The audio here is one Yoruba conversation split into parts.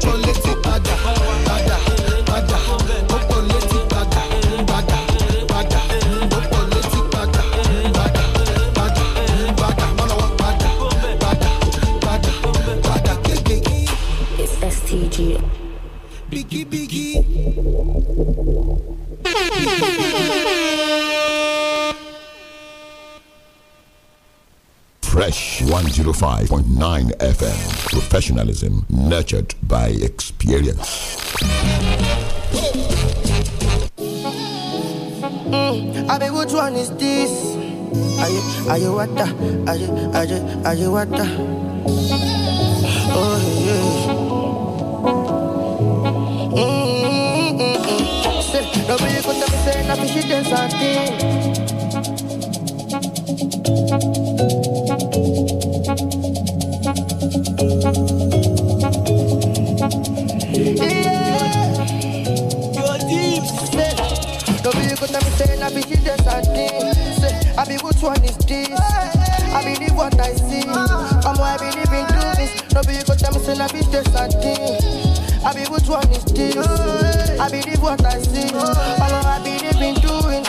control 105.9 FM. Professionalism nurtured by experience. Mm, which one is this? Are you what Are you, are you, are you Oh, yeah. Mm, mm, mm. Say, nobody could I did. I be which one is this? I believe what I see. I'm I believe in do this. No be you go tell me say I be just I did. I be which one is this? I believe what I see. I'm I believe in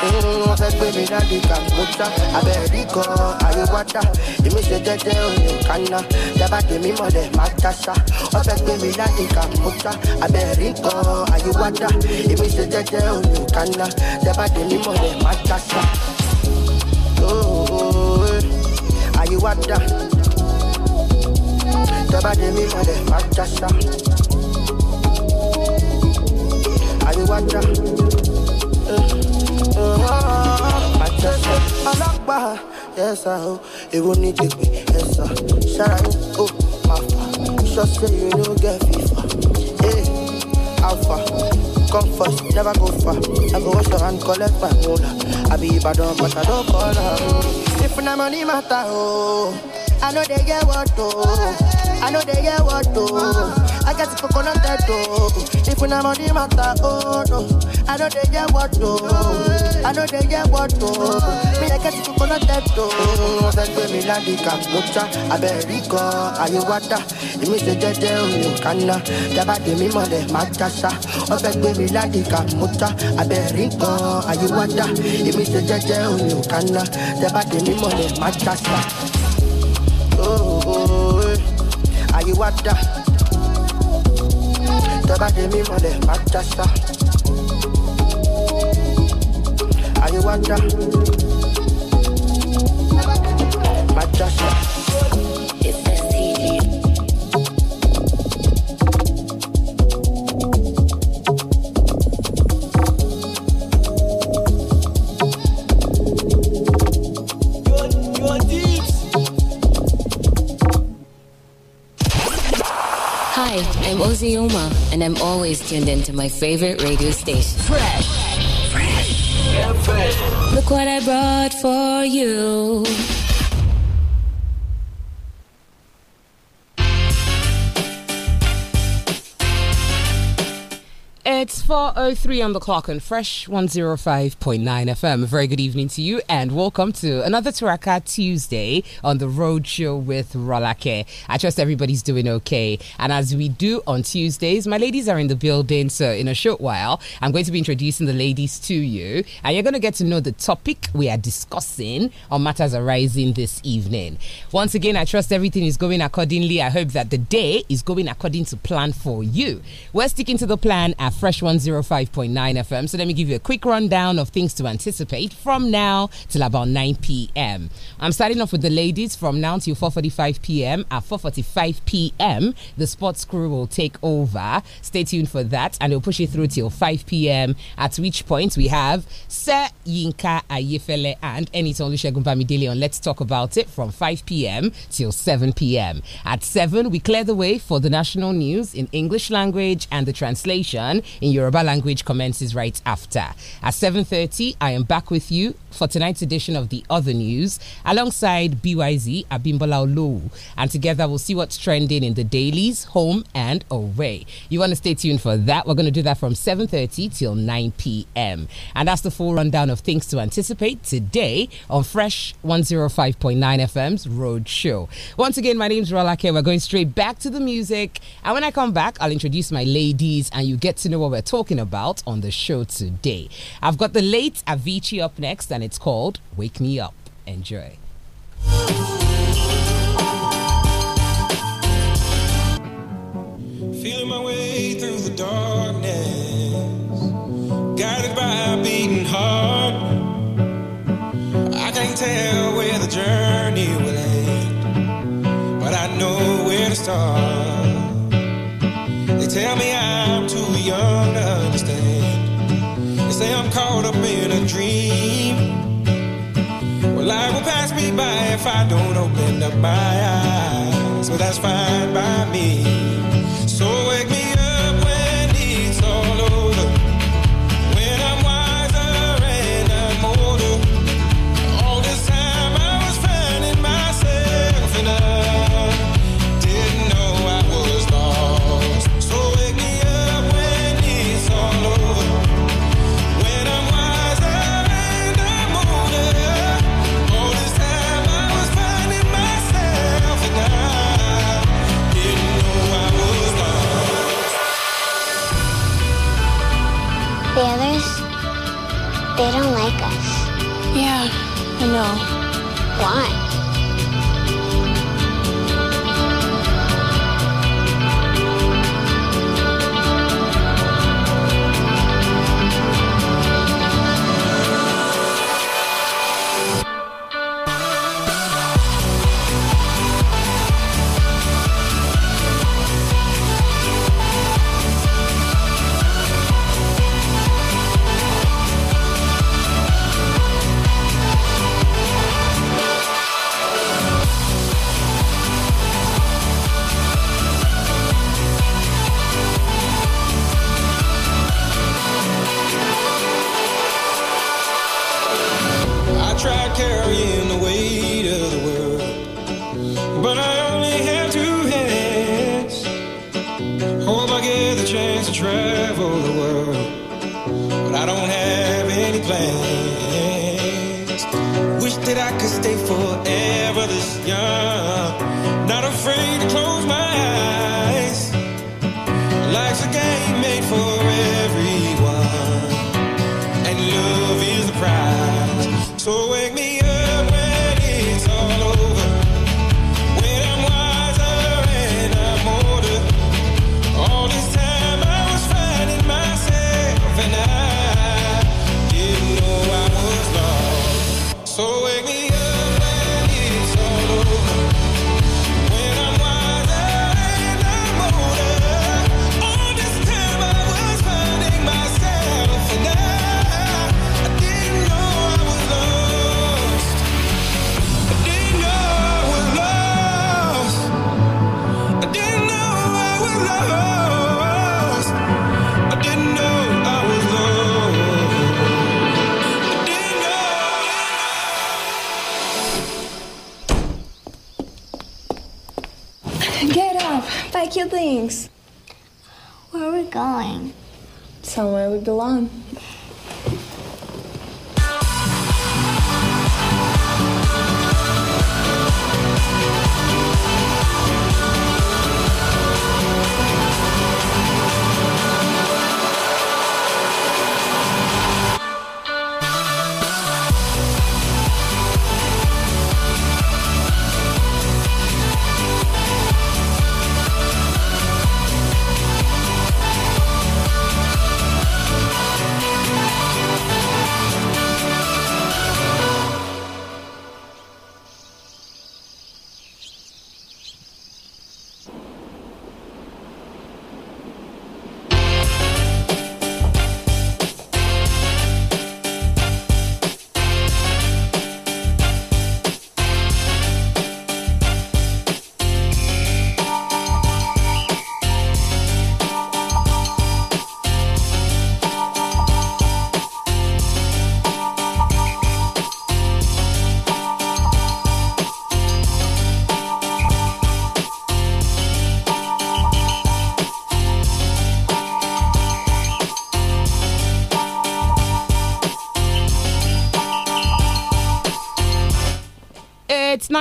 I I said baby, you come. wọ́n fẹ́ gbé mi láti kàmúta abẹ́rẹ́ kan àríwáta èmi ṣe jẹ́jẹ́ òyìn kaná dábà tèmi mọ̀lẹ́ má dáṣá wọ́n fẹ́ gbé mi láti kàmúta abẹ́rẹ́ kan àríwáta èmi ṣe jẹ́jẹ́ òyìn kaná dábà tèmi mọ̀lẹ́ má dáṣá. Àyíwádà dábà tèmi mọ̀lẹ́ má dáṣá. Àyíwádà. Eh. Alakba, yes I oh, it will need to be yes sir. Shout out, oh, alpha. Just say you don't get FIFA. Hey, eh, alpha, come first, never go far. I go wash your hand, collect my mola. I be bad on, but I don't call her. If na money matter, oh. I know they get what to. Oh. I know they get what to. Oh. I got to coconut that to. If na money matter, oh no. I know they get what to. Oh. I know they get what to. Me I get to coconut that to. Fẹ́fẹ́ mi láti kà mú tán. Abẹ́rẹ́ ikọ̀ ayé wá dá. Èmi ṣe jẹ́jẹ́ òní kánná. Dábàá dè mí mọ̀lẹ̀ máa jásá. Wọ́n fẹ́ gbé mi láti kà mú tán. Abẹ́rẹ́ ikọ̀ ayé wá dá. Èmi ṣe jẹ́jẹ́ òní kánná. Dábàá dè mí mọ̀lẹ̀ máa Oh, Ayé you water? The body, me mọ̀lẹ̀ máa jásá. Hi, I'm Ozioma, and I'm always tuned into my favorite radio station. Fresh. Look what I brought for you. 4.03 on the clock on Fresh 105.9 FM. A very good evening to you and welcome to another Turaka Tuesday on the Road Show with Rolake. I trust everybody's doing okay. And as we do on Tuesdays, my ladies are in the building. So in a short while, I'm going to be introducing the ladies to you and you're going to get to know the topic we are discussing on matters arising this evening. Once again, I trust everything is going accordingly. I hope that the day is going according to plan for you. We're sticking to the plan at Fresh 105.9 105.9 FM. So let me give you a quick rundown of things to anticipate from now till about 9 p.m. I'm starting off with the ladies from now till 4:45 p.m. At 4:45 p.m., the sports crew will take over. Stay tuned for that, and we'll push it through till 5 p.m. At which point we have Sir Yinka Ayefele and Eniton Olusegun Bamidele on Let's Talk About It from 5 p.m. till 7 p.m. At 7, we clear the way for the national news in English language and the translation in Europe Yoruba language commences right after. At 7.30, I am back with you for tonight's edition of The Other News alongside BYZ Abimbola Olowu. And together we'll see what's trending in the dailies, home and away. You want to stay tuned for that? We're going to do that from 7.30 till 9 p.m. And that's the full rundown of things to anticipate today on Fresh 105.9 FM's Road Show. Once again, my name is Rolake. We're going straight back to the music. And when I come back, I'll introduce my ladies and you get to know what we're talking talking about on the show today. I've got the late Avicii up next, and it's called Wake Me Up. Enjoy. Feeling my way through the darkness, guided by a beating heart. I can't tell where the journey will end, but I know where to start tell me I'm too young to understand. They say I'm caught up in a dream. Well, life will pass me by if I don't open up my eyes. Well, that's fine by me. So wake me They don't like us. Yeah, I know. Why? that I could stay forever things. Where are we going? Somewhere we belong.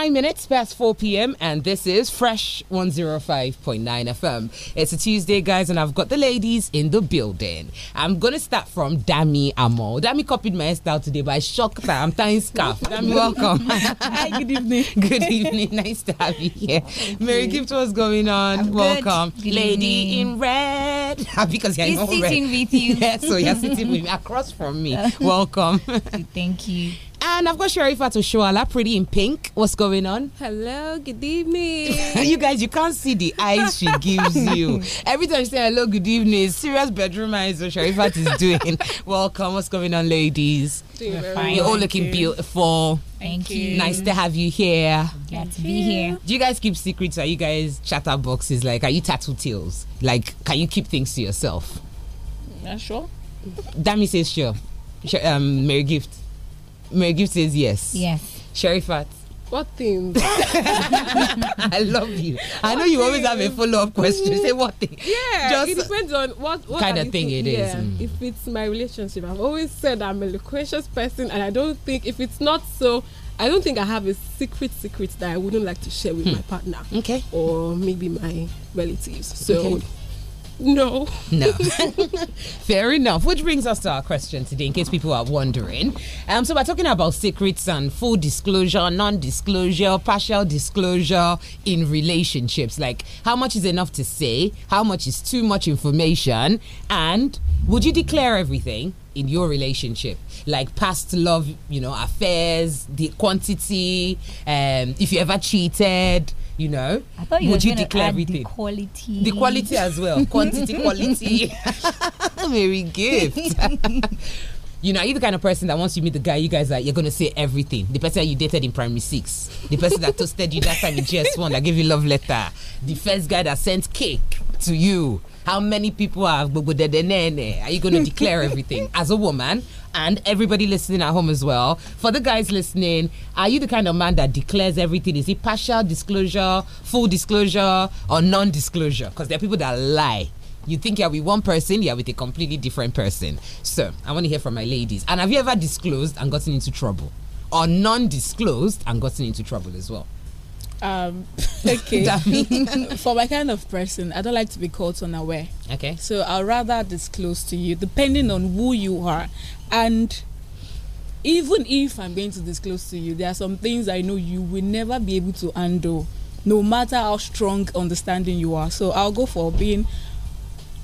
Nine minutes past 4 p.m., and this is Fresh 105.9 FM. It's a Tuesday, guys, and I've got the ladies in the building. I'm going to start from Dami Amo. Dami copied my style today by shocked her. I'm tying scarf. Dami, welcome. Hi, good evening. good evening. Nice to have you here. Mary Gift, what's going on? I'm welcome. Good. Good Lady in red. Ah, because you're He's sitting red. with you. Yeah, so you're sitting with me across from me. Uh-huh. Welcome. Thank you. And I've got Sharifa to show Allah pretty in pink. What's going on? Hello, good evening. you guys, you can't see the eyes she gives you. Every time you say hello, good evening, serious bedroom eyes what Sharifat is doing. Welcome. What's going on, ladies? Doing fine. You're all looking you. beautiful. Thank you. Nice to have you here. Glad to be here. Do you guys keep secrets? Are you guys chatterboxes? Like, are you tales? Like, can you keep things to yourself? Yeah, sure. Dami says sure. Um, Mary Gift. Mary says yes. Yes. Sherifat. What thing? I love you. I know you thing? always have a follow up question. Say what thing? Yeah, Just it depends on what, what kind of thing it is. Yeah, mm. If it's my relationship, I've always said I'm a loquacious person, and I don't think if it's not so, I don't think I have a secret secret that I wouldn't like to share with hmm. my partner. Okay. Or maybe my relatives. So okay. No. No. Fair enough. Which brings us to our question today, in case people are wondering. Um, so we're talking about secrets and full disclosure, non-disclosure, partial disclosure in relationships. Like how much is enough to say, how much is too much information, and would you declare everything? in your relationship like past love you know affairs the quantity um if you ever cheated you know I thought you would you declare everything the quality the quality as well quantity quality very good you know, are you the kind of person that once you meet the guy, you guys are you're gonna say everything? The person you dated in primary six, the person that toasted you that time in GS one, that gave you love letter, the first guy that sent cake to you. How many people have are you gonna declare everything as a woman? and everybody listening at home as well. For the guys listening, are you the kind of man that declares everything? Is it partial disclosure, full disclosure, or non disclosure? Because there are people that lie. You think you're with one person, you're with a completely different person. So I want to hear from my ladies. And have you ever disclosed and gotten into trouble? Or non disclosed and gotten into trouble as well? Um, okay. For my kind of person, I don't like to be caught unaware. Okay. So I'll rather disclose to you, depending on who you are and even if i'm going to disclose to you there are some things i know you will never be able to handle no matter how strong understanding you are so i'll go for being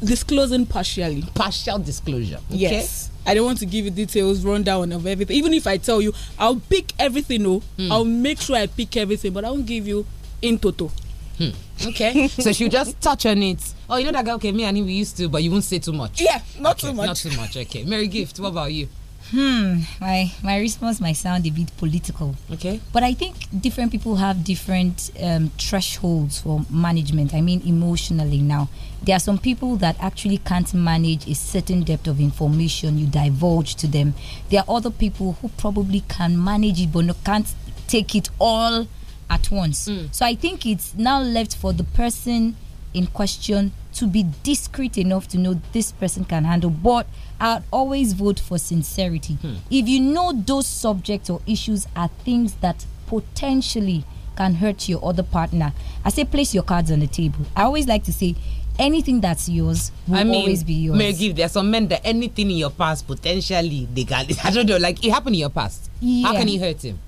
disclosing partially partial disclosure okay? yes i don't want to give you details rundown of everything even if i tell you i'll pick everything oh, mm. i'll make sure i pick everything but i won't give you in total Hmm. Okay. so she'll just touch on it. Oh, you know that guy? Okay, me and him, we used to, but you won't say too much. Yeah, not okay, too much. Not too much. Okay. Mary Gift, what about you? Hmm. My my response might sound a bit political. Okay. But I think different people have different um, thresholds for management. I mean, emotionally now, there are some people that actually can't manage a certain depth of information you divulge to them. There are other people who probably can manage it but no, can't take it all at once. Mm. So I think it's now left for the person in question to be discreet enough to know this person can handle. But I'd always vote for sincerity. Hmm. If you know those subjects or issues are things that potentially can hurt your other partner, I say place your cards on the table. I always like to say, anything that's yours will I mean, always be yours. May give are some men that anything in your past potentially they got. I don't know, like it happened in your past. Yeah. How can it hurt him?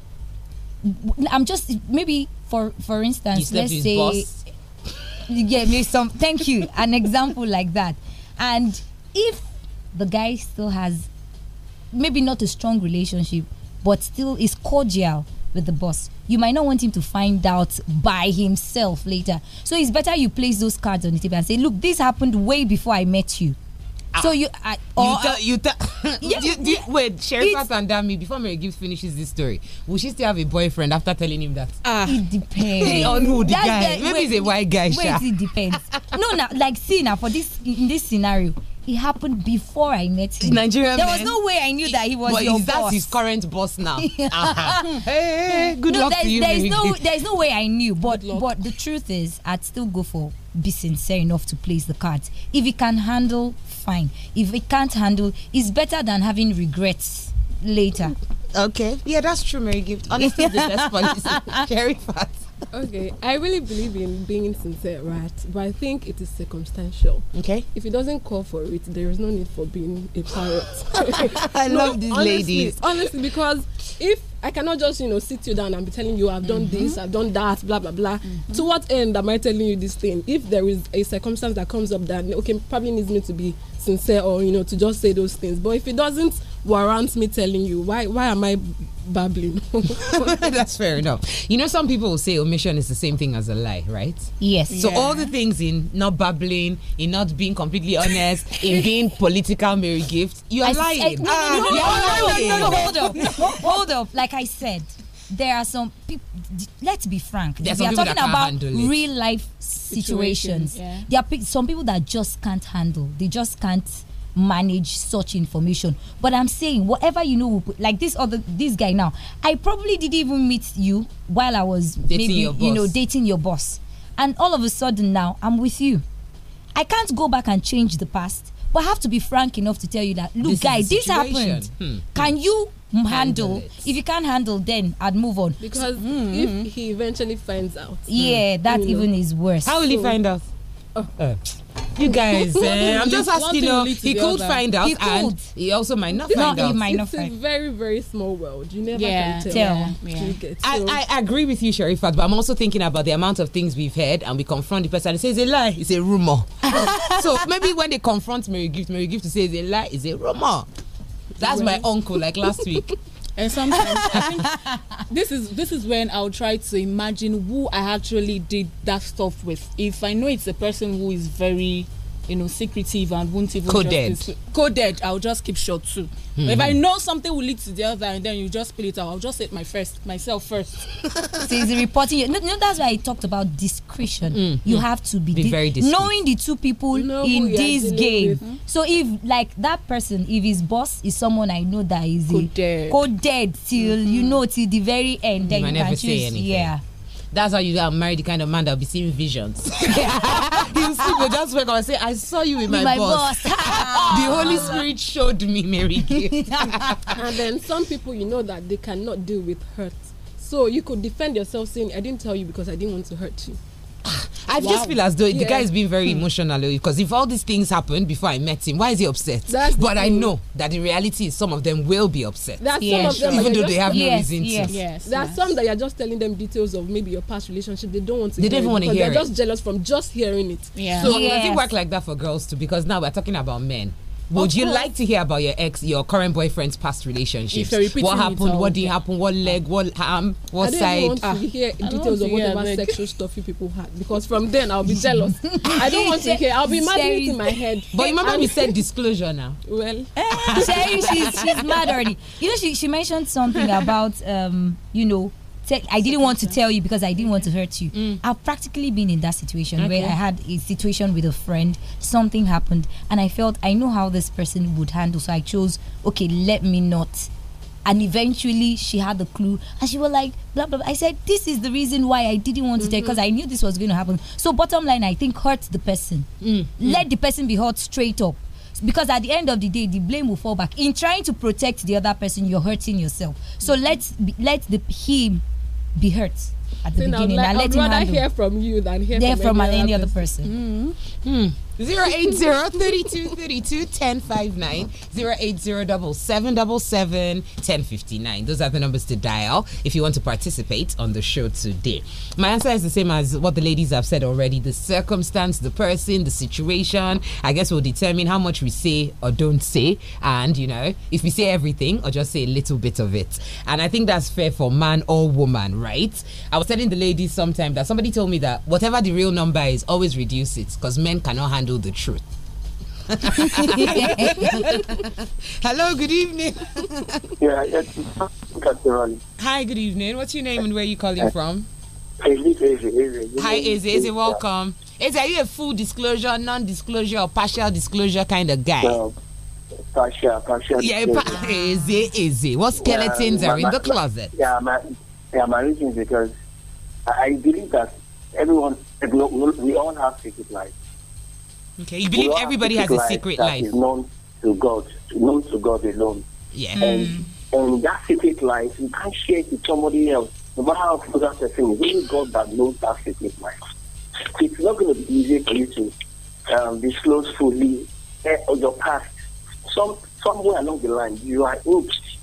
I'm just maybe for for instance, let's say you gave me some thank you, an example like that. And if the guy still has maybe not a strong relationship, but still is cordial with the boss. You might not want him to find out by himself later. So it's better you place those cards on the table and say, look, this happened way before I met you. Ah. So you, I, or, you tell, you tell, yeah, you, you, yeah, wait, Sherry and Dami, before Mary Gibbs finishes this story, will she still have a boyfriend after telling him that? Uh, it depends. on who the guy, the, maybe wait, he's a white guy. Wait, sha. it depends. no, no, like see now for this in this scenario, it happened before I met him. Nigerian there was man. no way I knew that he was but your is boss. That's his current boss now. Ah. hey, good no, luck to you. There's no, there's no way I knew, but but the truth is, I'd still go for be sincere enough to place the cards. If he can handle, fine. If he can't handle, it's better than having regrets later. Okay. Yeah, that's true, Mary Gift. Honestly, the best is Very fast. Okay, I really believe in being sincere, right? But I think it is circumstantial. Okay. If it doesn't call for it, there is no need for being a parrot. I no, love these honestly, ladies. Honestly, because if I cannot just you know sit you down and be telling you I've done mm -hmm. this, I've done that, blah blah blah. Mm -hmm. To what end am I telling you this thing? If there is a circumstance that comes up that okay probably needs me to be sincere or you know to just say those things, but if it doesn't warrants me telling you. Why why am I babbling? That's fair enough. You know, some people will say omission is the same thing as a lie, right? Yes. Yeah. So all the things in not babbling, in not being completely honest, in being political Mary Gift, you are lying. hold up. Hold up. Like I said, there are some people let's be frank we are talking about real life situations, situations. Yeah. there are some people that just can't handle they just can't manage such information. But I'm saying whatever you know, like this other this guy now, I probably didn't even meet you while I was dating maybe you know dating your boss, and all of a sudden now I'm with you. I can't go back and change the past, but I have to be frank enough to tell you that look, this guy, this happened. Hmm, hmm. Can you handle. handle if you can't handle, then I'd move on. Because mm -hmm. if he eventually finds out, yeah, hmm. that even know. is worse. How will so, he find out? Uh, you guys, uh, I'm just asking. You know, he could other. find out, he and could. he also might not it's find not, out. He might not it's find. a very, very small world. You never yeah, can tell. tell. Yeah. Get, so. I, I agree with you, Sherifat, but I'm also thinking about the amount of things we've heard, and we confront the person. and say it's a lie. It's a rumor. so maybe when they confront Mary Gift, Mary Gift it's a lie. It's a rumor. That's well. my uncle. Like last week. and sometimes I think this is this is when I'll try to imagine who I actually did that stuff with. If I know it's a person who is very you know secretive and won't even coded coded i'll just keep short too mm. if hmm. i know something will lead to the other and then you just split it out i'll just say my first myself first see the reporting No, no, that's why i talked about discretion mm. you have to be, be di very discreet. knowing the two people no, in this game with, hmm? huh? so if like that person if his boss is someone i know that is coded, coded till -hmm. you know till the very end then you can choose yeah That's how you got married the kind of man that'll be seeing visions. He'll sleep, will just wake up and say, I saw you with my, my boss. boss. the Holy Spirit showed me Mary and then some people you know that they cannot deal with hurt. So you could defend yourself saying, I didn't tell you because I didn't want to hurt you. Ah, I wow. just feel as though yeah. the guy is being very hmm. emotional because eh, if all these things happened before I met him, why is he upset? That's but I know that the reality is some of them will be upset. That's yeah, some of them, even though they have yes, no reason yes, to. Yes, there yes. are some that you're just telling them details of maybe your past relationship. They don't want to. They don't even want to hear. They're it. just jealous from just hearing it. Yeah. So yes. does it work like that for girls too? Because now we're talking about men. Would you like to hear about your ex, your current boyfriend's past relationships? What happened? What did happen? What leg? What arm? What I side? Ah. I don't want ah. to hear details of whatever like. sexual stuff you people had because from then I'll be jealous. I don't want to hear. I'll be mad in my head. But remember we said disclosure now. Well, eh, Sherry, she's she's mad already. You know, she she mentioned something about um, you know I didn't want to tell you because I didn't want to hurt you. Mm. I've practically been in that situation okay. where I had a situation with a friend, something happened, and I felt I know how this person would handle. So I chose, okay, let me not. And eventually she had the clue and she was like, blah, blah, I said, this is the reason why I didn't want mm-hmm. to tell because mm-hmm. I knew this was going to happen. So, bottom line, I think hurt the person. Mm. Let mm. the person be hurt straight up because at the end of the day the blame will fall back in trying to protect the other person you're hurting yourself so mm-hmm. let's let the him be hurt at the so beginning. I'd rather hear from you than hear, from, from any, other, other person. person. Mm. Mm. 80 1059 Those are the numbers to dial if you want to participate on the show today. My answer is the same as what the ladies have said already. The circumstance, the person, the situation, I guess will determine how much we say or don't say. And, you know, if we say everything or just say a little bit of it. And I think that's fair for man or woman, right? I was telling the ladies sometime that somebody told me that whatever the real number is, always reduce it because men cannot handle handle the truth. Hello, good evening. yeah, it's Hi, good evening. What's your name and where are you calling from? Hi, Izzy. Izzy, welcome. Is are you a full disclosure, non disclosure, or partial disclosure kind of guy? No. Partial, partial. Yeah, pa- easy, easy. What skeletons yeah, are my, in the closet? Yeah, my, yeah, my reason is because I, believe that everyone, we all have secret life. Okay, you believe everybody has a secret life. That is known to God, known to God alone. Yeah. Mm. And, that secret life, you can't share it with somebody else. No matter how close that person is, only God that knows that secret life. it's not going to be easy for you to um, disclose fully uh, your past. Some somewhere along the line, you are urged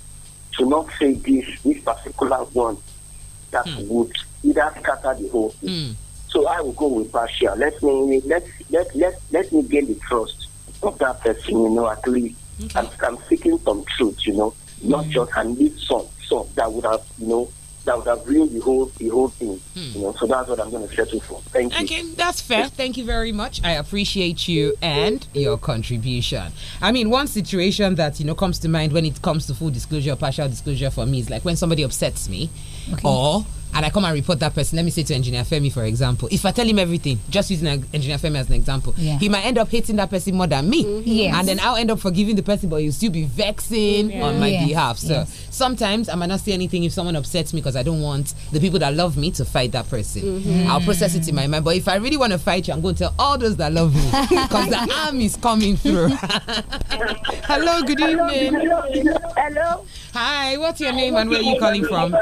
to not say this this particular one that mm. would either scatter the whole thing. Mm. So I will go with partial. Let me let let let let me gain the trust of that person, you know, at least. Okay. I'm, I'm seeking some truth, you know, mm. not just and need some some that would have, you know, that would have ruined the whole the whole thing. Hmm. You know, so that's what I'm going to settle for. Thank you. Okay, that's fair. Thank you very much. I appreciate you and your contribution. I mean, one situation that you know comes to mind when it comes to full disclosure, partial disclosure for me is like when somebody upsets me, okay. or and I come and report that person, let me say to Engineer Femi, for example, if I tell him everything, just using Engineer Femi as an example, yeah. he might end up hating that person more than me. Mm -hmm. yes. And then I'll end up forgiving the person, but he will still be vexing yeah. on my yes. behalf. So yes. sometimes I might not say anything if someone upsets me because I don't want the people that love me to fight that person. Mm -hmm. I'll process it in my mind. But if I really want to fight you, I'm going to tell all those that love me because the arm is coming through. Hello, good evening. Hello. Hello. Hi, what's your name and where are you calling from?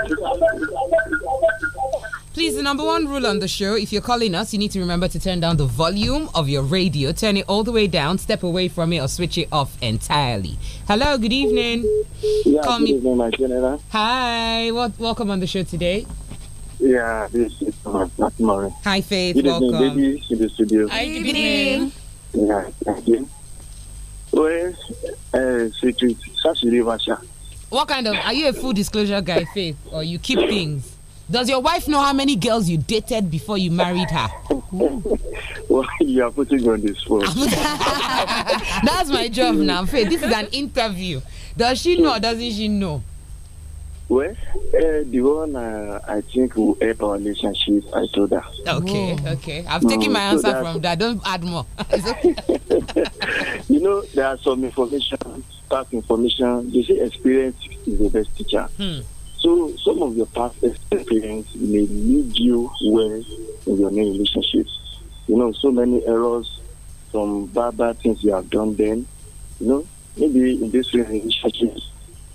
Please, the number one rule on the show if you're calling us, you need to remember to turn down the volume of your radio. Turn it all the way down, step away from it, or switch it off entirely. Hello, good evening. Yeah, Call good me. evening, my general. Hi, what, welcome on the show today. Yeah, this is Matt Murray. Hi, Faith. Good welcome. evening, baby, in the studio. Hi, good evening. Yeah, thank you. Well, uh, Saturday, Vasha. What kind of are you a full disclosure guy, Faith, or you keep things? Does your wife know how many girls you dated before you married her? well, you are putting on this phone. That's my job now, Faith. This is an interview. Does she know or doesn't she know? Well, uh, the one uh, I think will help our relationship, I told her. Okay, okay. I've taken mm, my answer so from that. Don't add more. you know, there are some information, past information. You see, experience is the best teacher. Hmm. So, some of your past experience may lead you well in your new relationships. You know, so many errors, some bad, bad things you have done then. You know, maybe in this relationship,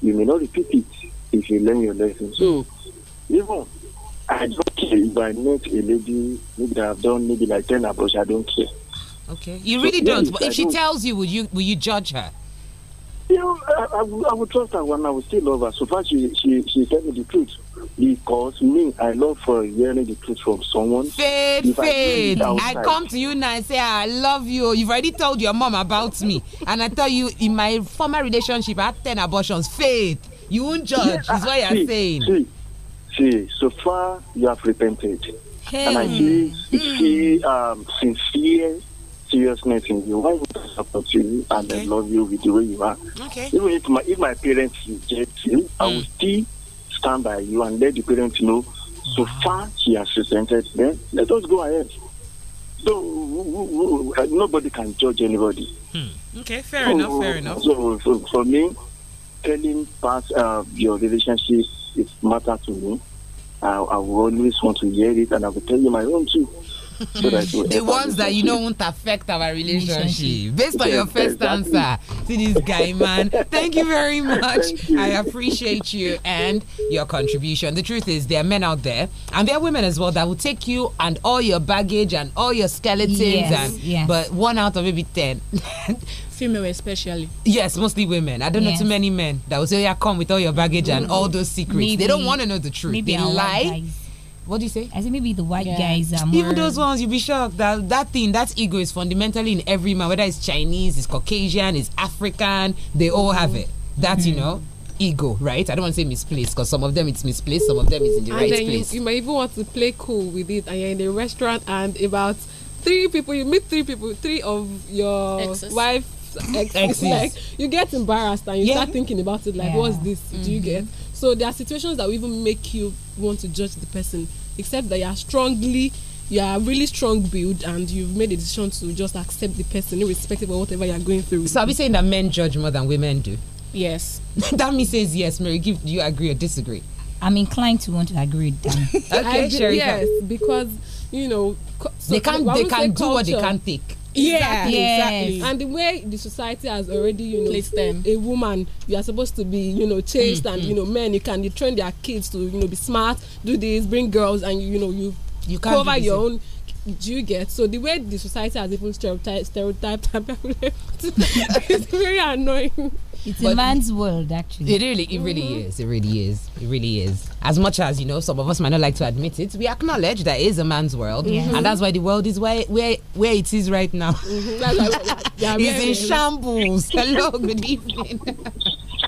you may not repeat it if you learn your lesson. So hmm. even I don't care if I met a lady maybe I've done maybe like ten abortions. I don't care. Okay, you really so, don't. but if I she don't. tells you, would you will you judge her? You know, I, I, I would trust her when I would still love her. So far, she she she tell me the truth because me, I love for hearing the truth from someone. Faith, faith. I, I come to you now and say, I love you. You've already told your mom about me. And I tell you, in my former relationship, I had 10 abortions. Faith. You won't judge, yeah, is what you're saying. See, see, so far you have repented. Hey. And I see, hmm. hmm. see um, sincere seriousness in you. Why would I support you and okay. I love you with the way you are? Okay. Even if my, if my parents reject you, mm. I will hmm. still stand by you and let the parents know so far she has resented them. Let us go ahead. So uh, nobody can judge anybody. Hmm. Okay, fair so, enough, fair enough. So, so for me, telling past uh, your relationships it matter to me. I, I will always want to hear it, and I will tell you my own too the ones that you know won't affect our relationship. Based on yes, your first exactly. answer to this guy, man. Thank you very much. You. I appreciate you and your contribution. The truth is, there are men out there and there are women as well that will take you and all your baggage and all your skeletons yes, and yes. but one out of maybe ten. female especially. Yes, mostly women. I don't yes. know too many men that will say, "Yeah, come with all your baggage and all those secrets." Maybe, they don't want to know the truth. Maybe they lie. Guys. What do you say? I say maybe the white yeah. guys are Even those ones, you'll be shocked that that thing, that ego is fundamentally in every man, whether it's Chinese, it's Caucasian, it's African, they all have it. That, you hmm. know ego, right? I don't want to say misplaced because some of them it's misplaced, some of them it's in the and right then place. You, you might even want to play cool with it, and you're in a restaurant, and about three people, you meet three people, three of your Exes. Ex, like you get embarrassed and you yeah. start thinking about it like yeah. what's this mm -hmm. do you mm-hmm. get so there are situations that will even make you want to judge the person, except that you are strongly, you are really strong build, and you've made a decision to just accept the person, irrespective of whatever you are going through. So I'll be saying that men judge more than women do? Yes. that means says yes. Mary, give, do you agree or disagree? I'm inclined to want to agree with them. okay, sure. Yes, because you know so they can't they can do culture. what they can not take yeah exactly, yes. exactly and the way the society has already you know Placed them. a woman you are supposed to be you know chaste mm, and you know men you can you train their kids to you know be smart do this bring girls and you, you know you you can't cover your own do you get so the way the society has even stereotyped stereotyped it's very annoying it's but a man's world, actually. It really, it really mm-hmm. is. It really is. It really is. As much as you know, some of us might not like to admit it, we acknowledge that it is a man's world, mm -hmm. and that's why the world is where where where it is right now. Mm-hmm. it's in shambles. Hello, good evening.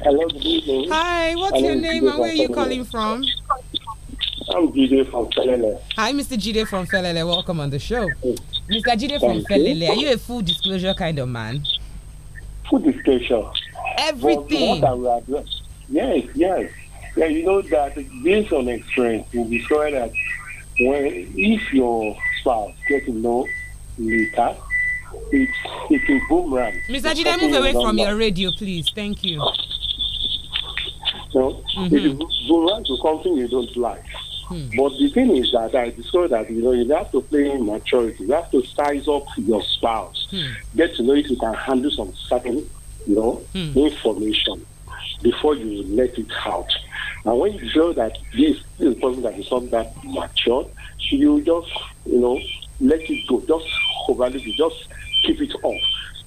Hello, good evening. Hi, what's your name and where are you calling from? I'm Jide from Felele. Hi, Mr. Jide from Felele. Welcome on the show. Mr. Jide from Felele, are you a full disclosure kind of man? Full disclosure. Everything. That we address. Yes, yes. Yeah, you know that based on experience, we'll saw that when if your spouse gets to know later, it's it's a boomerang. Mr. I move away from your radio, please. Thank you. So mm-hmm. it's boomerang to something you don't like. Hmm. But the thing is that I discovered that you know you have to play in maturity. You have to size up your spouse, hmm. get to know if you can handle some certain you know, hmm. information before you let it out. And when you feel that this, is is something that is not that mature, you just, you know, let it go. Just overlook it. Just keep it off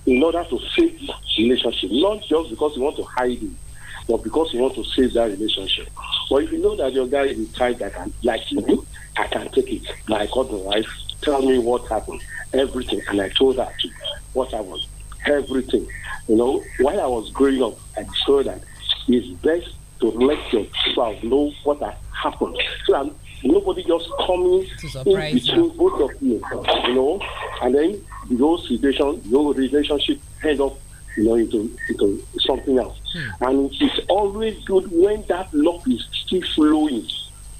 in order to save relationship. Not just because you want to hide it, but because you want to save that relationship. Or if you know that your guy is trying type that can, like you, I can take it. Like otherwise, tell me what happened, everything, and I told her to, what happened everything. You know, while I was growing up, I saw that it's best to let yourself know what has happened. So that nobody just coming in between both of you, you know, and then your situation, your relationship head up, you know, into, into something else. Hmm. And it's always good when that love is still flowing.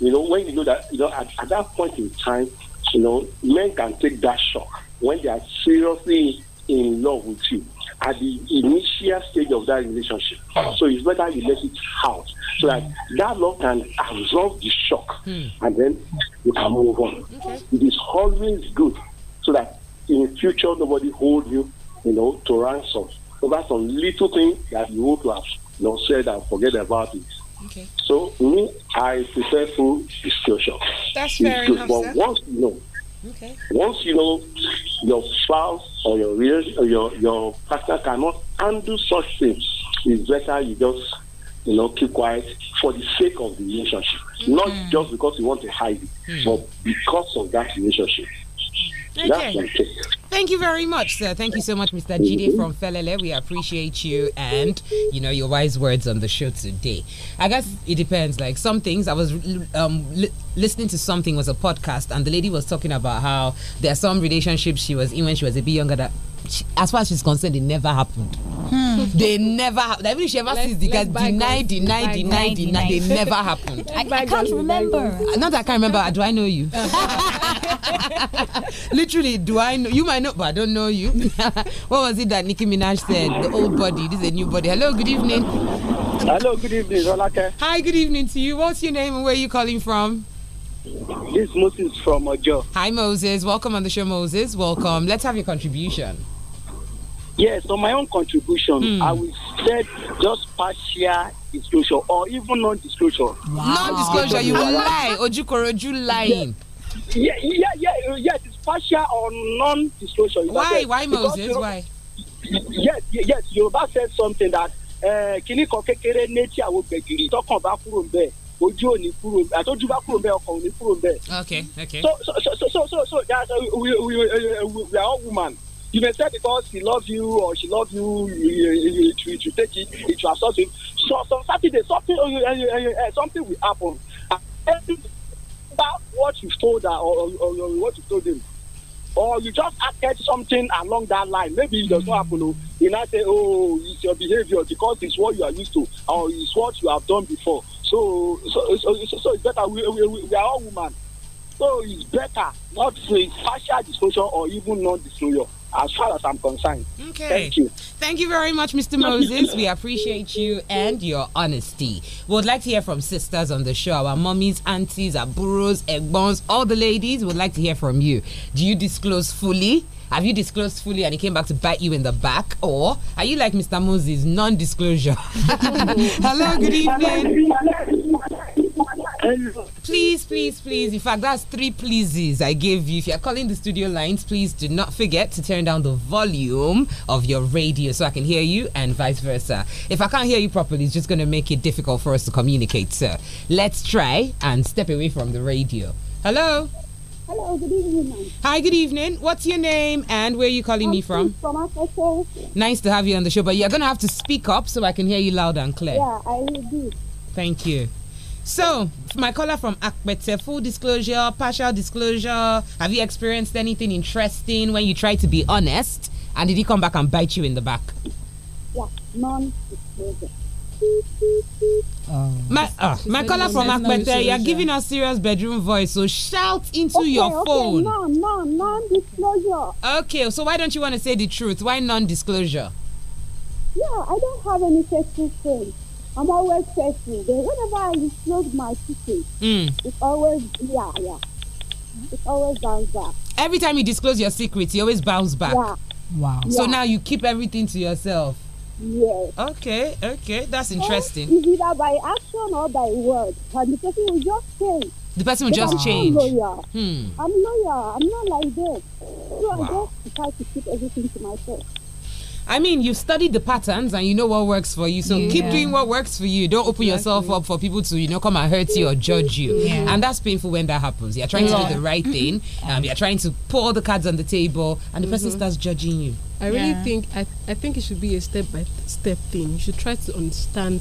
You know, when you know that, you know, at, at that point in time, you know, men can take that shock when they are seriously in love with you at the initial stage of that relationship. Ah. So it's better you let it out so that that love can absorb the shock mm. and then you can move on. Okay. It is always good so that in future nobody hold you, you know, to ransom So that's a little thing that you would have you know, said and forget about it. Okay. So me, I prefer full disclosure. That's fair it's enough, good. But once you know, Okay. Once you know your spouse or your your your partner cannot undo such things, it's better you just you know keep quiet for the sake of the relationship, mm -hmm. not just because you want to hide it, mm -hmm. but because of that relationship. Okay. Thank you very much, sir. Thank you so much, Mr. GD mm-hmm. from Felele. We appreciate you and, you know, your wise words on the show today. I guess it depends. Like some things, I was um, li listening to something was a podcast, and the lady was talking about how there are some relationships she was in when she was a bit younger that she, as far as she's concerned, it never happened. Hmm. they never happened. I mean, she ever let's, sees the guy deny, deny, deny, deny. They never happened. I, I, can't remember. Not that I can't remember. Do I know you? Literally, do I know you? Might know, but I don't know you. what was it that Nicki Minaj said? The old body, this is a new body. Hello, good evening. Hello, good evening, Rolake. Hi, good evening to you. What's your name and where are you calling from? This Moses from Ojo. Hi, Moses. Welcome on the show, Moses. Welcome. Let's have your contribution. Yes, on my own contribution, mm. I will set just partial disclosure or even non-disclosure. Wow. Non-disclosure, you will lie. Ojukoroju lying. Yeah, yeah, yeah, yeah, yeah. It's partial or non-disclosure. Why, why, Moses? Because, why? Yes, yes. Yoruba said something that eh, kìnnì kan kékeré létí àwọn gbẹ̀gìrì tọkàn bá kúrò ń bẹ̀ ojú ò ní kúrò ń bẹ̀ àtọ́jú bá kúrò ń bẹ̀ ọkàn okay okay. so so so so so so that's uh, we we uh, we are all women. You may say because he loves you or she loves you, you, it, it, take it, it will absorb you. So, so Saturday, something, uh, uh, uh, something will happen. And about what you told her or, or, or what you told him. Or you just acted something along that line. Maybe it does not happen. Oh, you now say, oh, it's your behaviour because it's what you are used to or it's what you have done before. So, so, so, so, it's better. We, we, we are all women. So it's better not to partial disclosure or even non-disclosure. as far as I'm concerned. Okay. Thank you. Thank you very much, Mr. Moses. We appreciate you and your honesty. We would like to hear from sisters on the show, our mummies, aunties, egg egbons, all the ladies. would like to hear from you. Do you disclose fully? Have you disclosed fully and he came back to bite you in the back? Or are you like Mr. Moses, non disclosure? Hello, good evening. Please, please, please. In fact, that's three pleases I gave you. If you're calling the studio lines, please do not forget to turn down the volume of your radio so I can hear you and vice versa. If I can't hear you properly, it's just going to make it difficult for us to communicate. So let's try and step away from the radio. Hello. Hello, good evening. Hi, good evening. What's your name and where are you calling I'm me from? From Nice to have you on the show, but you're going to have to speak up so I can hear you loud and clear. Yeah, I will do. Thank you. So, my caller from Akbete, full disclosure, partial disclosure. Have you experienced anything interesting when you try to be honest? And did he come back and bite you in the back? Yeah, non disclosure. Oh. My, uh, my caller from Akbete, you're giving us serious bedroom voice, so shout into okay, your okay, phone. No, no, non disclosure. Okay, so why don't you want to say the truth? Why non disclosure? Yeah, I don't have any sexual things. I'm always testing. Then whenever I disclose my secrets, mm. it's always yeah, yeah. It always bounce back. Every time you disclose your secret, you always bounce back. Yeah. Wow. Yeah. So now you keep everything to yourself. Yes. Okay, okay. That's interesting. It's either by action or by word. And the person will just change. The person will just I'm change. I'm Hmm. I'm loyal. I'm not like that. So wow. I just try to keep everything to myself. I mean, you've studied the patterns and you know what works for you. So yeah. keep doing what works for you. Don't open exactly. yourself up for people to, you know, come and hurt you or judge you. Yeah. And that's painful when that happens. You're trying yeah. to do the right thing. Um, you're trying to put all the cards on the table and the person mm -hmm. starts judging you. I really think, I, I think it should be a step by step thing. You should try to understand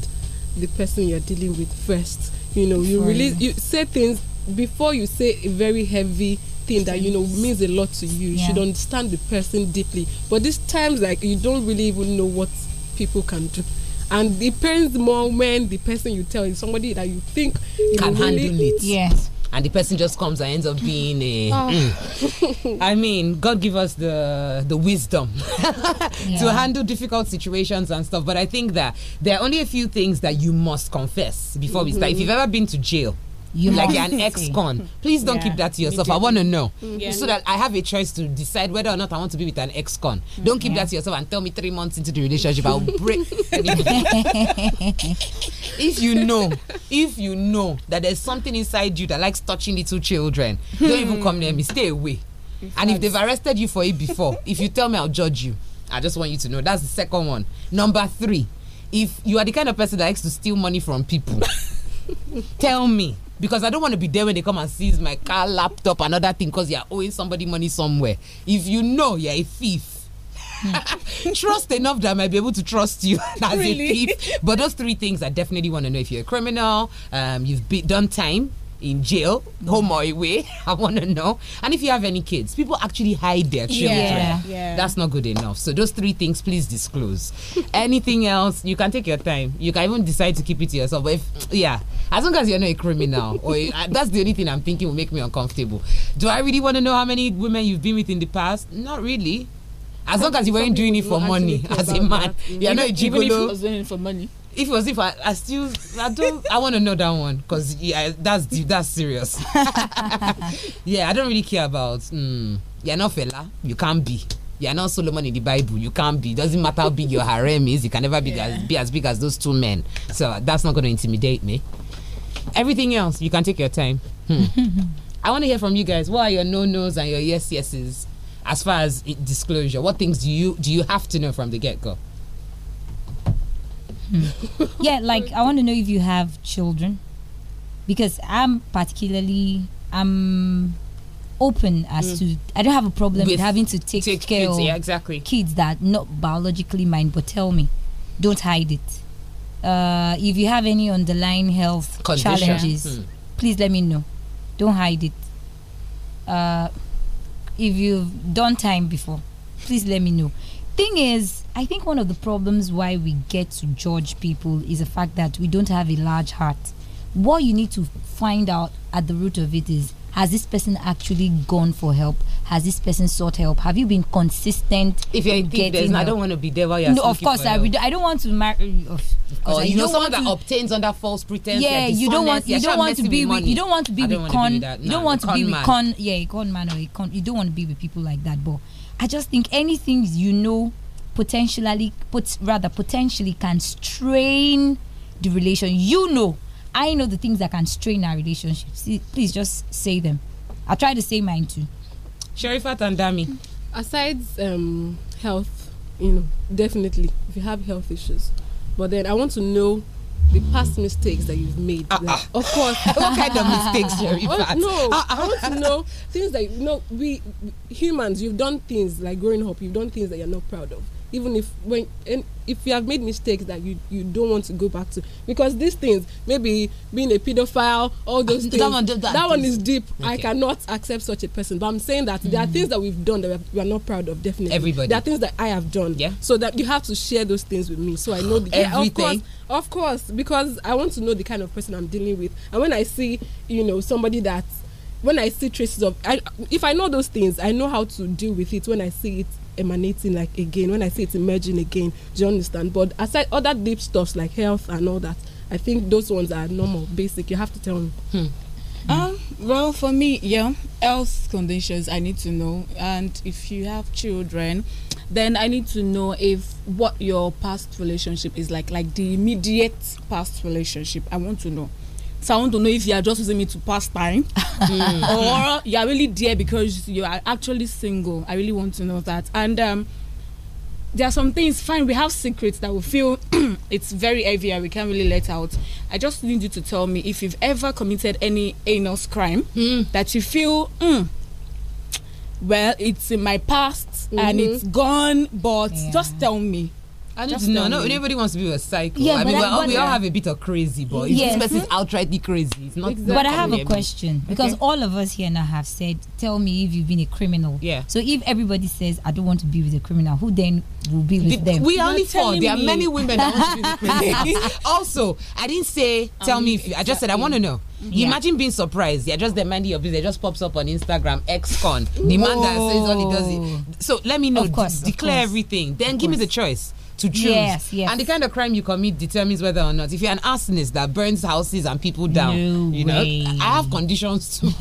the person you're dealing with first. You know, you release, you say things before you say a very heavy thing that you know means a lot to you. You yeah. should understand the person deeply. But these times, like you don't really even know what people can do, and depends more when the person you tell is somebody that you think you can handle it. Yes. And the person just comes and ends up being a. Oh. I mean, God give us the the wisdom yeah. to handle difficult situations and stuff. But I think that there are only a few things that you must confess before mm -hmm. we start. If you've mm-hmm. ever been to jail, you like an ex-con. Please don't yeah. keep that to yourself. I want to know mm-hmm. yeah. so that I have a choice to decide whether or not I want to be with an ex-con. Mm-hmm. Don't keep yeah. that to yourself and tell me three months into the relationship I'll break. if you know, if you know that there's something inside you that likes touching little children, don't even come near me. Stay away. And if they've arrested you for it before, if you tell me, I'll judge you. I just want you to know. That's the second one. Number three, if you are the kind of person that likes to steal money from people. tell me because I don't want to be there when they come and seize my car, laptop, another thing because you're owing somebody money somewhere. If you know you're a thief, trust enough that I might be able to trust you as really? a thief. But those three things I definitely want to know if you're a criminal, um, you've done time, in jail, home or away. I want to know. And if you have any kids, people actually hide their children. Yeah. yeah. That's not good enough. So those three things, please disclose. Anything else, you can take your time. You can even decide to keep it to yourself. But if, yeah, as long as you're not a criminal, or a, uh, that's the only thing I'm thinking will make me uncomfortable. Do I really want to know how many women you've been with in the past? Not really. As long as you weren't doing it for money, as a man, you're even, not a gigolo. Even if you was doing it for money if it was if I, I still I don't I want to know that one because yeah, that's that's serious. yeah, I don't really care about. Mm, you're not fella, you can't be. You're not Solomon in the Bible, you can't be. Doesn't matter how big your harem is, you can never be yeah. as be as big as those two men. So that's not going to intimidate me. Everything else, you can take your time. Hmm. I want to hear from you guys. What are your no nos and your yes yeses as far as disclosure? What things do you do you have to know from the get go? Mm. yeah, like I want to know if you have children, because I'm particularly I'm open as mm. to I don't have a problem with, with having to take, take care kids, of yeah, exactly. kids that not biologically mine, but tell me, don't hide it. Uh, if you have any underlying health Condition. challenges, mm. please let me know. Don't hide it. Uh, if you've done time before, please let me know. Thing is, I think one of the problems why we get to judge people is the fact that we don't have a large heart. What you need to find out at the root of it is has this person actually gone for help? Has this person sought help? Have you been consistent? If you're getting, I don't want to be there while you're. No, of course, I, would, I don't want to marry. Of, of course, you know, someone that obtains under false pretense. Yeah, you don't want. You don't want to be with. You don't want to be with con. You don't want to be with con. Yeah, con man or a con. You don't want to be with people like that. But I just think anything you know potentially put rather potentially can strain the relation you know i know the things that can strain our relationship please just say them i'll try to say mine too sherifat and dami aside um, health you know definitely if you have health issues but then i want to know the past mistakes that you've made. Uh, like, uh, of course. what kind of mistakes, Jerry? Oh, no, uh, I want to know things that you know. We humans, you've done things like growing up. You've done things that you're not proud of even if when and if you have made mistakes that you you don't want to go back to because these things maybe being a pedophile all ah, those uh, things that one, that, that one is deep okay. i cannot accept such a person but i'm saying that mm. there are mm. things that we've done that we are not proud of definitely everybody there are things that i have done yeah so that you have to share those things with me so i know the Everything. of course of course because i want to know the kind of person i'm dealing with and when i see you know somebody that's when I see traces of, I, if I know those things, I know how to deal with it when I see it emanating like again, when I see it emerging again. Do you understand? But aside other deep stuffs like health and all that, I think those ones are normal, basic. You have to tell me. Hmm. Um, well, for me, yeah, health conditions I need to know, and if you have children, then I need to know if what your past relationship is like, like the immediate past relationship. I want to know so I want to know if you are just using me to pass time, mm. or you are really there because you are actually single. I really want to know that. And um, there are some things. Fine, we have secrets that we feel it's very heavy and we can't really let out. I just need you to tell me if you've ever committed any anus crime mm. that you feel. Mm, well, it's in my past -hmm. and mm-hmm. it's gone, but yeah. just tell me I need to know. No, nobody wants to be a psycho. Yeah, I mean, I, all, we all have a bit of crazy, but yes. this is outrightly crazy, it's not. Exactly. But I have a question okay. because all of us here now have said, "Tell me if you've been a criminal." Yeah. So if everybody says, "I don't want to be with a criminal," who then will be with the, them? We only four. There are many women that want to be with criminals. also, I didn't say, "Tell um, me if." You, I just said, "I want to know." Yeah. Imagine being surprised. Yeah, are just demanding your business. just pops up on Instagram, ex The man that says all he does. It. So let me know. Of course, De declare course. everything. Then give me the choice to choose. Yes, yes. And the kind of crime you commit determines whether or not. If you're an arsonist that burns houses and people down, no you know, way. I have conditions too.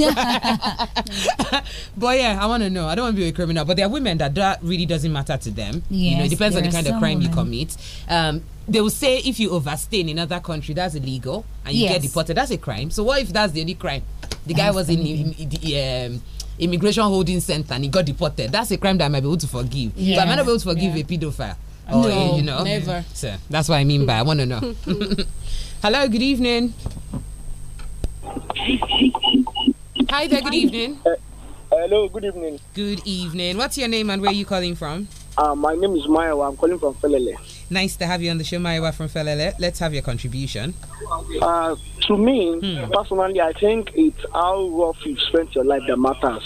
but yeah, I want to know. I don't want to be a criminal, but there are women that that really doesn't matter to them. Yes, you know, it depends on the kind of crime women. you commit. Um, they will say if you overstay in another country, that's illegal, and you yes. get deported. That's a crime. So what if that's the only crime? The guy was in, in, in the. Um, immigration holding center and he got deported. That's a crime that I might be able to forgive. Yeah. I might not be able to forgive yeah. a pedophile or no, you know never so that's what i mean by i want to know hello good evening hi there good evening uh, hello good evening good evening what's your name and where are you calling from uh, my name is Maya. I'm calling from Felele. Nice to have you on the show, Maya from Felele. Let's have your contribution. Uh, to me, hmm. personally, I think it's how rough you spent your life that matters.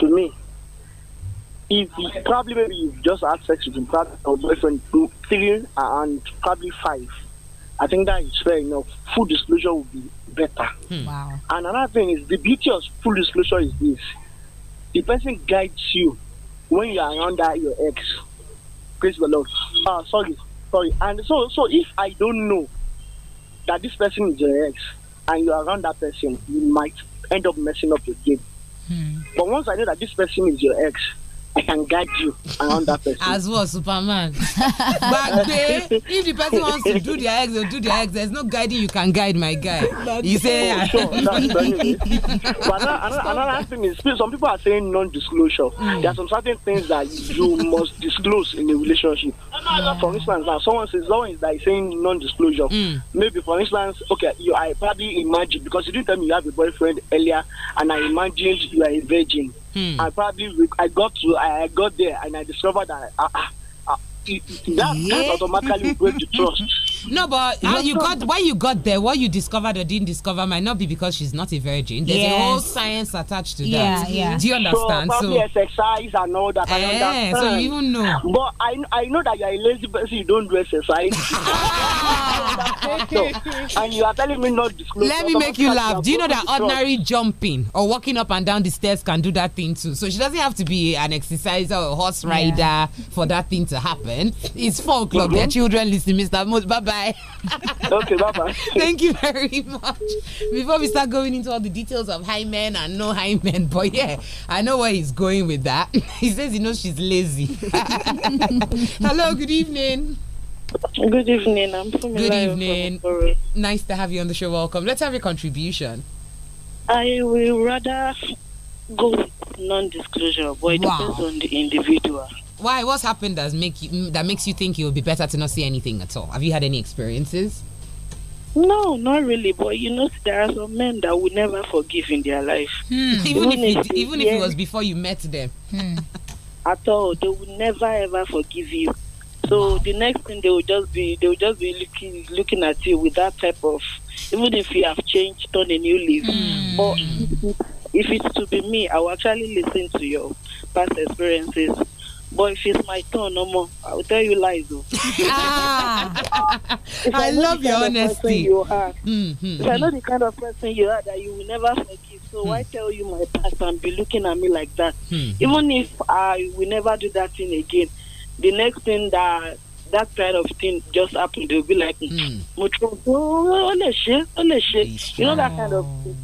To me if he, probably maybe you've just had sex with him, probably your boyfriend two, three and probably five. I think that is fair enough. Full disclosure would be better. Hmm. Wow. And another thing is the beauty of full disclosure is this: the person guides you when you are around that your ex. Praise the Lord. Uh, sorry, sorry. And so, so if I don't know that this person is your ex and you are around that person, you might end up messing up your game. Hmm. But once I know that this person is your ex, I can guide you around that person. As well, Superman. But if the person wants to do their eggs, they'll do their eggs. There's no guiding you can guide, my guy. you say. Oh, sure, but another, thing is, some people are saying non-disclosure. Mm. There are some certain things that you must disclose in a relationship. Mm. For instance, now someone says someone is like saying non-disclosure. Mm. Maybe, for instance, okay, you I probably imagine because you didn't tell me you have a boyfriend earlier, and I imagined you are a virgin. Hmm. I probably I got to I got there and I discovered that ah, ah, ah, that, yeah. automatically breaks the trust. No, but how you got why you got there, what you discovered or didn't discover might not be because she's not a virgin. There's yes. a whole science attached to that. Yeah. Do you understand? So, so exercise and all that. Eh, so you don't know. But I I know that you're a lazy person. You don't do exercise. so, and you are telling me not disclose. Let me make you laugh. Do you know that ordinary jumping or walking up and down the stairs can do that thing too? So she doesn't have to be an exerciser or a horse rider yeah. for that thing to happen. It's four o'clock. Mm -hmm. Their children listen, Mr. Bye bye bye. okay, bye bye. Thank you very much. Before we start going into all the details of high men and no high men, but yeah, I know where he's going with that. He says he knows she's lazy. Hello, good evening. Good evening. I'm from Good evening. Nice to have you on the show. Welcome. Let's have your contribution. I will rather go non-disclosure, but it wow. depends on the individual. Why? What's happened that make you, that makes you think it would be better to not see anything at all? Have you had any experiences? No, not really. But you know, there are some men that will never forgive in their life. Hmm. Even, even, if, it, even if it was before you met them. Hmm. At all, they will never ever forgive you. So the next thing they will just be they will just be looking looking at you with that type of even if you have changed, turned a new leaf. Hmm. But if it's to be me, I will actually listen to your past experiences but if it's my turn, no more. I will tell you lies, though. ah, I, I love your honesty. You are, mm-hmm. If I know mm-hmm. the kind of person you are that you will never forgive, so mm. why tell you my past and be looking at me like that? Mm. Even if I will never do that thing again, the next thing that that kind of thing just happened, they'll be like, mm. You know that kind of thing.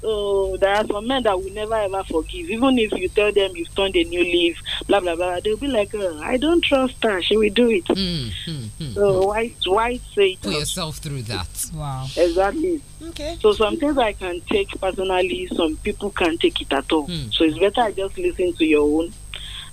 So there are some men that will never ever forgive. Even if you tell them you've turned a new leaf, blah blah blah, they'll be like, oh, "I don't trust her. She will do it." Mm, mm, mm, so why why say put yourself through that? Wow. Exactly. Okay. So some things I can take personally. Some people can't take it at all. Hmm. So it's better I just listen to your own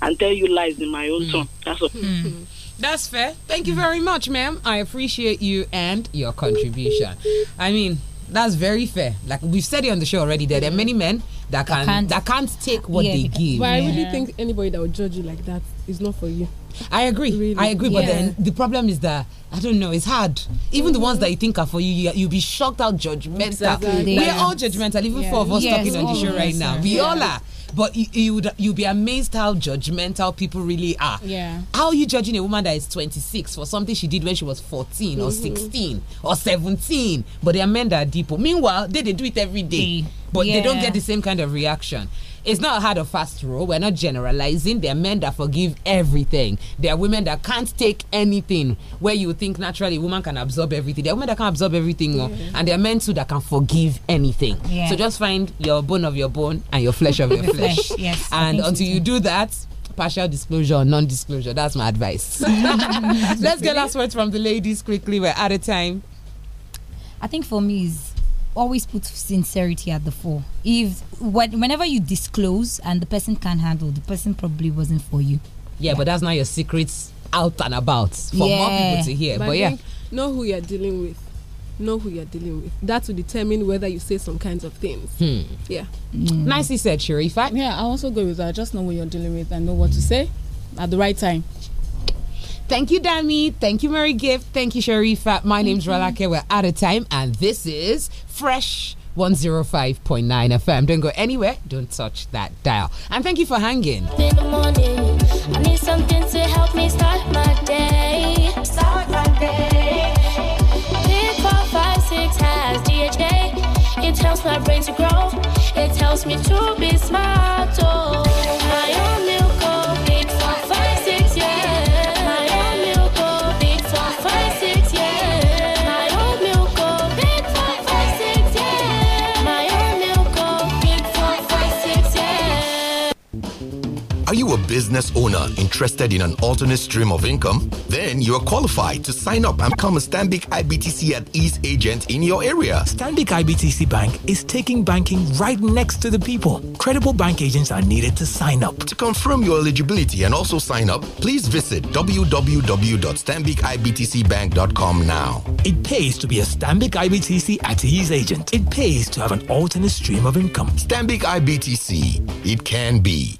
and tell you lies in my own hmm. tongue. That's all. Hmm. That's fair. Thank you very much, ma'am. I appreciate you and your contribution. I mean that's very fair. Like we've said it on the show already, there, there are many men that can can't. that can't take what yeah, they give. But I really yeah. think anybody that would judge you like that is not for you. I agree. Really? I agree. Yeah. But then the problem is that I don't know. It's hard. Even mm -hmm. the ones that you think are for you, you you'll be shocked out judgmental. Exactly. We're all judgmental. Even four of us yes. talking on the show right now. We all are. But you, would you'd be amazed how judgmental people really are. Yeah. How are you judging a woman that is 26 for something she did when she was 14 mm -hmm. or mm-hmm. 16 or 17? But there are men that are deeper. Meanwhile, they, they do it every day. But yeah. they don't get the same kind of reaction. It's not a hard or fast rule. We're not generalizing. There are men that forgive everything. There are women that can't take anything. Where you think naturally woman can absorb everything. There are women that can absorb everything, mm -hmm. and there are men too that can forgive anything. Yeah. So just find your bone of your bone and your flesh of your flesh. flesh. Yes, and until you do that, partial disclosure or non-disclosure. That's my advice. Let's get last words from the ladies quickly. We're out of time. I think for me is always put sincerity at the fore. If when, whenever you disclose and the person can't handle, the person probably wasn't for you. Yeah, yeah. but that's not your secrets out and about for yeah. more people to hear. But, but yeah, know who you're dealing with. Know who you're dealing with. That will determine whether you say some kinds of things. Hmm. Yeah. Mm. Nicely said, Sharifa. Yeah, I also go with that. Just know who you're dealing with and know what to say at the right time. Thank you, Dami. Thank you, Mary Gift. Thank you, Sharifa. My name is name's We're out of time, and this is Fresh 105.9 FM. Don't go anywhere. Don't touch that dial. And thank you for hanging. In the morning, I need something to help me start my day. Start my day. Pick four, five, six has DHA. It helps my brain to grow. It helps me to be smart. Oh. business owner interested in an alternate stream of income, then you are qualified to sign up and become a Stanbic IBTC at Ease agent in your area. Stanbic IBTC Bank is taking banking right next to the people. Credible bank agents are needed to sign up. To confirm your eligibility and also sign up, please visit www.stanbicibtcbank.com now. It pays to be a Stanbic IBTC at Ease agent. It pays to have an alternate stream of income. Stanbic IBTC. It can be.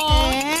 Aww.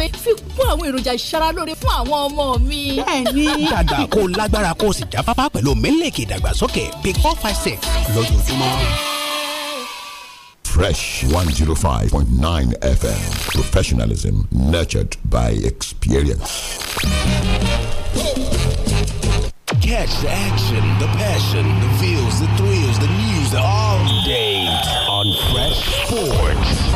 pé fi kún àwọn èròjà fún àwọn ọmọ mi. bẹ́ẹ̀ni. kó lágbára kó sì jáfáfá pẹ̀lú mílíkì ìdàgbàsókè big four five six lójoojúmọ́. Fresh 105.9 FM. Professionalism nurtured by experience. Catch the action, the passion, the feels, the thrills, the news all day on Fresh Sports.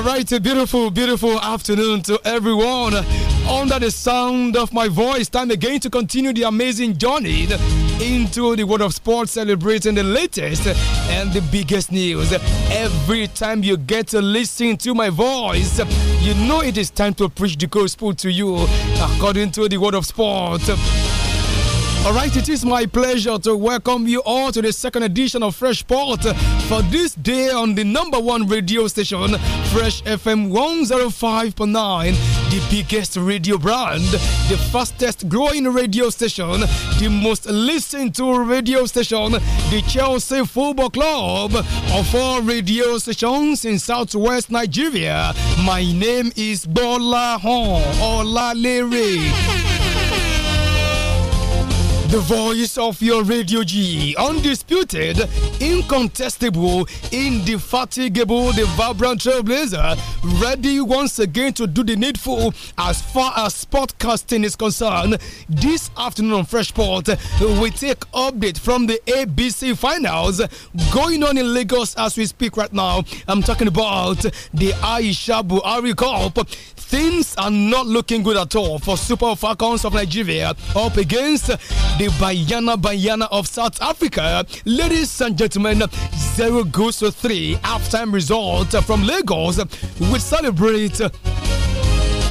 All right, a beautiful, beautiful afternoon to everyone. Under the sound of my voice, time again to continue the amazing journey into the world of sports, celebrating the latest and the biggest news. Every time you get to listen to my voice, you know it is time to preach the gospel to you according to the world of sports. All right, it is my pleasure to welcome you all to the second edition of Fresh Port for this day on the number one radio station, Fresh FM 105.9, the biggest radio brand, the fastest growing radio station, the most listened to radio station, the Chelsea Football Club of all radio stations in southwest Nigeria. My name is Bola Hon Olalere. The voice of your Radio G, undisputed, incontestable, indefatigable, the vibrant trailblazer, ready once again to do the needful as far as podcasting is concerned. This afternoon on Freshport, we take update from the ABC finals going on in Lagos as we speak right now. I'm talking about the Aisha Buhari Cup things are not looking good at all for Super Falcons of Nigeria up against the Bayana Bayana of South Africa. Ladies and gentlemen, zero goes to three halftime result from Lagos, We celebrate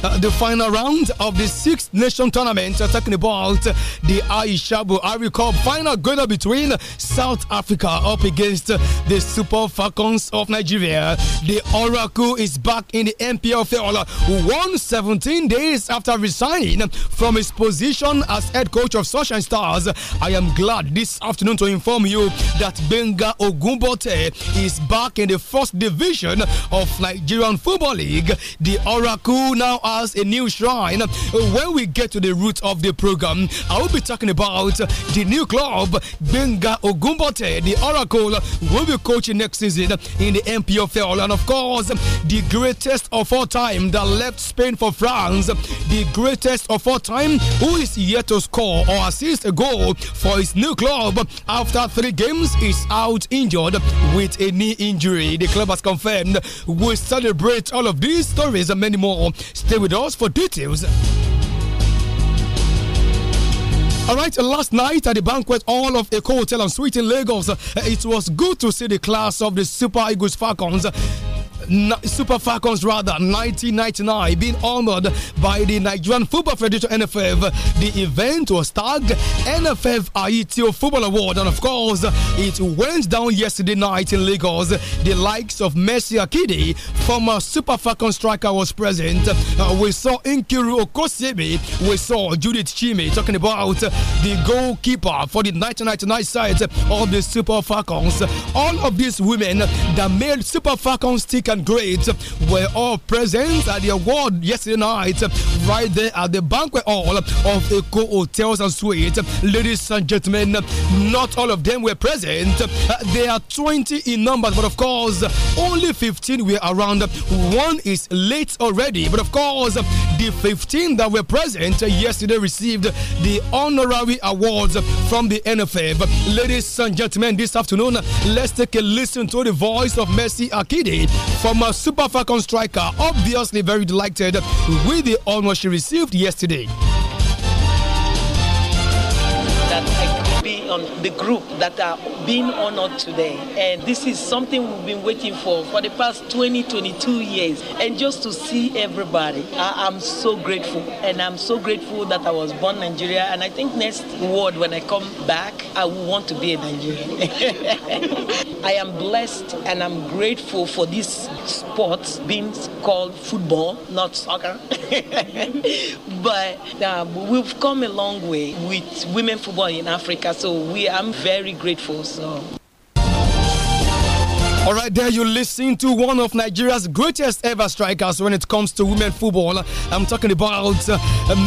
uh, the final round of the Six Nation Tournament. Uh, talking about the Aishabu Ari Cup final going between South Africa up against the Super Falcons of Nigeria. The Oracle is back in the One 117 days after resigning from his position as head coach of Sunshine Stars. I am glad this afternoon to inform you that Benga Ogumbote is back in the first division of Nigerian Football League. The Oracle now us a new shrine. When we get to the root of the program, I will be talking about the new club, Benga Ogumbote, the Oracle, will be coaching next season in the MPFL. And of course, the greatest of all time that left Spain for France, the greatest of all time who is yet to score or assist a goal for his new club after three games is out injured with a knee injury. The club has confirmed. We celebrate all of these stories and many more. Stay with us for details. All right, last night at the banquet hall of Eco Hotel and Suite in Lagos, it was good to see the class of the Super Eagles Falcons Super Falcons rather 1999 being honored by the Nigerian Football Federation NFF. The event was tagged NFF Aitio Football Award and of course it went down yesterday night in Lagos. The likes of Messi Akidi, former Super Falcon striker was present. Uh, we saw Inkiru Okosebe, we saw Judith Chime talking about the goalkeeper for the 1999 side of the Super Falcons. All of these women that made Super Falcons ticket African greats were all present at the award yesterday night, right there at the banquet hall of Eco Hotels and Suites. Ladies and gentlemen, not all of them were present. There are 20 in number, but of course, only 15 were around. One is late already, but of course, the 15 that were present yesterday received the honorary awards from the NFF. Ladies and gentlemen, this afternoon, let's take a listen to the voice of Mercy Akidi former Super Falcon striker, obviously very delighted with the honor she received yesterday On the group that are being honored today. And this is something we've been waiting for for the past 20, 22 years. And just to see everybody, I, am so grateful. And I'm so grateful that I was born Nigeria. And I think next word when I come back, I will want to be a Nigerian. I am blessed and I'm grateful for this sport being called football, not soccer. but uh, we've come a long way with women football in Africa. So we are very grateful. So. All right, there you listen to one of Nigeria's greatest ever strikers when it comes to women football. I'm talking about uh,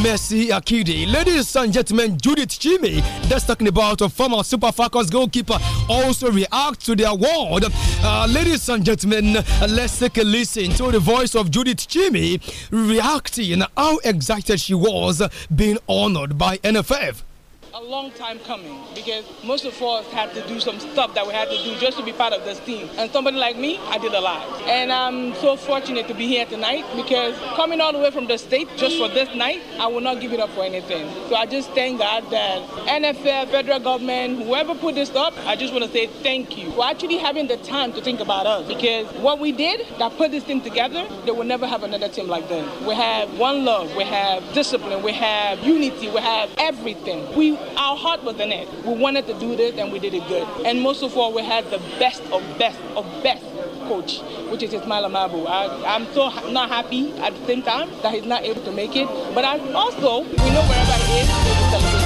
Messi Akidi. Ladies and gentlemen, Judith Chimi, that's talking about a former Super Falcons goalkeeper, also react to the award. Uh, ladies and gentlemen, let's take a listen to the voice of Judith Chimi reacting how excited she was being honored by NFF a long time coming because most of us had to do some stuff that we had to do just to be part of this team. And somebody like me, I did a lot. And I'm so fortunate to be here tonight because coming all the way from the state just for this night, I will not give it up for anything. So I just thank God that NFL, federal government, whoever put this up, I just want to say thank you for actually having the time to think about us because what we did that put this thing together, they will never have another team like this. We have one love, we have discipline, we have unity, we have everything. We our heart was in it. We wanted to do this and we did it good. And most of all, we had the best of best of best coach, which is Ismail Amabu. I, am so ha- not happy at the same time that he's not able to make it, but I also, we know wherever he is,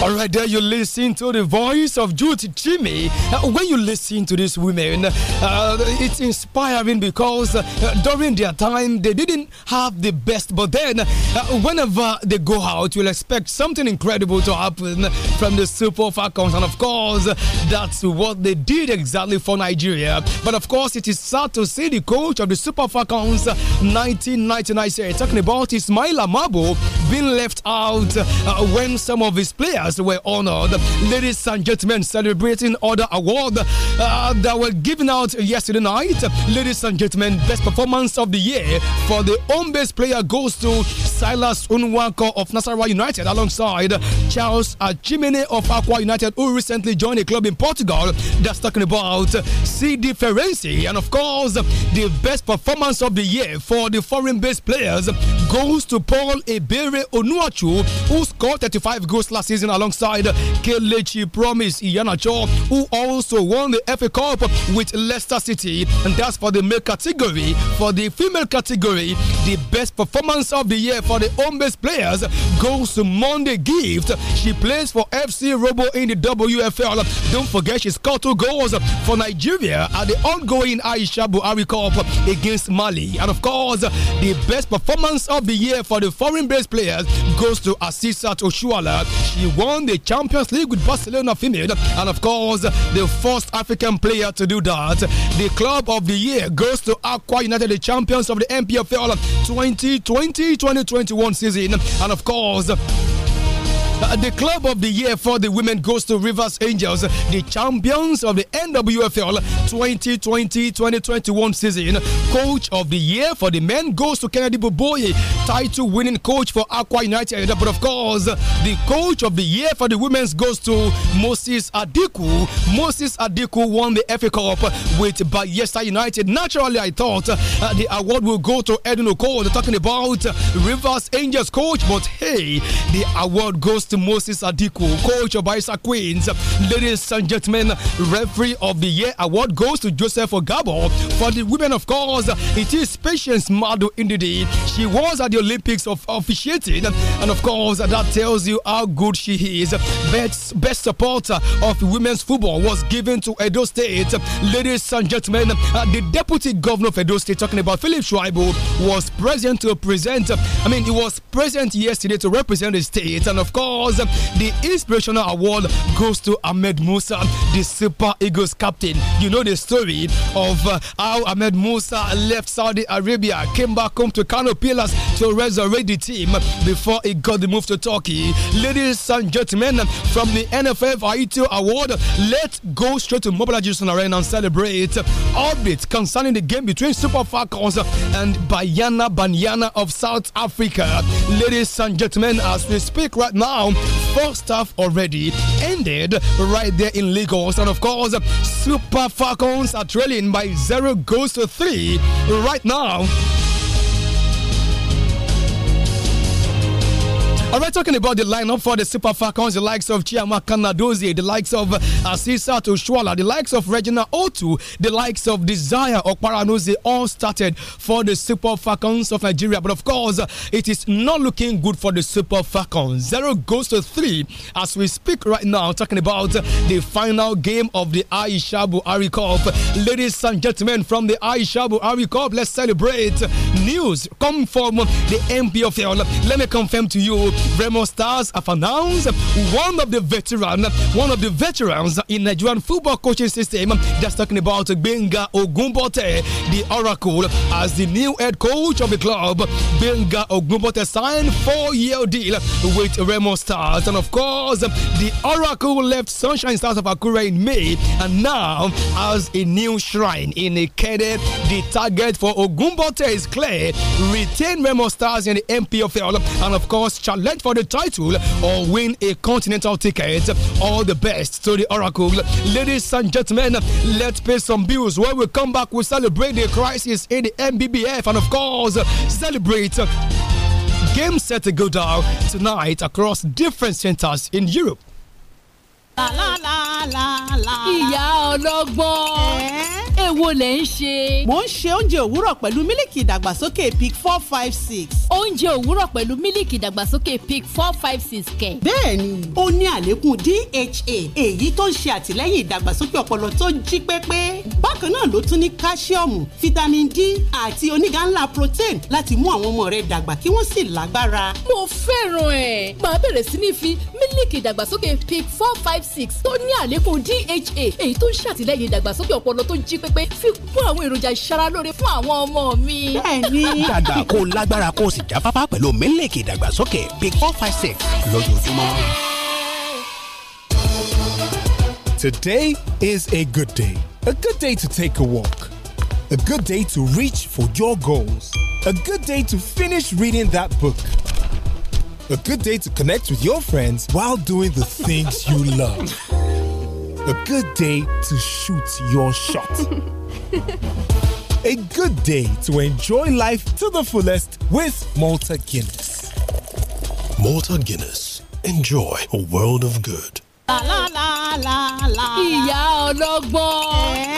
all right, there you listen to the voice of Jude Jimmy. Uh, when you listen to these women, uh, it's inspiring because uh, during their time they didn't have the best, but then uh, whenever they go out, you'll expect something incredible to happen from the Super Falcons, and of course, that's what they did exactly for Nigeria. But of course, it is sad to see the coach of the Super Falcons 1999 talking about Ismail Amabo being left out uh, when some of his players we were honored. Ladies and gentlemen, celebrating other awards uh, that were given out yesterday night. Ladies and gentlemen, best performance of the year for the home base player goes to Silas Unwako of Nasarawa United alongside Charles Achimene of Aqua United, who recently joined a club in Portugal that's talking about CD Ferenci. And of course, the best performance of the year for the foreign based players goes to Paul Ebere Onuachu, who scored 35 goals last season alongside Kelechi Promise Chau, who also won the FA Cup with Leicester City. And that's for the male category. For the female category, the best performance of the year for the home-based players goes to Monday Gift. She plays for FC Robo in the WFL. Don't forget she scored two goals for Nigeria at the ongoing Aisha Buhari Cup against Mali. And of course, the best performance of the year for the foreign-based players goes to Asisa Toshuala. She won won the Champions League with Barcelona female, and of course, the first African player to do that. The club of the year goes to Aqua United, the champions of the MPFL 2020 2021 season, and of course, uh, the club of the year for the women goes to Rivers Angels, the champions of the NWFL 2020-2021 season. Coach of the year for the men goes to Kennedy Boboye, title winning coach for Aqua United. But of course, the coach of the year for the women's goes to Moses Adiku. Moses Adiku won the FA Cup with Bayesta United. Naturally, I thought uh, the award will go to Edwin Okoro, talking about Rivers Angels coach, but hey, the award goes to Moses Adiku, coach of Isaac Queens. Ladies and gentlemen, referee of the year award goes to Joseph Ogabo. For the women, of course, it is Patience Madu Indidi. She was at the Olympics of officiating, and of course, that tells you how good she is. Best, best supporter of women's football was given to Edo State. Ladies and gentlemen, uh, the deputy governor of Edo State, talking about Philip Schreiber, was present to present. I mean, he was present yesterday to represent the state, and of course. The Inspirational Award goes to Ahmed Musa, the Super Eagles captain. You know the story of uh, how Ahmed Musa left Saudi Arabia, came back home to Kano Pillars to resurrect the team before he got the move to Turkey. Ladies and gentlemen, from the NFF Aito Award, let's go straight to Mobile Jason Arena and celebrate updates concerning the game between Super Falcons and Bayana Banyana of South Africa. Ladies and gentlemen, as we speak right now, now. First half already ended right there in Lagos. And of course, Super Falcons are trailing by zero goals to three right now. All right, talking about the lineup for the Super Falcons, the likes of Chiama Kanadozie, the likes of Asisa uh, Toshwala, the likes of Regina Otu, the likes of Desire Okparanozie all started for the Super Falcons of Nigeria. But of course, it is not looking good for the Super Falcons. Zero goes to three as we speak right now, talking about the final game of the Aishabu Ari Cup. Ladies and gentlemen, from the Aishabu Ari Cup, let's celebrate news come from the MPFL. Let me confirm to you Remo Stars have announced one of the veterans, one of the veterans in Nigerian football coaching system. That's talking about Benga Ogunbote, the Oracle, as the new head coach of the club. Benga Ogunbote signed four-year deal with Remo Stars, and of course, the Oracle left Sunshine Stars of Akure in May, and now has a new shrine in Ikede. The target for Ogunbote is clear: retain Remo Stars in the MPFL, and of course, challenge for the title or win a continental ticket. All the best to the Oracle. Ladies and gentlemen, let's pay some bills. When we come back, we celebrate the crisis in the MBBF and, of course, celebrate game set to go down tonight across different centers in Europe. ìyá ọlọ́gbọ́n eh? èwo lẹ̀ ń ṣe. mo ń ṣe oúnjẹ òwúrọ̀ pẹ̀lú mílìkì ìdàgbàsókè pic four five six. oúnjẹ òwúrọ̀ pẹ̀lú mílìkì ìdàgbàsókè pic four five six kẹ̀. bẹ́ẹ̀ni ó ní àlékún DHA èyí tó ń ṣe àtìlẹ́yìn ìdàgbàsókè ọpọlọ tó jí pépé bákan náà ló tún ní káṣíọ̀mù fítámìn D àti onígá ńlá protein láti mú àwọn ọmọ rẹ dàgbà kí wọ́n sì lágbára. mo fẹ́ràn ẹ̀ máa bẹ̀rẹ̀ sí ní fi mílìkì ìdàgbàsókè pic four five six tó ní àlékún dha èyí tó ń ṣàtìlẹ́yìn ìdàgbàsókè ọpọlọ tó ń jí pépé fi kún àwọn èròjà ìṣaralóore fún àwọn ọmọ mi. bẹ́ẹ̀ni. dàgbà kó lágbára kó sì jáfáfá pẹ̀lú mílíkì ìdàgbàsókè big four five six lójoojúmọ́. Today is a good day. A good day to take a walk. A good day to reach for your goals. A good day to finish reading that book. A good day to connect with your friends while doing the things you love. A good day to shoot your shot. A good day to enjoy life to the fullest with Malta Guinness. Malta Guinness. Enjoy a world of good. La la la la la. Ìyá ọlọ́gbọ́n. Eh?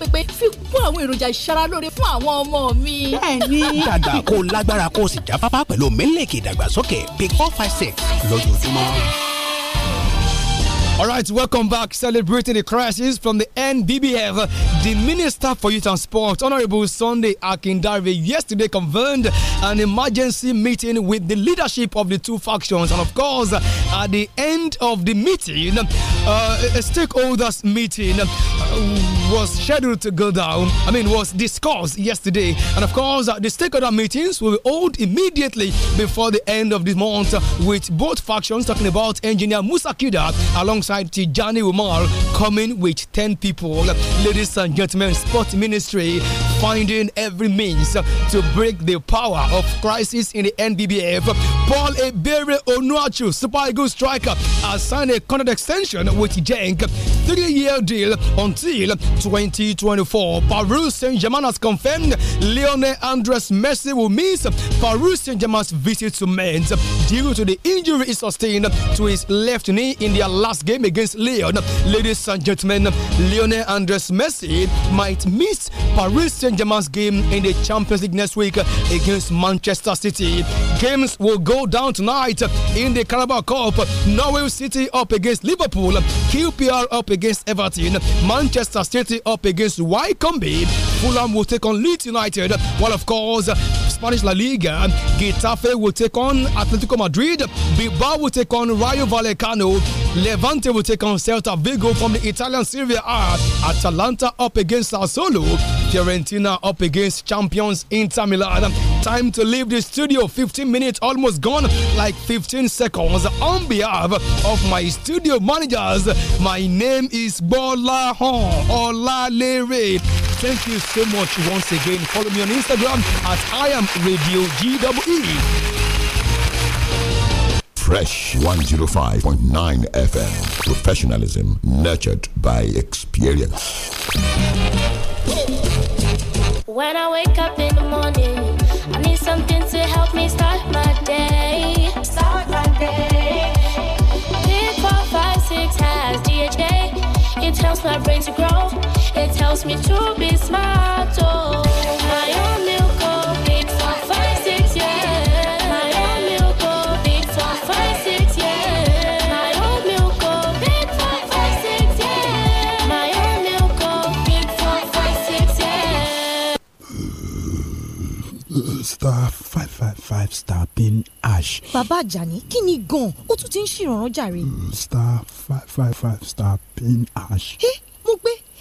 pépépépé fi kún àwọn èròjà ìṣaralóore fún àwọn ọmọ mi. bẹ́ẹ̀ni. kó lágbára kó pẹ̀lú mílíkì ìdàgbàsókè big four five six lójoojúmọ́. All right, welcome back. Celebrating the crisis from the NBBF, the Minister for Youth and Sport, Honorable Sunday Akindare, yesterday convened an emergency meeting with the leadership of the two factions. And of course, at the end of the meeting, uh, stakeholders meeting. Uh, was scheduled to go down, I mean, was discussed yesterday. And of course, uh, the stakeholder meetings will be held immediately before the end of this month with both factions talking about engineer Musa Kida alongside Tijani Umar coming with 10 people. Ladies and gentlemen, Sports Ministry finding every means to break the power of crisis in the NBBF. Paul Ebere Onuachu, Super Eagles striker, has signed a contract extension with Genk, three-year deal until 2024. Paris Saint-Germain has confirmed Lionel Andres Messi will miss Paris Saint-Germain's visit to Mainz due to the injury he sustained to his left knee in their last game against Lyon. Ladies and gentlemen, Lionel Andres Messi might miss Paris Saint-Germain's game in the Champions League next week against Manchester City. Games will go down tonight in the Carabao Cup. Norwich City up against Liverpool, QPR up against Everton, Manchester City City up against Wycombe. Fulham will take on Leeds United. Well, of course, Spanish La Liga. Getafe will take on Atletico Madrid. Bilbao will take on Rayo Vallecano. Levante will take on Celta Vigo from the Italian Serie A. Atalanta up against Sassuolo. Fiorentina up against champions Inter Milan. Time to leave the studio. 15 minutes almost gone, like 15 seconds. On behalf of my studio managers, my name is Bola Hon Olalere. Thank you so much once again. Follow me on Instagram at I am Radio GWE. Fresh 105.9 FM. Professionalism nurtured by experience. When I wake up in the morning, I need something to help me start my day. Start my day. Pick four, five, six has DHA. It helps my brain to grow. It helps me to be smart. Oh. star five five five star pin hash. bàbá àjàní kí ni gan-an ó tún ti ń ṣèrànràn jàre. Mm, star five five five star pin hash. ẹ mo gbé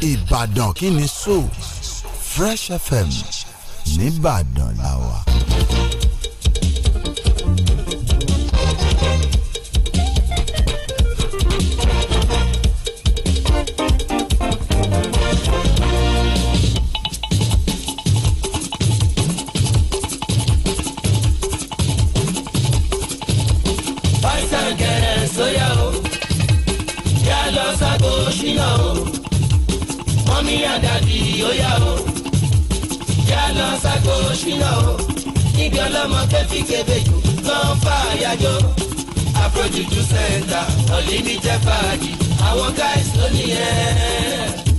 Ìbàdàn kí ni so Fresh FM nìbàdàn la wà. Bọ́sẹ̀ gẹ̀rẹ̀ sóyà o, yà lọ sago ṣìnà o mọ́mí àdàbí óyá o yá lọ sáko ṣínà o níbi ọlọ́mọ kẹ́fì kébèjì lọ́n fà yájọ́ àfrojuju sẹ́ńtà ọ̀lẹ́ni jẹ́ fàájì àwọn guys ló nìyẹn.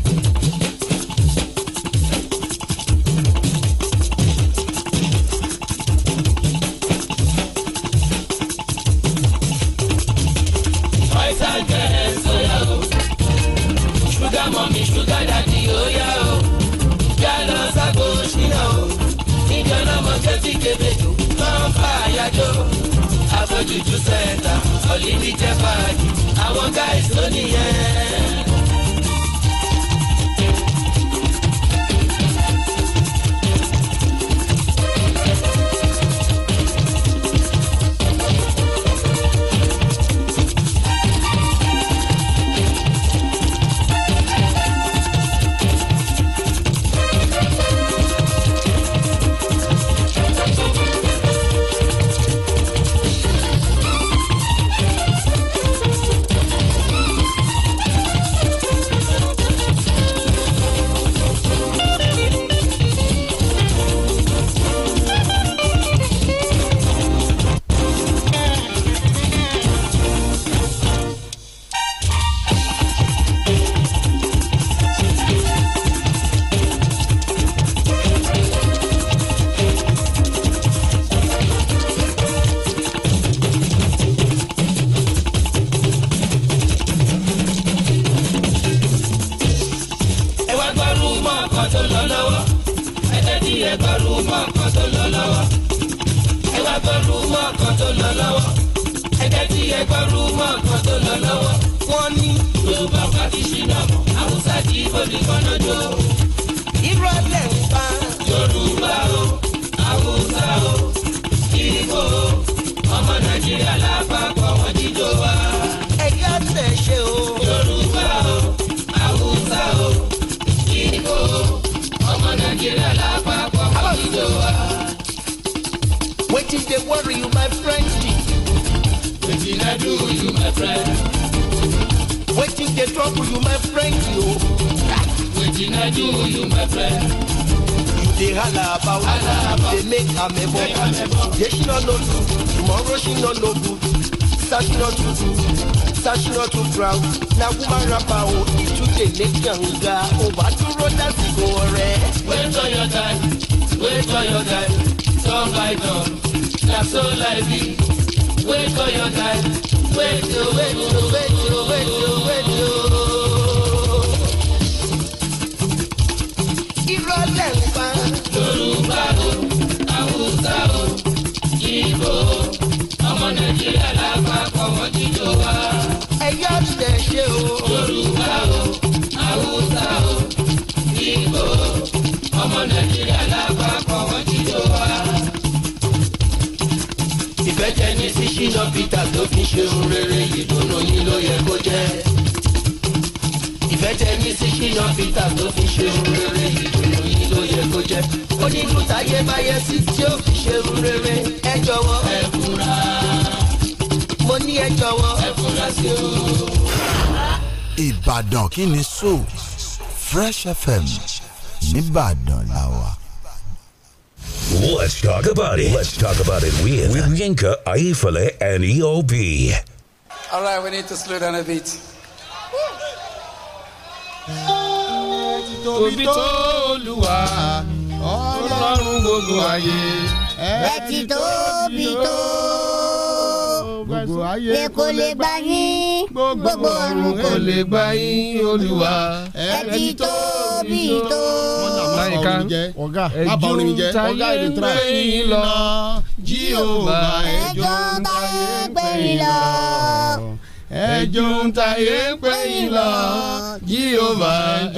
renovate. Tóbi tó Olúwa Ọlọ́run gbogbo ayé. Ẹ ti tóbi tó gbogbo ayé kò lè gbà yín gbogbo ọ̀run kò lè gbà yín Olúwa. Ẹ ti tóbi tó. Láyìíká ọ̀gá ẹjú ń gbé lọ. Jíòbá ẹjọ́ ń gbé lọ ẹjú ń ta yé ń pè yín lọ jíhóvá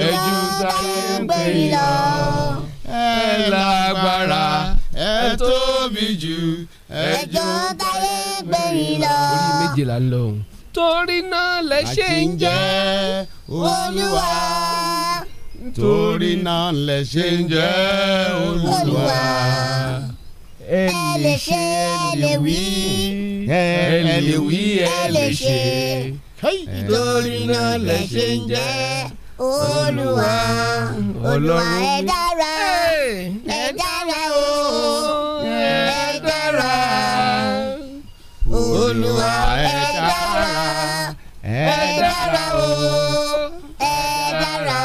ẹjú ń ta yé ń pè yín lọ ẹ lágbára ẹ tóbi jù ẹjú ń ta yé ń pè yín lọ. orí méje là ń lọ òun. torí náà lẹ ṣe ń jẹ́ olúwa. torí náà lẹ ṣe ń jẹ́ olúwa. ẹ lè ṣe ẹ lè wí wí ẹ lè wí ẹ lè ṣe lórí náà lè ṣe ń jẹ́ olúwa olúwa ẹ dára ẹ dára o ẹ dára olúwa ẹ dára ẹ dára o ẹ dára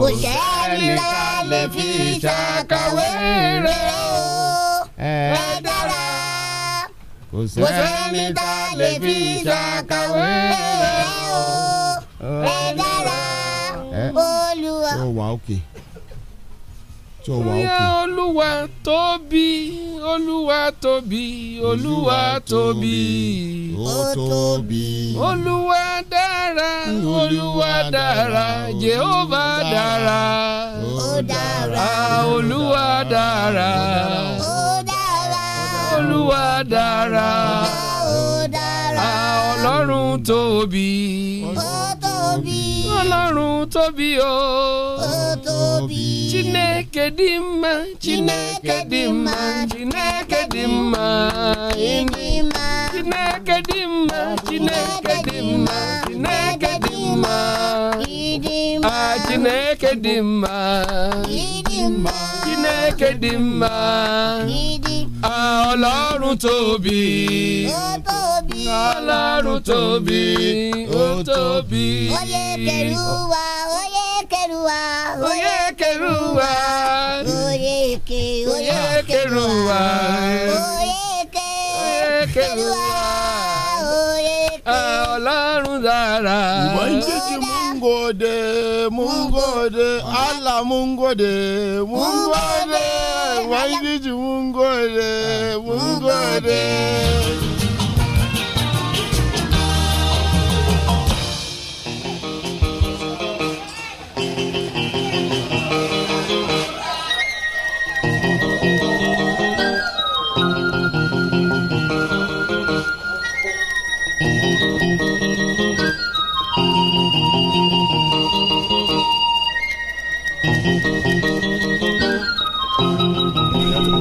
kò sẹ́ni ká lè fi ṣàkàwé rẹ̀ o ẹ dára kò sẹ́ni tá a lè fi ṣàkàwé o ẹ dára olúwa. ó wà ókè tí ó wà ókè. bóyá olúwa tóbi olúwa tóbi olúwa tóbi ó tóbi olúwa dára olúwa dára jehova dára ó dára olúwa dára ó dára olúwa dára ọlọ́run tóbi ọlọ́run tóbi o chineke dị mma chineke dị mma chineke dị mma chineke dị mma chineke dị mma chineke dị mma a chineke dị mma lékèdè mà ọlọ́run tóbi ọlọ́run tóbi ó tóbi. ó yẹ kẹrù wá ó yẹ kẹrù wá ó yẹ kẹrù wá ó yẹ kẹrù wá ó yẹ kẹrù ọlọ́run dára. ìwà ń jẹ́jẹ́ gode mun gode Allah mun gode mun gode ubangiji mun gode mun gode.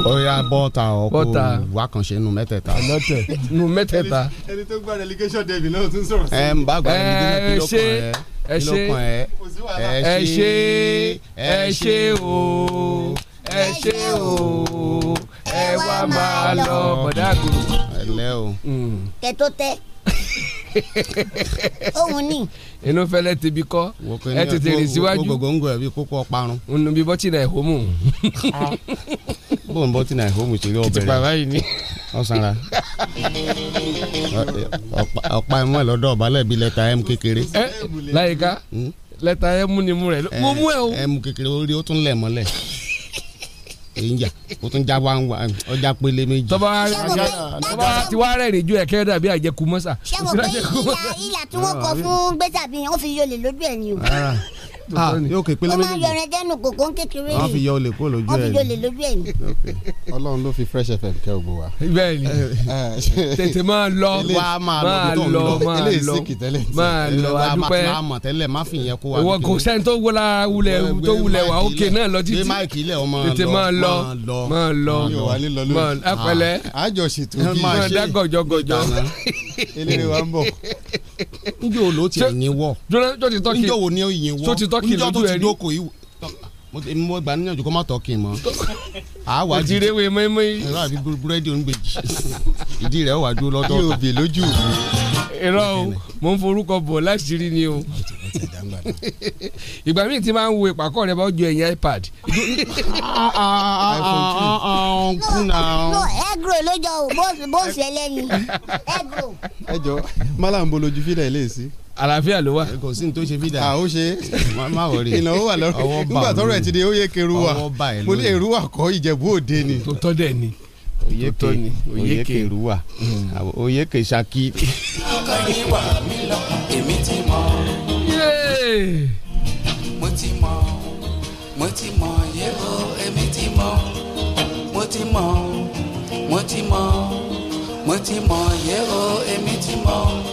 bóyá bọ́ta ọkọ wákànṣe nu mẹ́tẹ̀ẹ̀ta. mẹ́tẹ̀ nu mẹ́tẹ̀ẹ̀ta. ẹni tó gba relegation derby náà tún sọ̀rọ̀ sí. ẹ ń bá gba relegation kí ló kàn ẹ́ ẹ ṣe ẹ ṣe ẹ ṣe o ẹ ṣe o ẹ wá máa lọ bọ̀dàgùrù. ẹ lẹ́ o. Hmm. kẹ́tọ́ tẹ́ òun ni. inú fẹlẹ ti bi kọ ẹ tètè rìn síwájú. gbogbo gbòǹgbò ẹ bí kókó parun. nbí bọ́tì náà ẹ̀ hómù bóun bọ́ tí náà ìhóòmù ṣe rí ọbẹ̀ rẹ̀ kìtìpá báyìí ni ọ̀sánra ọ̀pá ẹ̀mú ẹ̀ lọ́dọ̀ ọ̀bálẹ̀ bíi lẹ́tà m kékeré. ẹ láyìíká hmm? lẹ́tà m ni mú rẹ̀ mo mú ẹ o. m kékeré orí ó tún lẹ̀ mọ́lẹ̀ èyíjà ó tún já wá ọjà pélé méjì. tọ́ba tọ́ba ti wá rẹ̀ rèéjú ẹ̀ kẹ́rẹ́ dàbí àjẹkù mọ́sà. ṣé mo pé ìlà ìlà tí wọ́n kọ fún gbèsè àbíyàn ó fi yọlẹ̀ lójú ẹ̀ o. Ah yóò ké pélé méjèèjì ó máa yọrẹ dẹnu kòkó kékeré yìí wọ́n fi yọ olè kó lójú ẹ̀ ni wọ́n fi yọ olè lójú ẹ̀ ni. Ọlọ́run ló fi Fresh FM kẹ́ ògbó wa. bẹ́ẹ̀ni eh, eh, tètè máa lọ máa lọ máa lọ máa lọ adúpẹ́ máa mọ̀ tẹ́lẹ̀ má fi yẹn kó wa. ìwọ kò sẹ́ni tó wọlá wulẹ̀ tó wulẹ̀ wa òkè náà lọ títí tètè máa lọ máa lọ máa apẹlẹ àjọṣètò bíi máa dá gọjọgọjọ. eléré wa ń bọ̀. njẹ́ wo ló ti ẹ̀yìn wọ̀ njẹ́ wo ni ẹ̀yìn wọ̀ njẹ́ tó ti dóko mo gbà níyànjú kó má tọ́ kí n mọ́ àwa jí òjìrèwé mẹ́mẹ́. ẹ̀rọ àbí búrẹ́dì oníbejì ìdí rẹ̀ wà dúró lọ́dọ̀. yóò bè lójú mi. irọ́ o mo ń forúkọ bọ̀ láṣìírí ni o. ìgbà míì tí máa ń wo ìpàkọ́ rẹ̀ bá ju ẹ̀yìn ipad. ẹgro lójó o bó ṣe lẹ́yìn ẹgro. ẹ jọ mọ́lá ń bolo ju fílẹ̀ lé sí àlàáfíà ló wà. Eh, kò sí ní tó ṣe bí dà. Ah, ṣe ìnáwó wà lọ́rọ̀ nígbà tọrọ ẹ̀ ti di oyè keru wa mo ní èrú wa kọ́ Ìjẹ̀bú Òde ni. tó tọ́ dẹ̀ ni oyè keru wa oyè ke Ṣakí. ọkọ yìí wà mo ti mọ mo ti mọ ti mọ.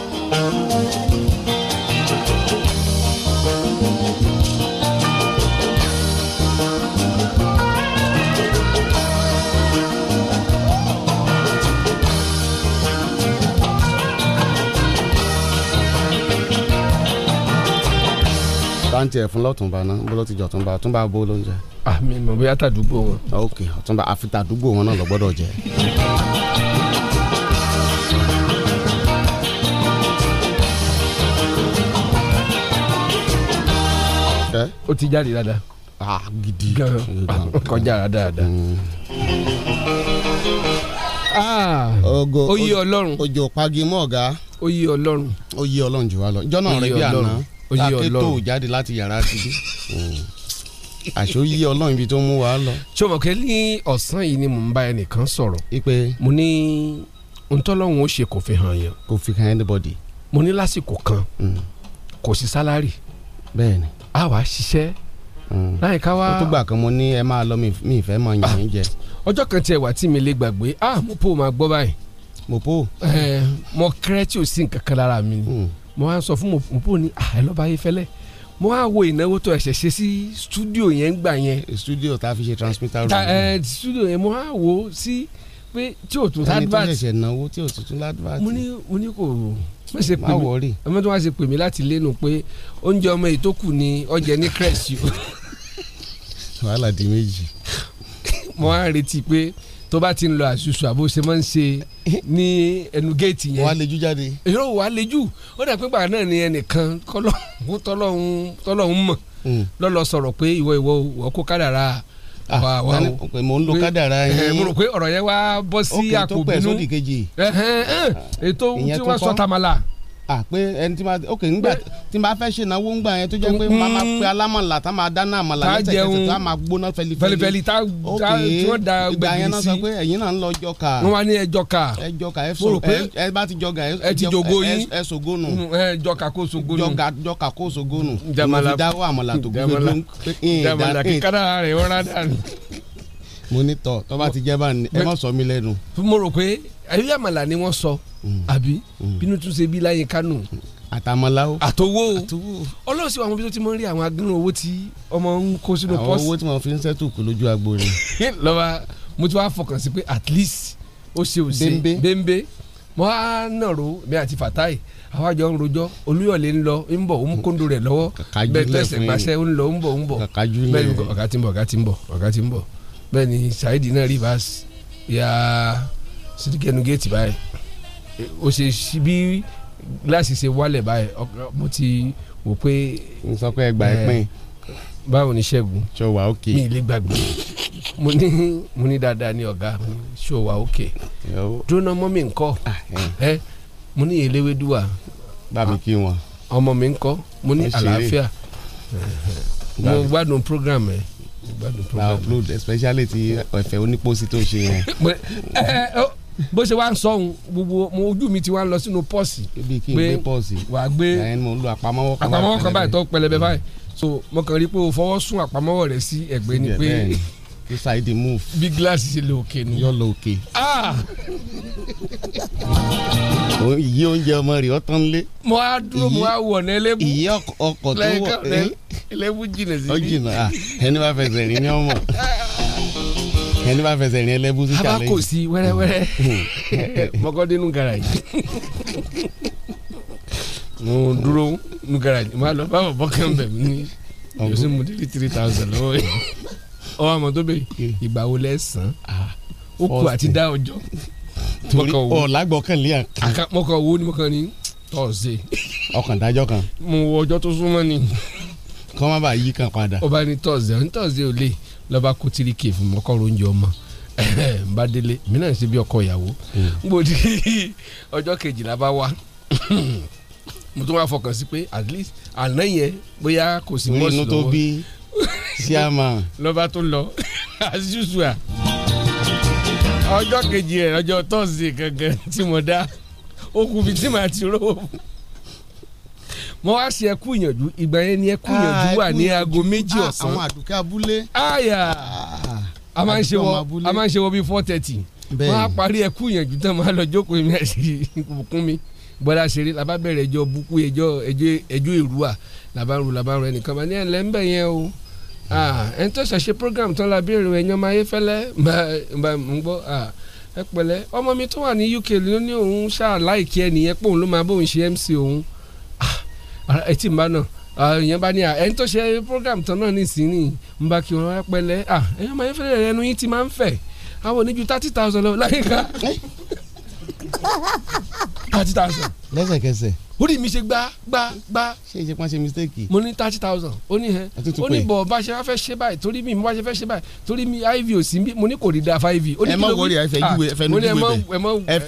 ń tiẹ̀ fún lọ́túnba náà ń bọ́ ló ti jọ túnba túnba bó ló ń jẹ. àmì ah, mọ̀ bóyá tàdúgbò wọn. ok túnba àfi tàdúgbò wọn náà lọ gbọ́dọ̀ jẹ. ó ti jáde dáadáa. a ah, gidi gan ah, kọjá dáadáa. Mm. ogo oyè ọlọ́run. ojo pagi mọ́ ọ̀gá. oyè ọlọ́run. oyè ọlọ́run jù wá lọ jọ́nà rẹ̀ bí àná akétò jáde láti yàrá tìbí àṣó yí ọlọ́run ibi tó mú wa lọ. sọmọkẹ́ ní ọ̀sán yìí ni mò ń bá ẹnìkan sọ̀rọ̀. ipe mo ní ntọ́lọ́hún ó ṣe kò fi hàn yàn. kò fi hàn anybody. mo ní lásìkò kan mm. kò sí sálárì. bẹ́ẹ̀ni. a wá ṣiṣẹ́. Mm. láyé ká wá. o tó gbà kan mo ní ẹ máa lọ mi ìfẹ́ máa yàn yín jẹ. ọjọ́ kan tiẹ̀ wà tí mi lè gbàgbé ah mo po máa gbọ́ báyìí. mo po. Eh, mo kẹ́rẹ́ tí o sí nǹkan kan lára mi ni. Mm mo wá ń sọ fún mọ̀pọ̀ ní ah, ẹ lọ́ba Ayéfẹ́lẹ́ mo wá wo ìnáwó tó ẹ̀ṣẹ̀ ṣe sí stúdíò yẹn gbà yẹn. stúdíò tá a fi ṣe transmitter room. ẹ eh, stúdíò yẹn mo wá wo sí pé tí o tún advert. ẹni tó ṣẹ̀ṣẹ̀ náwó tí o tún tún advert. mo ní mo ní kò má ṣe pè mí ọmọ tó wá ṣe pè mí láti lẹ́nu pé oúnjẹ ọmọ yìí tó kù ní ọjẹ ní crèche. wàhálà di méjì. mo wá retí pé tó bá ti ń lọ àṣùṣù àbò ṣe máa ń ṣe ní ẹnu géètì yẹn. wàá lejú jáde. yóò wàá lejú ó dà pé gbàgbà náà ni ẹnìkan kọlọ́hún tọ́lọ́hún mọ̀ hmm. lọ́lọ́ sọ̀rọ̀ pé ìwọ ìwọ ìwọ kó kádàrá ah, wà wà o. mo ń lo kádàrá eh, yẹn. mo rò pé ọ̀rọ̀ yẹn wá bọ́ sí àpò bínú. ok tó pẹ̀ sódì kejì. Ah, ètò tí wọ́n sọ tamala pé ẹni tí ma ok ngbà tí ma fẹ́ ṣe náwó ngbà yẹn tó jẹ́ pé ma ma pe hmm. alámọ̀lá tá ma dáná àmàlà lẹ́sẹ̀kẹsẹ̀ tá ma gbóná fẹlifẹli tá tí ó da gbẹ̀gìrì sí. ìgbà yẹn náà sọ pé ẹ̀yin náà ń lọ jọkà. wọ́n wá ní ẹ jọkà. ẹ jọkà ẹ sọ ẹ bá ti jọkà ẹ ti jogo yín ẹ sògónù. Mm, jọkà kó sògónù. jọkà kó sògónù. jamala jamala jamala kíkàrà rẹ̀ wọ́n rádà ni mo ní tọ tó bá ti jẹ́ bá ní ẹ má sọ mí lẹ́nu. mo rò pé ayé àmàlà ni wọ́n sọ mm. àbí mm. bínú tún ṣe bí láyé kánò àtàmọ́lá o. àtowó o ọlọ́run sì wà àwọn ibi tó ti mọ rí àwọn agúnrún owó tí ọmọ ń kó sínú pọ́ọ̀sì. àwọn owó tí mo fi ń sẹ́tù kù lójú agbo ni. lọ́wọ́ mo ti wá fọkàn sí pé at least ó ṣe ò ṣe bẹ́ńbẹ́ mo á nàró mi àti fatai àwọn àjọ ń rojọ́ olúyọ̀lé ń lọ ń bọ̀ ń kóńdó rẹ̀ lọ́wọ́ bẹ́ẹ̀ tẹ̀sẹ̀ gbàṣẹ́ ń lọ ń bọ̀ ń bọ̀ ọ̀gá ti ń bọ̀ ọ̀gá ti ń bọ̀ ọ̀gá ti ń bọ̀ bẹ́ẹ̀ ni saheed náà rivers ya sídìkẹ́nu géètì báyìí ó ṣe bí gíláàsì ṣe wálẹ̀ báyìí mo ti wò pé. n sọ pé ẹgbàá ẹ eh, pín. báwo ni ṣẹ́gun. ṣó wà mi ì lè gbàgbé mo ní mo ní dáadáa ní ọ̀gá mi ṣó wà ókè. dúró mọ́ mi ńkọ́ ah, eh. ẹ mo ní eléwédúwà. bá kí wọn. ọmọ mi ńkọ́ mo ní àlàáfíà mo gbádùn program ẹ. Eh máa upload especially ti ẹ̀fẹ̀ onípòsí tó ṣe yẹn. bó ṣe wá ń sọ̀hún gbogbo mo ojú mi ti wá ń lọ sínú pọ́ọ̀sì. ebi kí n gbé pọ́ọ̀sì wàá gbé àpamọ́wọ́ kan báyìí tó pẹlẹbẹ báyìí so mo kàn rí i pé o fọwọ́ sún àpamọ́wọ́ rẹ sí ẹ̀gbẹ́ ni pé. Inside the move. bí gíláàsì ṣe lè òkè nù. yọ lọ òkè. Ah! ìyí oúnjẹ ọmọ rẹ̀ ọtán lé. mo á dúró mo á wọ̀ ní ẹlẹ́bù. ìyí ọkọ̀ tó wọ̀ eh? ẹlẹ́bù jìnnà sí mi. ó jìnnà ah, ẹni bá fẹsẹ̀ rìn ní ọmọ ẹni bá fẹsẹ̀ rìn ẹlẹ́bù sí challenge. abako sí wẹ́rẹ́wẹ́rẹ́ mọ́kọ́dínú garage mo dúró nu garage mo á lọ báwọn bọ́kẹ́ ń bẹ̀ ní yóò sì mú délé three thousand lọ́wọ́ yìí ọwọ́ ọmọ tó bẹ̀rẹ̀ ìgbà wo lẹ́sàn-án ó kú àti dá ọjọ́. torí ọ̀làgbọ̀kànlé àkàn. mọ̀kàn wo ni mọ̀kàn ni tọ́sídẹ̀ẹ́. ọkàn dájọ́ kan. mo wọ ọjọ́ tó súnmọ́ ni. kọ́ má bàa yí kan padà. ọba ni tọ́sídẹ̀ẹ́ ní tọ́sídẹ̀ẹ́ ò lè lọ́ba kó tíríkì fún mọ́kànlá oúnjẹ ọmọ bá mi náà ṣe bí ọkọ ìyàwó. gbòdì hmm. ọjọ́ kejìlá bá wá mo tún wá fọkàn sí pé at least àná yẹn bóyá kò sí mọ́ọ̀sì lọ́wọ́ siama. lọ́ba tó lọ as usual ọjọ́ kejì rẹ̀ ọjọ́ tọ́sídẹ̀ẹ́ gangan tí mo dá okùn bíi tí màá ti rówó mo wá sí ẹkú ìyànjú ìgbà yẹn ni ẹkú ìyànjú ah, wà ní aago méjì ah, ọ̀sán àwọn àdùkẹ́ abúlé àyà a máa ń ṣe wọ a máa ń ṣe wọ bíi four thirty wọ́n á parí ẹkú ìyànjú tán máa lọ jókòó mi àti ìbùkún mi gbọ́dọ̀ ṣeré làbá bẹ̀rẹ̀ ẹjọ́ búkú ẹjọ́ ẹjọ́ èrúwà làbá ń ru làbá ń ru ẹnìkan bá ní ẹ̀lẹ́ ń yẹn o Ah, ẹni tó ṣẹ̀ṣẹ̀ program tán la béèrè ẹ̀yàn máa yé fẹ́lẹ́ ń gbọ́ ah, ẹ pẹ̀lẹ́ ọmọ mi tó wà ní UK ló ní òun ṣáà láìkí ẹnìyẹn pòun ló máa bóun ṣe MC òun ah, ẹtì ń bá náà ìyẹn bá ní à ẹni tó ṣe program tán náà nísìnyí ń bá kí wọn ẹ pẹ̀lẹ́ ẹ̀yàn máa yé fẹ́lẹ́ ẹnu yín ti máa ń fẹ̀ àwọn oníjú thirty thousand lọ láyìíká thirty thousand. lẹ́sẹ̀kẹsẹ̀. orí mi ṣe gbá gbá gbá. ṣé ìṣe pọ́n ṣe mistake. mo ní thirty thousand ó ní hẹn ó ní bọ̀ bá ṣe fẹ́ ṣe báyìí torí mi bá ṣe fẹ́ ṣe báyìí torí mi iv ò sí bí mo ní kò rí da five. ẹ mọ wọlé ẹ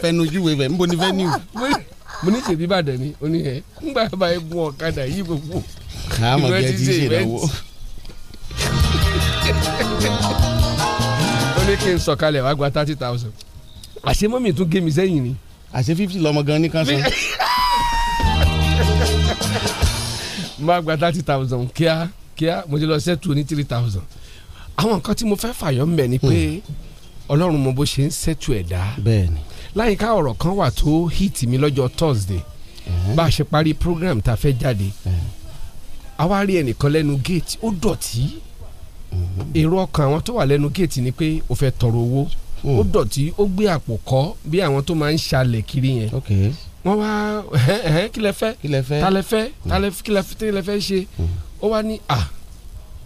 fẹnujú wẹfẹ nbọ ní venue. mo ní ṣèbí bàdàn ni ó ní hẹn ngbà bá egun ọ̀kadà yìí gbogbo. àmọ̀ bí ti ṣe ìrànwọ́ ó ní kí n sọ̀kalẹ̀ wá gba thirty thousand àṣé mọ́mì tún gé mi sẹ́yìn ni. àṣé fífi lọmọ gan ní kan sọ. máa gba thirty thousand kíá kíá mo ti lọ sẹ́tù ní three thousand àwọn nǹkan tí mo fẹ́ fàyọ́ mbẹ̀ ni pé hmm. ọlọ́run mo bó ṣe ń sẹ́tù ẹ̀dá láyìíká ọ̀rọ̀ kan wà tó hìtì mi lọ́jọ́ Thursday bá a ṣe parí program tá a fẹ́ jáde a wá rí ẹnìkan lẹ́nu géètì ó dọ̀tí èrò ọkàn àwọn tó wà lẹ́nu géètì ni pé ó fẹ́ tọrọ owó ó hmm. dọ̀tí ó gbé àpò kọ́ bí àwọn tó máa ń ṣalẹ̀ kiri yẹn wọ́n wá kí lẹ fẹ́ kí lẹ fẹ́ ta lẹ fẹ́ hmm. ta lẹ kí lẹ fẹ́ tí lẹ fẹ́ ṣe hmm. ó wá ní à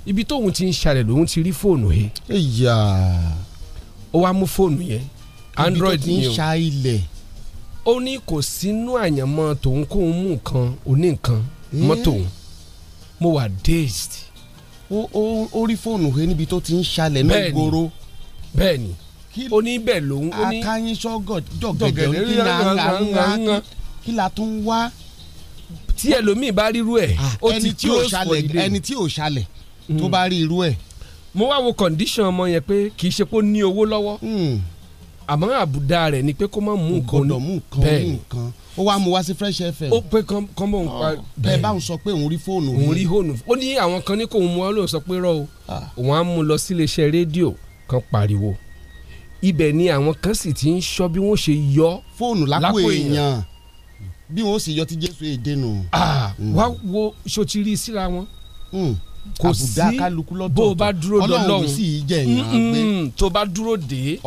ibi tóun ti ń ṣalẹ̀ lòun ti rí fóònù yẹn ó wá mú fóònù yẹn android ni o ibi tó ti ń ṣa ilẹ̀ ó ní kò sínú àyànmọ́ tòun kóun mú nǹkan oní nǹkan eh? mọ́tò mo wà dazed ó rí fóònù he níbi tó ti ń ṣalẹ̀ ní gbòòrò. bẹ́ẹ̀ni ó ní bẹ́ẹ̀ lòun ó ní. akáyínsọ́gọ̀ jọ̀gẹ̀dẹ̀ kí la ń ra ń ra kí la tún wá. tí ẹlòmíì bá rírú ẹ̀ ah, ó ti close for the day. ẹni tí ò ṣalẹ̀ tó hmm. bá rí irú ẹ̀. mo wá wo condition ọmọ yẹn pé kì í ṣe pé ó ní owó lọ́wọ́ hmm. àmọ́ àbùdá rẹ̀ ni pé kó má mú nǹkan ní bẹ́ẹ̀ ó wá mu wá sí Fresh FM. ó pé kọ́mọ nǹkan ah, bẹ́ẹ̀ báwọn sọ pé òun rí fóònù. òun rí fóònù ó ní àwọn kan ní kò ń mu ọ́ lóun sọ pé rọ́ o ah. òun á mú lọ síléeṣẹ́ rédíò kan pariwo ibẹ̀ ni àwọn kan sì ti ń sọ bí wọ́n ṣe yọ fóònù lápò èèyàn bí wọ́n sì yọ tí jésù èdè nù. Mm. wá wo sotiri síra wọn mm. kò sí bó o bá dúró de ọlọ́run tó bá dúró de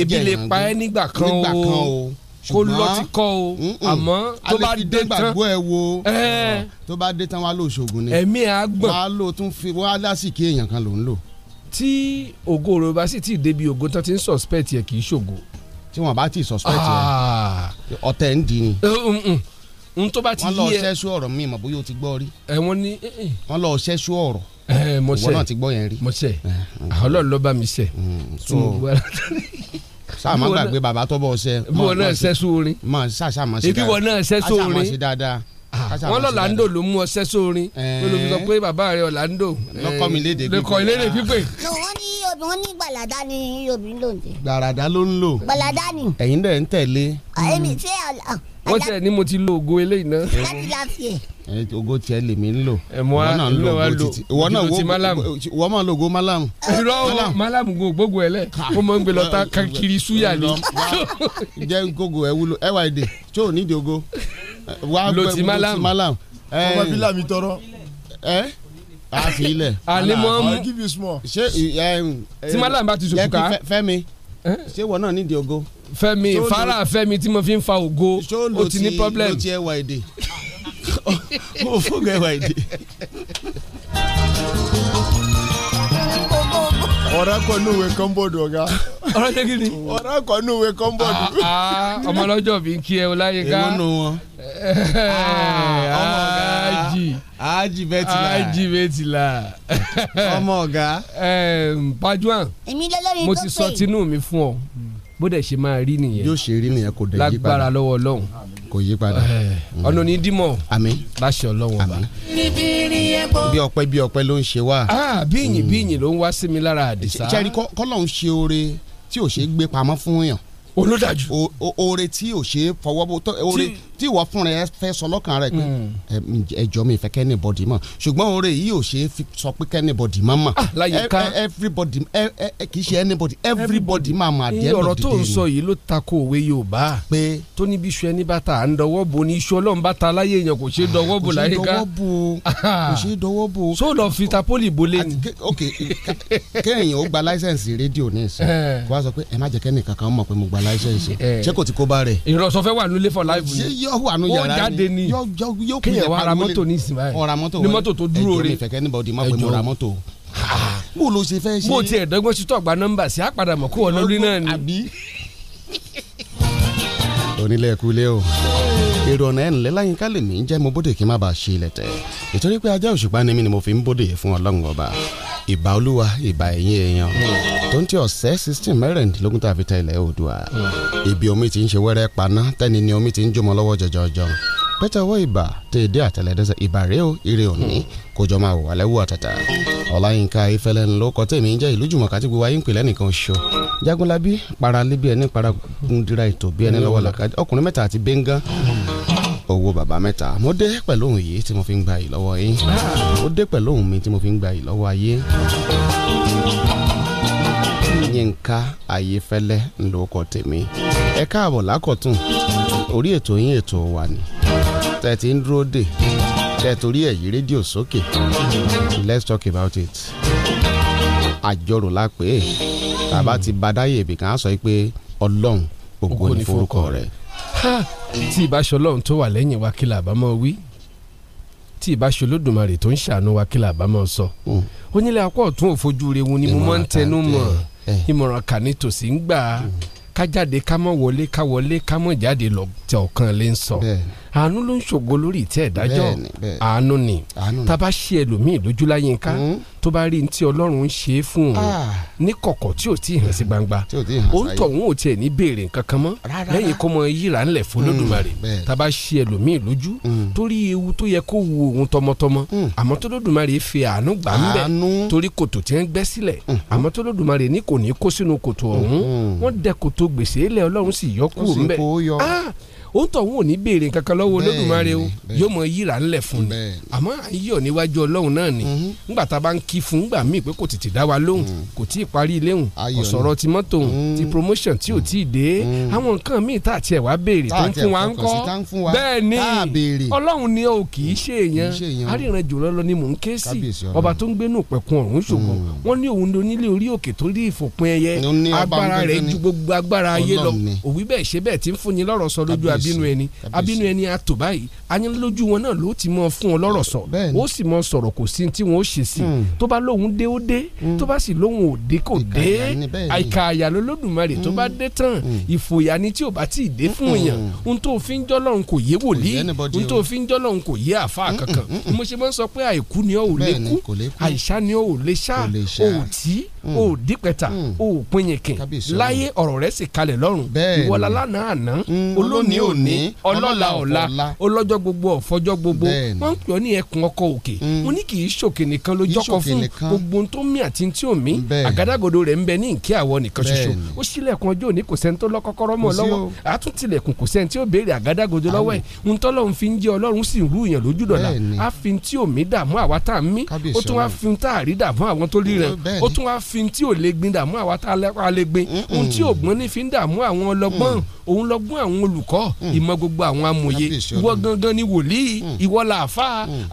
ebi lè pa ẹ́ nígbà kan o kó lọ ti kọ́ o àmọ́ tó bá dé tán gbàgbọ́ ẹ wo tó bá dé tán wàá lò ni ẹ̀mí àgbọ̀n wàá lò tún fi lásìkò èèyàn kan ló lò tí ògo rẹ̀ bá sì ti débi ògo tán ti ń suspect yẹ kì í ṣògo. tí wọn bá ti suspect yẹ ah. ọ̀tẹ̀ ń di ni. Eh, um, um. n tó bá ti yẹ wọn lọ ṣẹ́ṣú ọ̀rọ̀ mi mọ̀ bóyá o ti gbọ́ rí. ẹ eh, wọn ní. Eh, wọn lọ ṣẹ́ṣú ọ̀rọ̀ ìwọ náà ti gbọ́ yẹn rí. mo ṣe ah, Ọlọ́run ló bá mi ṣe. Mm, sáà má gbàgbé bàbá tó bọ̀ ṣe. bí wọn náà ṣẹ́ṣú orin. sáà sáà má ṣe dáadáa. Ah, wọn Lando, ló mú ọṣẹ́ sórin eh. olùfi sọ pé bàbá rẹ ọ̀làndò lọkọ mi léde pípé lọkọ ilédè pípé. wọ́n ní obì wọ́n ní gbàlàdá ni obì ń lò ní. gbàràdá ló ń lò. gbàlàdá ni. ẹ̀yin dẹ̀ ń tẹ̀lé. èmi ṣé àlà. wọ́n tẹ̀ ni mo ti lo ògo eléyìí náà. láti la fi ẹ̀. Eh, ògo tiẹ̀ lèmi ń lò. ẹ̀mọ́ a ló wa lo ògo ti malamu. wọ́n máa lo ògo malamu. irọ́ malamu go gbogbo ẹ̀ lẹ̀ ó máa ń gbé lọ́ta kankiri suya ni. jẹ́ nkógo ẹ̀ wúlò ẹ̀ wá èdè tí ò ní ìdí ògo. Lothimalam malam, ọmọ bílà mi tọrọ. ẹ a fi ilẹ̀. àlẹ́ mọ́ mú ṣé Timalam bá ti sòkùkà. Fẹ́mi ṣé wọn náà nídìí ògo. Fẹ́mi fara Fẹ́mi tí mo fi ń fa ògo o ti ní problem. ṣó lo ti ẹwà èdè o fún ẹwà èdè ọ̀rá kọ ní òwe kọ́ńbọ̀dù ọ̀gá. ọ̀rá ṣe kí ni. ọ̀rá kọ ní òwe kọ́ńbọ̀dù. Ah, ah, ah. ọmọ ọlọ́jọ́ bí kí ẹ láyé ká. èwo nù wọn. Eh, ọmọ ọ̀gá aji betila aji betila. ọmọ ọ̀gá. pajuan mo ti sọ tinú mi fún ọ bó dẹ̀ ṣe máa rí nìyẹn. yóò ṣe rí nìyẹn kò dẹ̀ yí lágbára lọ́wọ́ ọlọ́run kò yí padà. Eh, mm. ọ̀nà ní dímọ̀ àmín láṣẹ ọlọ́wọ́n bá. bí ọpẹ́ bí ọpẹ́ ló ń ṣe wá. Ah, bíyìn mm. bíyìn ló ń wá sí mi lára àdìsá. sẹ́ni kọ́lọ̀ ń ṣe oore tí ò ṣe gbé pamọ́ fún yàn. olódàjú. oore tí ò ṣe fọwọ́ bó oore tí ìwọ fúnra ẹ fẹ́ sọ lọ́kàn rẹ pé hmm. ẹjọ́ mi ìfẹ́ kẹ́ni bọ́dì mọ̀ ṣùgbọ́n oore yìí ò ṣe é sọ pé kẹ́ni bọ́dì máa mà ah, everybody kì í ṣe anybody everybody máa mà díẹ̀ lọ́dìdẹ́ ni. tó ń sọ yìí ló tako òwe Yorùbá pé tó níbi iṣu ẹni bàtà à ń dọwọ́ bo ní iṣu Ọlọ́run bàtà aláyé èèyàn kò ṣe ah, dọwọ́ bo láyé ká kò ṣe dọwọ́ bo so lọ fi tapoli bo lé ni. ok kéèyàn ó gba láísẹ̀nsì rédíò ní ìsìn kó eh. wá sọ pé ẹ má jẹ́ kẹ́nìkan kan mọ̀ pé mo gba láísẹ̀nsì eh. ṣé kò ti kó bá rẹ̀. ìrọ̀sọ̀fẹ́ wà nílé for life ni yóò wà nù yàrá ni ó jáde ni yóò kúnyẹ̀ pa ra mọ́tò ní ìsìn báyìí ọ̀ra mọ́tò ni mọ́tò tó dúró rẹ̀ ẹjọ́ mi fẹ́ kẹ́ anybody má pè mọ́ ra mọ́tò mo lo ṣe fẹ́ ṣe. mo ti ẹ̀dọ́gbọ́n ṣe tọ́gbà nọ́mbà sí àpàdàmọ̀ kó wọn lórí náà ni onílé ẹ̀kúlé o èrò ọ̀nà ẹ̀ǹlẹ́ láyínká lè mí jẹ́ mo bóde kí n má bàa ṣe ilẹ̀ tẹ̀ ìtorí pé ajá òṣùpá ni mí ni mo fi ń bóde fún ọlọ́run ọba ìbà olúwa ìbà ẹ̀yìn èèyàn tó ń tí ọ̀sẹ̀ sixteen mẹ́rìndínlógún tàbí tẹ ilẹ̀ oòdùà ibi omi ti ń ṣe wẹ́rẹ́ paná tẹ́ni ni omi ti ń jómọ lọ́wọ́ jọjọjọ pẹ́tẹ́ ọwọ́ ìbà tẹ èdè àtẹlẹdẹsẹ ìbà rèé o ire òní kó jọ máa wò wálẹ́wù àtàtà ọláyínká ifẹ̀lẹ́ ńlọ́kọ tèmi ń jẹ́ ìlú jùmọ̀ká tí gbogbo pè lẹ́nìkan ṣo jagunlabi parale bí ẹni parakundira ètò bí ẹni lọ́wọ́ làkàjẹ́ ọkùnrin mẹ́ta àti bẹ́ngàn owó bàbá mẹ́ta mo dé pẹ̀lú òun yìí tí mo fi ń gba yìí lọ́wọ́ yín mo dé pẹ̀lú òun mi tí mo fi ń gba yìí lọ́wọ́ ayé yínká ayéfẹ́lẹ́ ńlọkọ̀ tèmi ẹ káàbọ̀ lákọ̀tún orí ètò yín ètò wa ni tẹ̀tí ń dúró dè tẹ̀torí ẹ̀yí rédíò sókè let's talk about it àjọrò la pè é tàbá ti badáyé ibì kan á sọ pé ọlọ́run ògo ni forúkọ rẹ̀. tí ìbáṣọ ọlọ́run tó wà lẹ́yìn wa kí làbá máa wí tí ìbáṣọ olódùmarè tó ń ṣàánú wa kí làbá máa sọ. Hmm. onílé apá ọ̀tún òfojú rewu ni mo máa ń tẹnu mọ́ eh. ìmọ̀ràn kà tòsí ń gbà á hmm. ká wọlé ká wọlé jáde lọ tẹ ọ̀kan lè ń sọ àánú ló ń ṣògo lórí ìtẹ́ ìdájọ́ àánú ni tá a bá ṣe ẹlòmíì lójú láyé nká hmm? tó bá rí ní tí ọlọ́run ń ṣe é fún un ah. ní kọ̀kọ̀ tí ò tí ì hàn sí gbangba ó ń tọ̀ òun ò tiẹ̀ ní béèrè nǹkan kan mọ́ lẹ́yìn kó mọ yíra ńlẹ̀ fún hmm, lódùmarè tá a bá ṣe ẹlòmíì lójú hmm. torí ewu tó yẹ kó wu òun tọmọtọmọ àmọ́ tó lódùmarè fi àánú gbà ń bẹ̀ torí kòtò tí ń gbẹ́ sílẹ̀ àmọ́ tó lódùmarè ní kò ní kó sínú kòtò ọ̀hún wọ́n dẹ kòtò gbèsè lẹ̀ ọlọ́run sì yọ kúrò ń ó ń tọ̀ wọn ò ní béèrè nǹkan kan lọ́wọ́ olódùmarè o yóò mọ yíra ńlẹ̀ fún ni àmọ́ à ń yọ̀ níwájú ọlọ́run náà ni mhm. ńgbà tá a bá ń kí fún ńgbà míì pé kò tètè dá wa lóhùn mhm. kò tí ì parí ilé hùn ti mọ́tò mhm. ti promotion tí ò tí ì dé àwọn nǹkan míì tá àti ẹ̀ wá béèrè tó ń fún wa ń kọ́ bẹ́ẹ̀ ni ọlọ́run ni o kì í ṣe èèyàn aríran jùlọ lọ ni mò ń ké sí ọba tó ń gbénú pẹ̀kun ọ̀run ṣògbọ́n wọ́n ní òun onílé orí òkè tó rí ìfòpin ẹyẹ abínú ẹni abínú ẹni àtò báyìí ayánlójú wọn náà ló ti mọ fún ọ lọ́rọ̀ sọ ó sì mọ sọ̀rọ̀ kò sí tí wọn ó ṣe sí hmm. tó bá lóhun dé ó dé hmm. tó bá sì lóhun ò dé kò dé àìkà àyà lolódùmarè tó bá hmm. dé tán ìfòyà ni tí ò bá tí ì dé fún èèyàn ohun tó fi ń jọlọ́run kò yé wòlíì ohun tó fi ń jọlọ́run kò yé àfa kankan mo ṣe máa ń sọ pé àìkú ni ó lè kú àìsá ni ó ò lè sá òòtí Mm. o ò mm. o ò pinyìnkìn láyé ọ̀rọ̀ rẹ̀ sì kalẹ̀ lọ́rùn ìwọlá lánàá àná mm. olóòní òní ọlọ́la ọ̀la ọlọ́jọ́ gbogbo ọ̀fọ́jọ́ gbogbo wọ́n ń pè ọ́ ní ẹkùn ọkọ̀ òkè mo ní kì í ṣòkè nìkan ló jọ́kọ fún gbogbo tó mí àti tí ò mí àgádágodo rẹ̀ ń bẹ ní ìkí àwọ̀ nìkan ṣoṣo ó sílẹ̀kùn ọjọ́ òní kò sẹ́ni tó lọ́kọ́kọ́rọ́ mọ́ lọ́wọ́ àtúntìlẹ̀kùn kò sẹ́ni tí ó béèrè àgádágodo lọ́wọ́ ẹ̀ ń tọ́lọ́run fi ń jẹ́ ọlọ́run sì ń rú ìyàn lójú dọ̀la á fi tí ò mí dààmú àwa tá a mí ó tún wá fi tá a rí dààmú àwọn tó rí rẹ̀ ó tún wá f fi tí ò lè gbin dààmú àwa tá a lè gbin ohun tí ò gbọ́n ní fi ń dààmú àwọn ọlọ́gbọ́n mm. òun lọ́gbọ́n àwọn olùkọ́ mm. ìmọ̀ gbogbo àwọn amòye ìwọ gangan ni wòlíì mm. ìwọ làáfà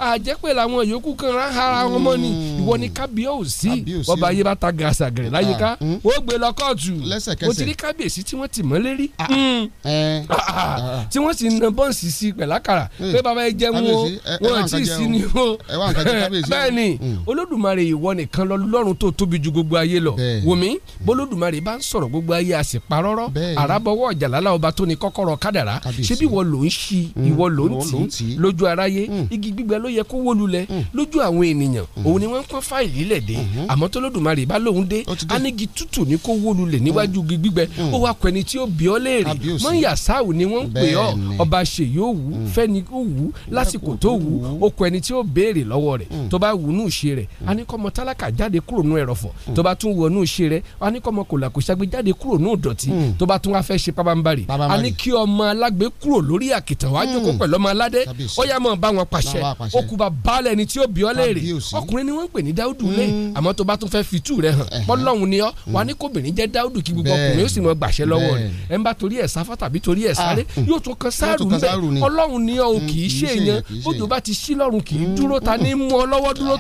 àjẹpẹ́ làwọn yòókù kan rán ara wọn mọ́ ni ìwọ ni kábíyèsí ọba ayé bá ta gàṣàgẹ̀rẹ̀ láyìíká ah, ó gbé lọ kóòtù ó ti rí kábíyèsí tí wọ́n ti mọ́ lérí ah, eh. tí wọ́n sì na bọ́ǹsì sí pẹ̀lákàrà eh. pé bàbá ẹ jẹun o wọn ti sí ni o bẹ́ẹ̀ ni olódùmarè ìwọ nìkan lọ́lọ́run tó tóbi ju gbogbo gbogbo ayé lọ wùmí bólódùmarè bá ń sọ̀rọ̀ gbogbo ayé a sì parọ́rọ́ àràbọ̀wọ́ ọ̀jàlálà ọba tó ní kọ́kọ́rọ́ kádàrá ṣebí ìwọ ló ń ṣi hmm. ìwọ ló ń tì lójú aráyé hmm. igi gbígbẹ ló yẹ kó wó lulẹ̀ hmm. lójú àwọn ènìyàn òun ni wọ́n ń pọ́n fáìlì lẹ̀ dé àmọ́ tólódùmarè bá lóun dé anigi tútù ní kó wó lulẹ̀ níwájú igi gbígbẹ ó wá pẹ́ni tí ó bí ọ léèrè mọ́ ni wọ́n ń pè ọ́ ọba ṣèyí ó wù fẹ́ni ó wù lásìkò tó wù ó kọ ẹni tí ó tó bá tún wọnú iṣẹ́ rẹ̀ a ní kọ́ ọmọ kòlà kò ṣàgbé jáde kúrò ní ìdọ̀tí hmm. tó bá tún wá fẹ́ ṣe pabambari a ní kí ọmọ alágbe kúrò lórí àkìtàn wá jókòó hmm. pẹ̀lú ọmọ aládé ó yá mọ̀ bá wọn pàṣẹ okùnbà baálẹ̀ ni tí ó bí ọ léèrè ọkùnrin ni wọ́n ń pè ní dáúdù lé hmm. àmọ́ tó bá tún fẹ́ fi tú hàn pọ́lọ́hún ni ọ́ wà ní kóbìnrin jẹ́ dáúdù kí gbogbo ọkùnrin ó sì mọ gbàṣẹ lọ́wọ́ rẹ̀ ẹ̀ ah, ni ọ́ kì í ṣe èèyàn bójú bá ti ṣí lọ́rùn kì í dúró ta ní mú ọ lọ́wọ́ dúró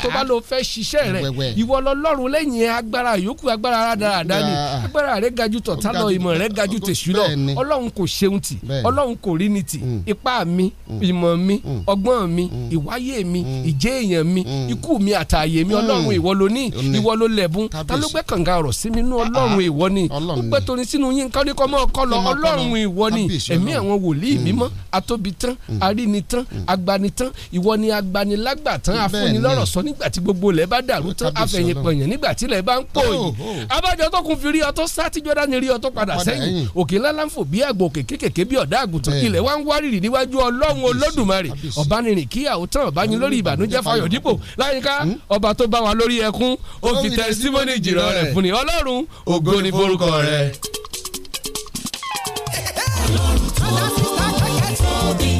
agbára yòókù agbára rádaràdá ni agbára rẹ̀ gaju tọ̀tá lọ ìmọ̀ rẹ̀ gaju tèṣù lọ ọlọ́run kò ṣeun tì ọlọ́run kò rí ni tì mm. ipá mi mm. ìmọ̀ mi mm. ọgbọ́n mi ìwáyé mi ìjẹ́ èèyàn mi ikú mi àtàyè mi ọlọ́run ìwọ ló ní ìwọ ló lẹ̀bùn ta ló gbẹ́ kànga ọ̀rọ̀ sí mi nú ah, ah. ọlọ́run ìwọ ni ó gbẹ́ torí sínú yín kọ́ni kọ́ mọ́ ọkọ lọ ọlọ́run ìwọ ni ẹ̀mí àwọn wòlíì mímọ́ atóbi tán aríni tán agbani tán ìwọ ni agbanilágbà tán afúnilọ́rọ̀ sọ nígbà tí gbogbo ilẹ̀ bá dàrú tán afẹ̀yìnpọ̀yìn nígbà tí ilẹ̀ bá ń pò yìí abájọ tó kun fi rí ọtọ sátí jọdani rí ọtọ padà sẹ́yìn òkè ńláńlá bí àgbò òkè kékèké bí ọ̀dà àgùntàn ilẹ̀ wa ń wárìrì níwájú ọlọ́run olódùmarè ọ̀bánirin kíyà ó tán lórí ìbànújẹ́ fayọ̀ dípò láyínká ọba tó bá wa lórí ẹkún ó fi tẹsítímọ́nì jìrọ̀ rẹ̀ fún ni ọlọ́run ògo ni forúkọ rẹ̀. ọlọ́run tó tóbi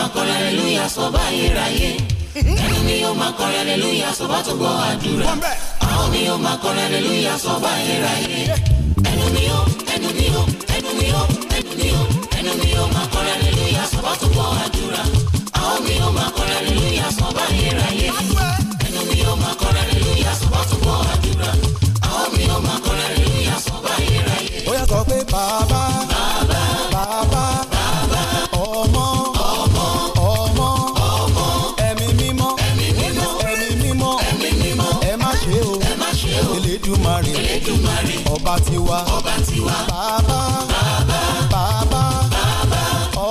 máa kọrin aleluya sọba ayérayé ẹnu mi yóò máa kọrin aleluya sọba tó gbọ́ àdúrà àwọn mi yóò máa kọrin aleluya sọba ayérayé ẹnu mi yóò ẹnu mi yóò ẹnu mi yóò ẹnu mi yóò ẹnu mi yóò máa kọrin aleluya sọba tó gbọ́ àdúrà àwọn mi yóò máa kọrin aleluya sọba ayérayé ẹnu mi yóò máa kọrin aleluya sọba tó gbọ́ àdúrà. ọba tiwa ọba tiwa bàbá bàbá bàbá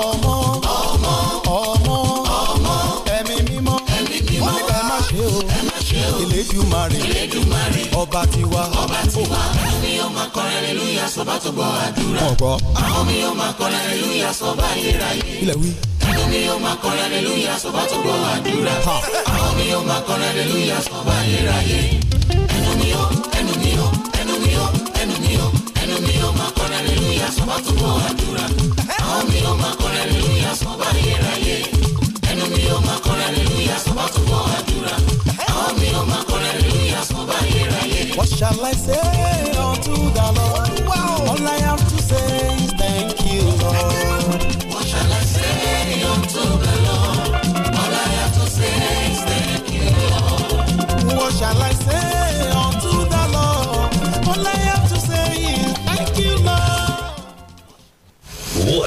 ọmọ ọmọ ọmọ ọmọ ẹ̀mí mímọ́ ẹ̀mí mímọ́ wọ́n ní ká má ṣe o ẹ má ṣe o Elédùmarè Elédùmarè ọba tiwa ọba tiwa àwọn mi yóò máa kọrin aleluya sọba tó gbọ́ àdúrà àwọn mi yóò máa kọrin aleluya sọba ayérayé ilẹ̀ wí àwọn mi yóò máa kọrin aleluya sọba tó gbọ́ àdúrà àwọn yóò máa kọrin sọ bá tún bọ̀ àdúrà. mi ò máa kọrin aleluya sọ bá ní ìráyè. mi ò máa kọrin aleluya sọ bá tún bọ̀ àdúrà. mi ò máa kọrin aleluya sọ bá ní ìráyè. What shall I say?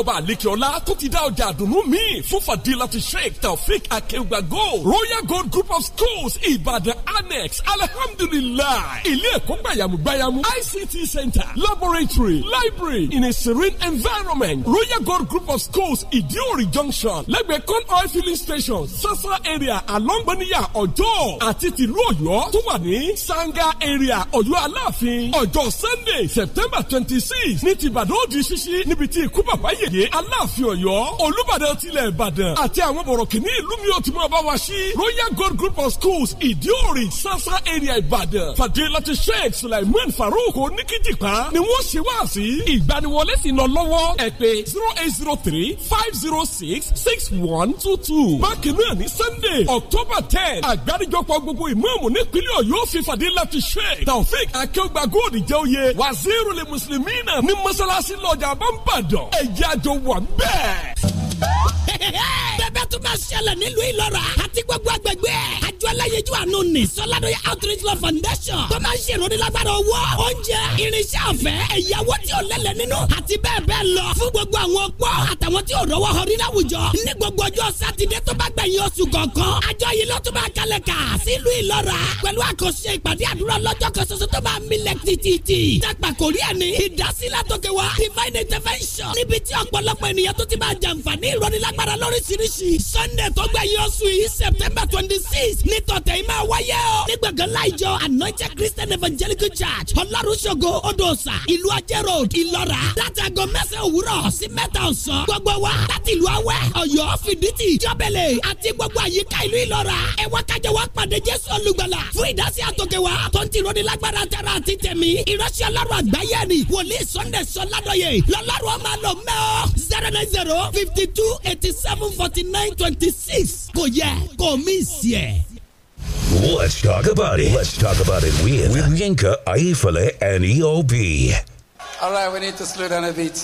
ọba àlekèọlá tó ti dá ọjà àdùnnú míì fún fàdílà ti sheik taofik akéwà gold royal gold group of schools ìbàdàn annex alihamdulilayi ilé ẹ̀kọ́ gbàyàmùgbàyàmù ict center laboratory library in a serene environment royal gold group of schools Idiori junction lẹ́gbẹ̀ẹ́ con oil filling station sasa area alongbaniya ọjọ́ àti tìlú ọ̀yọ́ tó wà ní sanga area ọ̀yọ́ aláàfin ọjọ́ sunday september twenty six ní tìbàdàn ó di ṣíṣí níbi tí ikú bàbá yè Adéyẹyẹ Aláàfin Ọ̀yọ́ Olúbàdàn tilẹ̀ Ìbàdàn àti àwọn bọ̀rọ̀kìnní ìlú mi ò ti máa bá wa sí Royal God Group of Schools Ìdíòrè Sasa area Ìbàdàn Fadilati Sheikh Sulaiman Farouk Oníkìjìpá ni wọ́n ṣe wá sí ìgbaniwọlé sì lọ lọ́wọ́ ẹ pè zero eight zero three five zero six six one two two bákan náà ní Sunday October ten àgbáríjọpọ̀ gbogbo ìmáàmù nípínlẹ̀ Ọ̀yọ́ fi Fadilati Sheikh Taofik Akeogba Gold jẹ́ oyè Wazirul Muslimina ní mọ́sálásí lọ́jà Àbámbàdàn ẹ̀yà 都完蛋。bẹ́ẹ̀ tún máa ṣẹlẹ̀ nílùú Ìlọ́ra àti gbogbo agbègbè àjọ aláyẹjú àánú ni Sọládọ́yà outreach law foundation tó máa ń ṣe ìrónilágbára owó oúnjẹ irinṣẹ́ ọ̀fẹ́ ẹ̀yáwó tí ò lẹ́lẹ̀ nínú àti bẹ́ẹ̀ bẹ́ẹ̀ lọ fún gbogbo àwọn ọ̀pọ̀ àtàwọn tí ò rọ́wọ́ họrí láwùjọ ní gbogbo ọjọ́ sátidé tó bá gbẹ̀yìn oṣù kọ̀ọ̀kan àjọ yìí ló tún máa kalẹ̀ kà sílùú Ìlọ́ra pẹ̀lú àkànṣe ìpàdé àdúrà lọ́jọ́ kan ṣoṣo tó máa milẹ̀ títì dàgbà kò rí ẹni ìdásílẹ̀ tó kẹwàá divine intervention níbi tí ọ̀pọ̀lọpọ̀ ènìyàn tó ti máa jàǹfààní ìrọ̀nilágbára lóríṣiríṣi sunday tó gbẹ̀yìn oṣù yìí september twenty six ní tọ̀tẹ̀ yìí máa wáyé o ní láìjọ anointed christian evangelical church ọlọ́runṣogo odòsà ìlú ajé road ìlọ́ra láti aago mẹ́sàn-án òwúrọ̀ sí mẹ́ta ọ̀sán gbogbo wa láti ìlú awẹ́ ọ̀yọ́ fìdítì jọ́bẹ̀lẹ̀ àti gbogbo àyíká ìlú ìlọ́ra ẹ wá kájọ wá pàdé jésù olùgbàlà fún ìdásí àtòkè wa tó ń ti ìrọ̀nilágbára tara àti tẹ̀mí ìránṣẹ́ ọlọ́run àgbáyé ni wòlíì sunday sọládọ̀yè lọ́lọ́run ọmọ àlọ́ mẹ́ọ́ zero nine zero fifty two two eighty seven forty nine twenty six kò mí sí ẹ. Let's talk about it. Let's talk about it with, with Yinka, Aifale, and EOB. All right, we need to slow down a bit.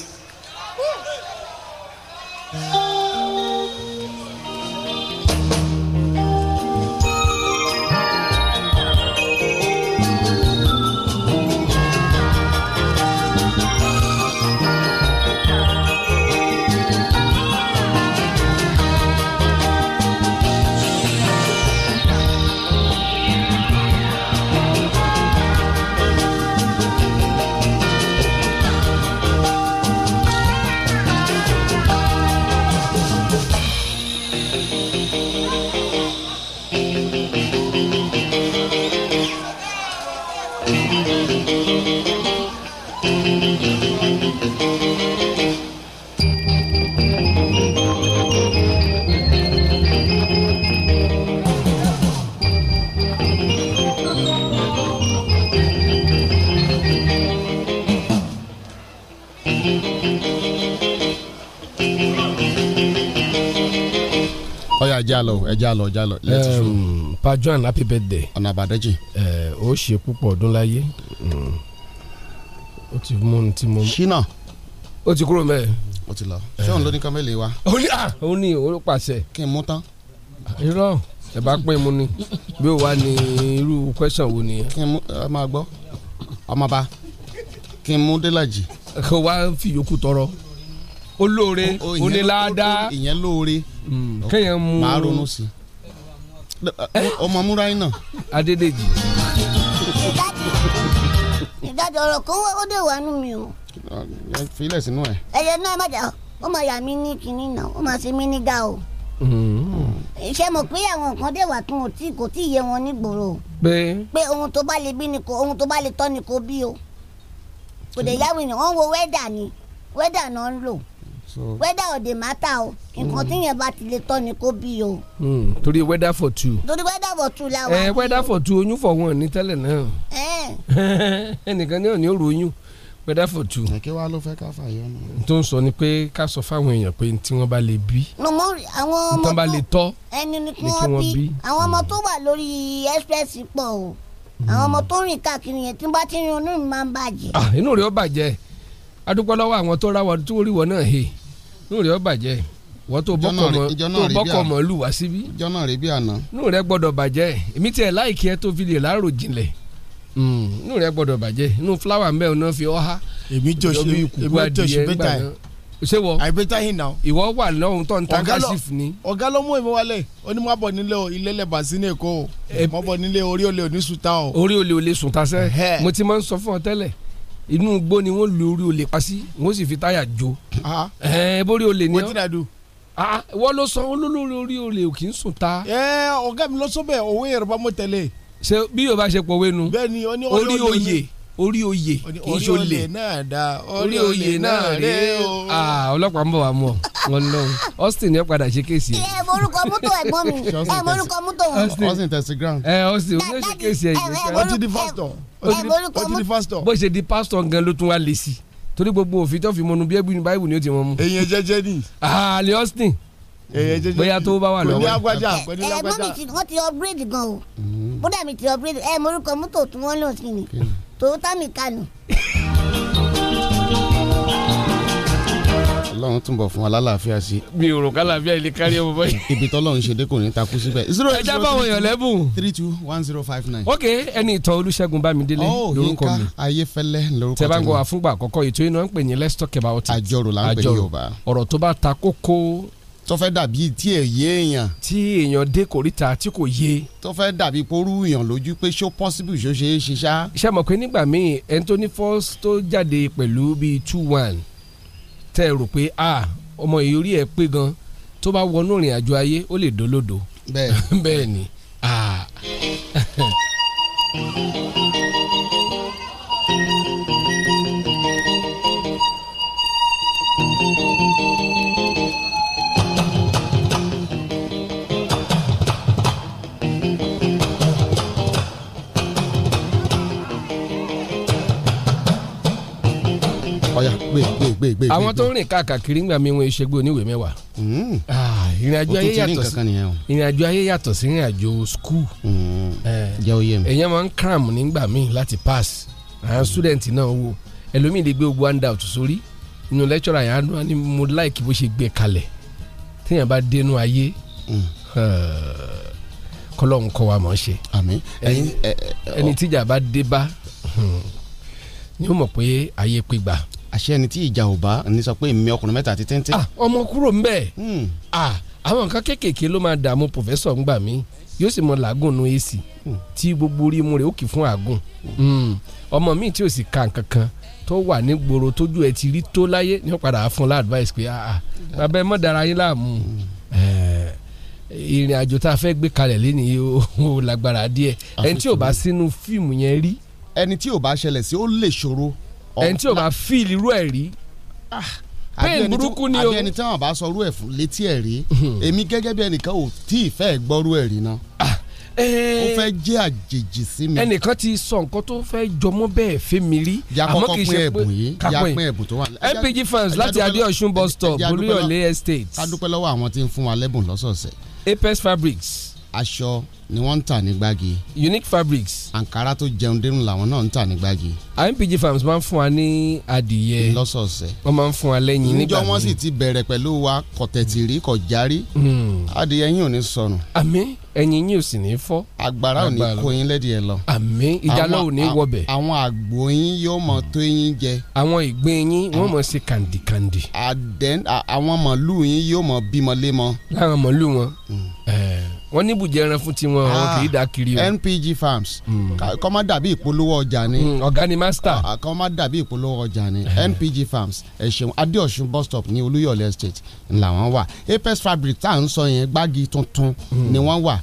ẹja lọ ẹja lọ ẹja lọ let's show. pa John happy birthday. ọ̀nà àbàdẹ́jì. ẹ ó ṣe púpọ̀ ọdún láyé hmm. ó ti mú un ti mú un. ṣínà. ó ti kúrò mẹ́ẹ̀. ó ti lọ ṣọ́n ló ní kámẹ́lì wa. ó ní à ó ní ó pàṣẹ. kí n mú tán. irọ́ ẹ bá pè mú ni bí ó wà ní irú question wo nìyẹn. kí n mú ẹ máa gbọ́ ọmọba kí n mú délàjì. kò wá fi yòókù tọrọ olóore oníláàdá ìyẹn lóore hmm, kéèyàn mú màá ronú sí i eh? ọmọ múra yín náà. adédèjì. ìdájọ́ ọ̀rọ̀ kan ó dé wà nù mí o. filẹ̀ sínú ẹ̀. ẹyẹ náà má jà ó máa yà mí ní kinní náà ó máa ṣe mí ní ga o hmm. ṣe mọ̀ pé àwọn nǹkan dé wà tún tí kò tí ì yé wọn nígboro. pé pé ohun tó bá lè bí ni kò ohun tó bá lè tọ́ ni kò bí o. kò dé yáwó ènìyàn wọ́n wo wẹ́dà ni wẹ́dà náà ń lò weather ò dé matter o nǹkan mm. tí yẹn bá ti lè tọ́ ni kó bí o. Mm, torí weather for two. torí weather for two la wà. ẹ eh, weather for two oyún fọ wọn ní tẹ́lẹ̀ náà. Eh. ẹnìkan náà ni ó ro oyún weather for two. kẹ̀kẹ́ wa ló fẹ́ ká fàyọ nù. tó ń sọ ni pé ká sọ fáwọn èèyàn pé tí wọ́n bá lè bí. nùmọ́ àwọn ọmọ tó bá lè tọ́ ẹni ni kí wọ́n bí àwọn ọmọ mm. tó wà lórí express pọ̀ o àwọn ọmọ tó rìn káàkiri yẹn tí n bá ti rìn inú mi máa ń bàjẹ́. Ah, inú rẹ̀ ó bàjẹ́ adúpẹ́ lọ́wọ́ àwọn tó ra tó rí wọn náà he nù rẹ ọbàjẹ́ wọ́n tó bọ́kọ̀ mọ́ tó bọ́kọ̀ mọ́ lù wá síbí. ìjọ náà rí bí àná. nù rẹ gbọ́dọ̀ bàjẹ́ èmi tiẹ̀ láìkí ẹ tó fi lè láàrò jinlẹ̀ hmm, nù rẹ gbọ́dọ̀ bàjẹ́ nù fúláwà mẹ́ ọ̀nà fi ọ́ há. èmi jọ̀ṣe èmi jọ̀ṣe bẹ́tà ẹ̀ ṣé wọ àìbẹ́tà yìí náà. ìwọ wà lọ́hùn tó ń ta gáàsìf ni. ọ̀gá ló mú èmi wálẹ̀ ó ní má bọ̀ nílé o ilé lẹ́bàá sí ní èkó o má bọ̀ nílé orí olè ò ní sùn ta o. orí olè ò lè sùn ta sẹ́ mo ti máa ń sọ fún ọ tẹ́lẹ̀ inú igbó ni wọ́n lu orí olè pa sí wọ́n sì fi táyà jó ah. ẹ olè ni ọ wọ́n ah, ah, sọ wọ́n ló lórí olè kì í sùn ta. ẹ ọ̀gá mi ló sọ bẹ́ẹ̀ òwe yorùbá mo tẹ̀lé. ṣe bí yorùbá ṣe pọ̀ wẹ́nu orí oyè orí oye, kì í ṣolè orí oyè náà rè o. ọlọ́pàá ń bọ̀ wá mú wọn lọ Austin ni ó padà ṣe kéèsì ẹ. ẹ morúkọ mútò ẹ̀gbọ́n mi ẹ morúkọ mútò wọn. Austin tẹsí ground. ẹ Austin ó ṣe kéèsì ẹ yìí. ó ti di pastor ó ti di pastor. bó ṣe di pastor gan ló tún wá lé sí torí gbogbo òfin tó fi mọnu bí ẹbí ní báyìí ni ó ti mọ mu. èyàn jẹjẹ ni. àlè Austin bóyá tó bá wà lọ́wọ́. kò ní agbájá kò ní agbájá. ẹ̀gbọ́n mi ti wọ́n ti upgrade gan o mm-hmm. bódà mi ti upgrade ẹ morúkọ mútò tí wọ́n lò sí ni. Toyota Mecano. ọlọ́run túnbọ̀ fún wa lálàáfíà sí. mi ò rò kálàáfíà ilé kárí ọmọ báyìí. ibi tọ́lọ́run ṣe dé ní takú síbẹ̀. zero eight zero three two one zero five nine. ok ẹni ìtọ́ Olúṣẹ́gun Bámidélé oh, lórúkọ mi. Yínká Ayéfẹ́lẹ́ lórúkọ tẹ̀lé. tẹ́bá àfúngbà àkọ́kọ́ ètò iná ń pè ní let's talk about it. àjọrò là ń pè ní Yorùbá. ọ̀rọ̀ tó bá ta kókó tó fẹ́ dàbí tí ẹ̀ yé èèyàn. tí èèyàn dé kòríta tí kò yé. tó fẹ́ dàbí porú èèyàn lójú pé ṣó possible ṣó ṣe é ṣe ṣá. ṣé mọ̀ pé nígbà míì ẹni tó tó jáde pẹ̀lú bíi two one tẹ́ ẹ rò pé a ọmọ yìí orí ẹ̀ pé gan tó bá wọnú ìrìn àjò ayé ó lè dolódo. bẹ́ẹ̀ bẹ́ẹ̀ ni. gbé. àwọn tó ń rìn káàkiri ńgbà mi wọn ìṣègbè oníwèé mẹ́wàá. Hmm. Ah, ìrìnàjò ayé yàtọ̀ sí ìrìnàjò ayé yàtọ̀ sí ìrìnàjò skul. Hmm. Eh, jẹ́ oyè mi. èèyàn máa ń cram nígbà míì láti pass àwọn hmm. student náà wò ẹlòmíì lè gbé gbogbo handout sórí inú lecturer yẹn á ní mo like bó ṣe gbé kalẹ̀ téèyàn bá dénú ayé eh, kọlọ́hún kọ́ wa mọ̀ ṣe. ẹni tíjà bá dé bá ni ó mọ̀ pé ayé pé gbà àṣẹ ẹni tí ìjà ò bá ní sọ pé mi ọkùnrin mẹ́ta àti téńté. Ah, ọmọ kúrò ń bẹ̀ hmm. ah, àwọn nǹkan kéékèèké ló máa dààmú pòfẹ́sọ̀ ń gbà mí yóò sì mọ làágùn nu èsì hmm. tí gbogbo orí mu rẹ̀ ó kì fún àgùn hmm. ọmọ míì tí ò sì ka nǹkan kan tó wà ní gbòòrò tójú ẹ ti rí tó láyé ní padà fún la advice pé ah, bàbá ẹ mọ̀ dára yín láàmú eh, ìrìn àjò tá a fẹ́ gbé kalẹ̀ lẹ́ni o lágbára díẹ̀ ẹni tí ò bá sínú fíìmù yẹn rí. ẹni tí ò bá ṣẹlẹ̀ sí ó lè ṣòro ẹni tí o bá fíìlì irú ẹ̀ rí ah, pain burúkú ni o. àbí ẹni tí wọn bá sọ irú ẹ̀ fún létí ẹ̀ rí hmm. èmi gẹ́gẹ́ bí ẹnìkan ò tí ì fẹ́ gbọ́rú ẹ̀ rí náà ah, eh. ó fẹ́ jẹ́ àjèjì sí mi. ẹnìkan ti sọ nǹkan tó fẹ́ jọmọ́ bẹ́ẹ̀ fẹ́ mi rí. àmọ́ kì í ṣe pé kakun ẹ̀ MPG fans láti Adéọ̀ṣun bus stop Olúyọ̀lé estate. ká dúpẹ́ lọ́wọ́ àwọn tí ń fún wa lẹ́bùn lọ́sọ̀ọ̀sẹ̀. Apex Fabrics aṣọ ni wọ́n ń tà ní gbági. unique fabrics. Ankara tó jẹun dérùn làwọn náà ń tà ní gbági. impg farms máa ń fún wa ní adìyẹ. lọ́sọ̀ọ̀sẹ̀. wọ́n máa ń fún wa lẹ́yìn nígbà míì. níjọ́ wọ́n sì ti bẹ̀rẹ̀ pẹ̀lú wa kọ̀tẹ̀tìrí kọ̀járí. Hmm. adìyẹ yín ò ní sọnù. àmín ẹyin yín ò sì ní fọ́. àgbàrá ò ní kó yín lẹ́dí ẹ lọ. àmín ìjálá ò ní wọbẹ̀. àwọn àgbo yín yóò mọ tó yín jẹ. àwọn ìgbín yín wọ́n mọ̀ sí kàndìkàndì. àwọn màlúù yín yóò mọ bímọ lémọ. láwọn màlúù wọn. Hmm wọ́n ní ibùjẹ ẹran fún tiwọn wọn ah, kì í da kiri o. NPG Farms hmm. kọ́ má dàbí ìpolówó ọjà ni. Hmm, ọ̀gá ni master. Ah, kọ́ má dàbí ìpolówó ọjà ni eh. NPG Farms ẹ ṣeun Adéọ̀sùn bus stop ní Olúyọ̀lé estate làwọn wà Apex fabric tá à ń sọ yẹn gbági tuntun hmm. ni wọ́n wà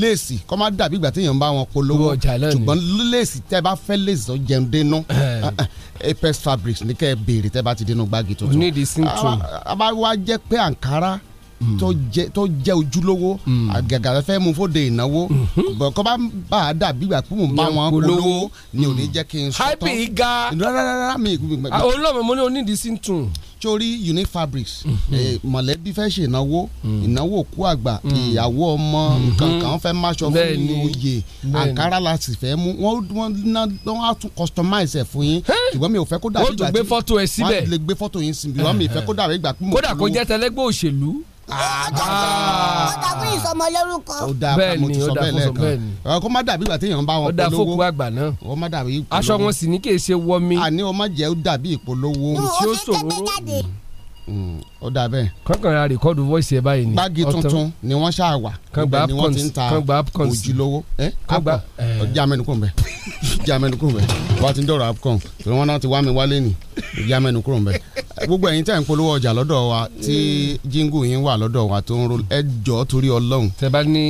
léèsì kọ́ má dàbí ìgbà téèyàn bá wọn polówó ṣùgbọ́n léèsì tẹ́ bá fẹ́ léèsì tó jẹun dénú eh. ah, Apex fabric ní kẹ́ ẹ béèrè tẹ́ bá ti dénú gbági tuntun. onídìí sí tún. àbá wa jẹ́ Mm. tó jẹ́ ojúlówó mm. àgàgà fẹ́ mú fóde ìnáwó mm-hmm. bọ̀ kọ́ bá bá a dà bí ìgbà pé mò ń bá wọn polówó ni ò ní mm. jẹ́ kí n sọ tán. hype ga rárá mi. olóòmọ ah, mo ní onídìí sí tún. sórí unique fabrics mm-hmm. eh, mọ̀lẹ́bí fẹ́ ṣe ìnáwó ìnáwó òkú àgbà ìyàwó ọmọ mm-hmm. nǹkan kan fẹ́ máṣọ fún mi oyè àǹkárá la sì fẹ́ mú wọ́n á tún customize ẹ̀ fún yín ṣùgbọ́n mi ò fẹ́ kó dàbí ìgbà tí wọ́n lè gbé fọ́tò yín síbi wọ́n mi ò fẹ́ kó dàbí ìgbà pé mò ń polówó. kódà bẹ́ẹ̀ ni ó dà fún sọ bẹ́ẹ̀ ni. kó má dàbí ìgbà ó dà fókù àgbà náà. ó má dàbí ìpolówó. aṣọ wọn sì ní kì í ṣe wọmi. àní ó má jẹ́ ó dàbí ìpolówó. tí ó ṣòro ó dà bẹ́ẹ̀. kankanra rìkọ́dù voice ẹ̀ báyìí ni. gbági tuntun ni wọ́n ṣáà wà. kangba apcons kangba apcons òjìlówó kangba jamani kò mbẹ jamani kò mbẹ wọ́n ti ń dọ̀rọ̀ apcon tí wọ́n náà ti wá mi wálé ni jamani gbogbo ẹ̀yin tẹ́ ń polówó ọjà lọ́dọ̀ wa tí jingu yín wà lọ́dọ̀ wa tó ń ro ẹ jọ torí Ọlọ́run. tẹ bá ní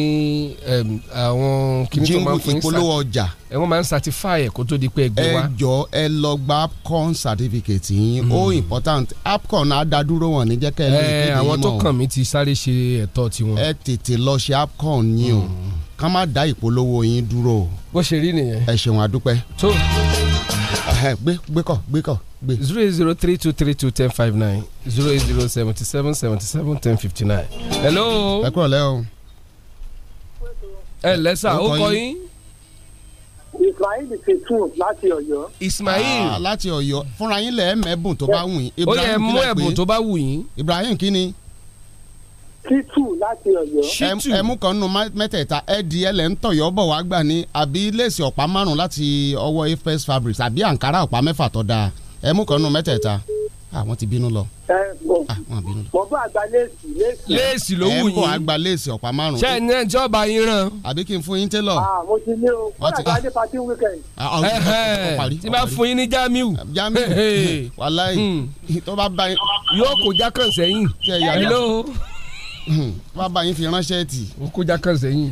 àwọn kìnìún tó máa ń fún yín polówó ọjà ẹ wọ́n máa ń certify ẹ̀ kó tó di pé ẹ gbé wa. ẹ jọ ẹ lọ gba apcon certificate yín ó mm. oh, important apcon á dá dúró wọn níjà jẹ́ kẹ́ ẹ lè kéde yìí mọ́ àwọn tó kàn mí ti sáré ṣe ẹ̀tọ́ tiwọn. ẹ tètè lọ ṣe APCON yín o mm. ká má dá ìpolówó yín dúró o. bó ṣe rí nìyẹn. ẹ ṣeun àdúpẹ́. tó gbé gbé kọ gbé kọ gbé. zero eight zero three two three two ten five nine zero eight zero seventy seven seventy seven ten fifty nine. hello. ẹ kúrò lẹ́ ẹ lẹ́sà ó kọ yín ismail fetun láti Ọ̀yọ́. ismail ah, láti Ọ̀yọ́ fúnra yín lẹ mẹbùn tó bá wù yín. ó yẹ mú ẹ̀bùn tó bá wù yín. ibrahim kí ni. títù láti Ọ̀yọ́. títù ẹmú kan nínú mẹ́tẹ̀ẹ̀ta ẹdì ẹlẹ ń tọyọ bọ wá gbà ní àbí léèsì ọ̀pá márùn láti ọwọ́ efes fabrics àbí àǹkárá ọ̀pá mẹ́fà tó dáa ẹmú kan nínú mẹ́tẹ̀ẹ̀ta àwọn ah, ti bínú lọ. Ah, bọ̀bọ̀ àgbà léèsì léèsì. léèsì ló wù yín. ẹ̀ẹ́bọ̀ àgbà léèsì ọ̀pá márùn-ún. ṣé ẹni ọba yín rán. àbí kí n fún yín télọ̀. Ah, mo ti ní o wọ́n àgbà dé pati weekend. tí bá fún yín ní Jamiu. Jamiu hmm, wàláhì hmm. tó bá bá yín. yóò kó jákàn sẹ́yìn. hello. Hmm, tó bá bá yín fi ránṣẹ́ tì. ó kó jákàn sẹ́yìn.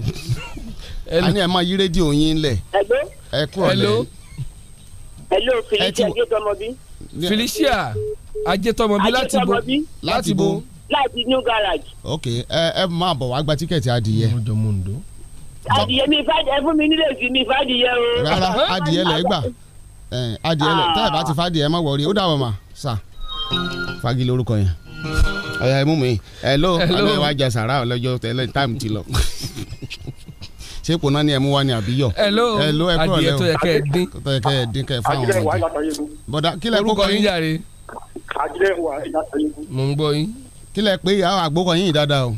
a ní ẹ máa yí rédíò yín lẹ̀. ẹ kúrò lẹ́yìn. hello Felicia Adédọmọbí. Felicia ajẹtọmọbi láti bo láti bo láti new garage. ok ẹ ẹ máa bọ̀ wá gba tíkẹ́ẹ̀tì adìyẹ. adìyẹ mi ìfàdí ẹ fún mi nílé ìfì mi ìfàdí yẹ o. rárá adìyẹ lẹ gbà adìyẹ lẹ ah. tẹ́ ẹ bá ti fàdí ẹ má wọrí ó dàbọ̀ mà sà fagi lórúkọ yẹn ọ̀yà ẹ mú mi hello hello ẹ wá jà sàrà ọlọ́jọ́ tẹ́lẹ̀ táìmù ti lọ. ṣé kò náà ni ẹ mú wá ni àbí yọ. hello hello ẹ kúrò lẹ́wọ̀ adìẹ tó yẹ kẹ́ ẹ dín. tó yẹ kẹ́ ẹ dín kẹ́ ẹ fáwọn ọmọdé. bọ̀dá kílẹ̀ kókò yín jàre. ajílẹ̀ wà ìlàtàyégún. mo ń gbọ́ yín. kílẹ̀ pé àgbókò yín dáadáa o.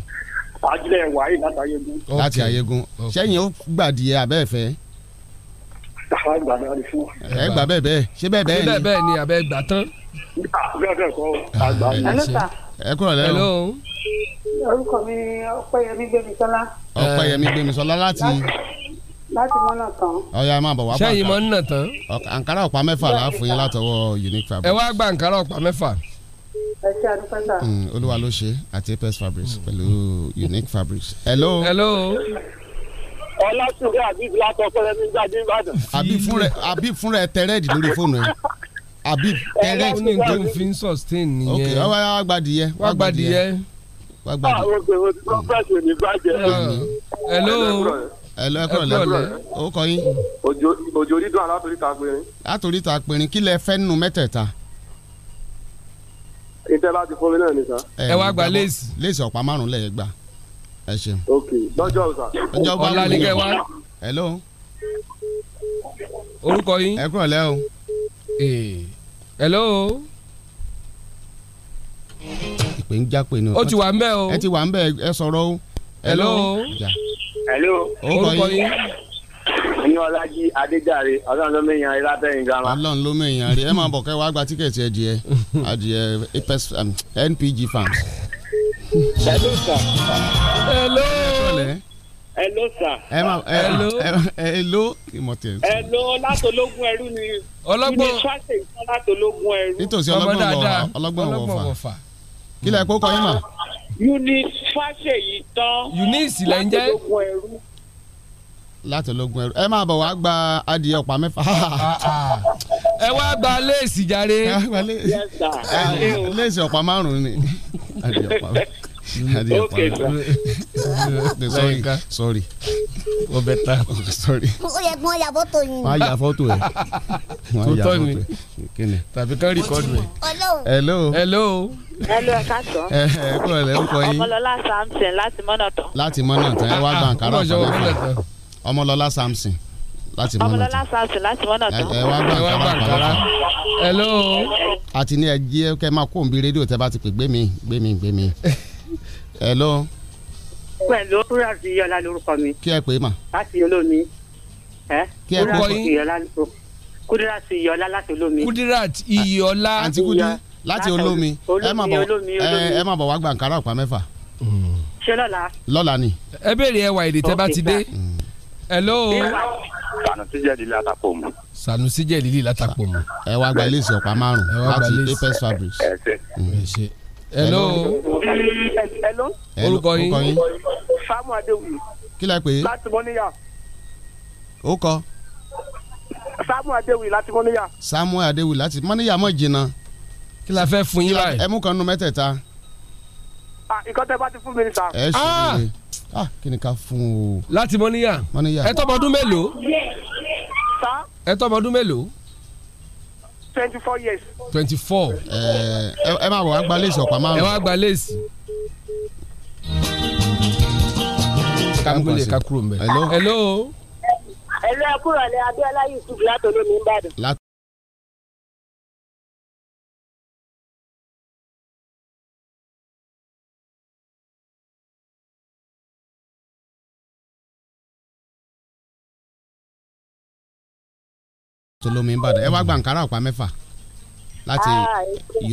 ajílẹ̀ wà ìlàtàyégún. láti àyégún sẹ́yìn ó gbàdìẹ abẹ́ẹ̀fẹ́ ẹ gbà bẹ́ẹ̀ bẹ́ẹ̀ ṣé bẹ́ẹ̀ bẹ́ẹ̀ ni. ṣé bẹ́ẹ̀ bẹ́ẹ̀ ni àbẹ́ gbà tán. bẹ́ẹ̀ bẹ́ẹ̀ kọ́ àgbà ẹ kúrò lẹ́yìn. hello. orúkọ mi ni ọpẹ́yẹmí gbémisọ́lá. ọpẹ́yẹmí gbémisọ́lá láti. láti mọ́nà tán. ọ̀ya máa bọ̀ wá bá àǹkárá. sẹ́yìn mọ́nà tán. àǹkárá ọ̀pá mẹ́fà la fún yín látọwọ́ unique fabric. ẹ wá gba àǹkárá ọ̀pá mẹ́fà. ẹ ṣe àdúpẹ́ sà. Mm, olúwa ló ṣe àti apes fabric mm. pẹ̀lú unique fabric. hello. hello ọlásùnrẹ àbí fúnra àbí fúnra ẹ tẹrẹẹdì lórí fóònù ẹ àbí tẹ́rẹ́ ní nǹkan fi ń sustain nìyẹn. ok wá wá gbadìyẹ wá gbadìyẹ. wá gbadìyẹ. àwọn òṣèlú tí wọ́n fẹ́ ṣe ní bàjẹ́. hello hello ẹ kúrọ̀lẹ́ o kọ yín. òjò dídùn alátorí ta pinrin. látòrí ta pinrin kí lẹ fẹ́ nínú mẹ́tẹ̀ẹ̀ta. ìtẹ́ bá ti fún mi náà ní sá. ẹ wá gba léèsì. léèsì ọ̀pá márùn-ún lẹ̀ yẹn gbà ẹ ṣeun. ok lọ́jọ́ ọ̀sà. ọjọ́ bá wù mí hello. orúkọ yín. ẹ kúrọ̀lẹ́ o. hello. ìpè ń jápè ó ti wà o. ẹ ti wà ń o. hello. hello. orúkọ yín. ní ọlájí adéjàre ọlọ́run ló mẹ́yàn rí látẹ̀yìn gama. ọlọ́run ló mẹ́yàn ẹ máa bọ̀ gba um, npg hello sir. hello. hello sir. ẹ ma hello hello ìmọ̀tẹ̀. hello látọlógún ẹrú ni ọlọ́gbọ́n unifásitì ìtàn látọlọ́gún ẹrú. nítòsí ọlọ́gbọ́n wọ̀ fà ọlọ́gbọ́n wọ̀ fà kí lẹ̀ kó kọ́ yín mà. unifásitì ìtàn látọlọ́gún ẹrú látọlógún ẹrú ẹ máa bọ̀ wá gba adìyẹ ọ̀pá mẹ́fà. Ah, ah. ẹ wá gba léèsì jàre. Ah, léèsì ọ̀pá márùn-ún ni adìyẹ ọ̀pá mẹ́fà. okay sir. sorry sorry wọ́n bẹ ta sorry. ó yẹ kí wọ́n ya fọ́tò yìí. wọ́n á ya fọ́tò ẹ̀. tuntun ni tàbí kán rìkọ́dù ẹ̀. hello. hello. hello ẹ káàtó. ẹ ẹ kúrò lẹ́ ń kọ yín. ọmọlọlá samson láti mọ́nàtàn. láti mọ́nàtàn ẹ eh, wá gba àǹkárá ọ̀pọ̀lọpọ̀ ọmọlọlá samson láti mọ́nàtàn. ọmọlọlá samson láti mọ́nàtàn. ẹ eh, eh, wá gba àǹkárá hello. àti ní ẹ jẹ́ kẹ́ máa kó òǹbí rédíò tẹ́ bá ti pè gbé mi gbé mi gbé mi. hello. pẹ̀lú kúrò àti yọlá lórúkọ mi. kí ẹ pè é mà. láti olómi. kí ẹ kọ́ yín. kúdírà ti yọlá láti olómi. kúdírà ti yọlá. àǹtí kúdírà láti olómi. olómi olómi ẹ má bọ̀ wá gbàǹkárà ọ̀pá mẹ́fà. Mm. ṣé lọ́la. lọ́la ni. ẹ béèrè ẹwà èdè tẹ́ bá ti dé. Mm. hello. Sanusi jẹ lili atako mu. Sanusi jẹ lili atako mu. ẹ wá gba ilé ìsọ̀pá márùn-ún láti Apex Fabrics. ẹ ṣe hello. hello. Hello. yín. samu adéwì. kí la pè é. láti mọ́níyà. ó kọ. samu adéwì láti mọ́níyà. samu adéwì láti mọ́níyà mọ̀ jìnnà. kí la fẹ́ fún yín báyìí. ẹ mú kan nu mẹ́tẹ̀ẹ̀ta. ìkọ́ tẹ bá ti fún mi sá. ẹ ṣe é ah! ah kí ni ká fún o. láti mọ́níyà. mọ́níyà. ẹ tọ́mọdún mélòó. sá. ẹ tọ́mọdún mélòó twenty four years. twenty four eh, ẹ máa wọ wá gba léèsì ọ̀pá márùn. ẹ wá gba léèsì. kàmúlẹ̀ kakúrò mbẹ. hello. hello. hello ẹ kúrò ní abiola yusuf látòlómi nìbàdàn. tolómi ìbàdàn ẹ wá gba mm. nkárà ọ̀pá mẹ́fà láti ah,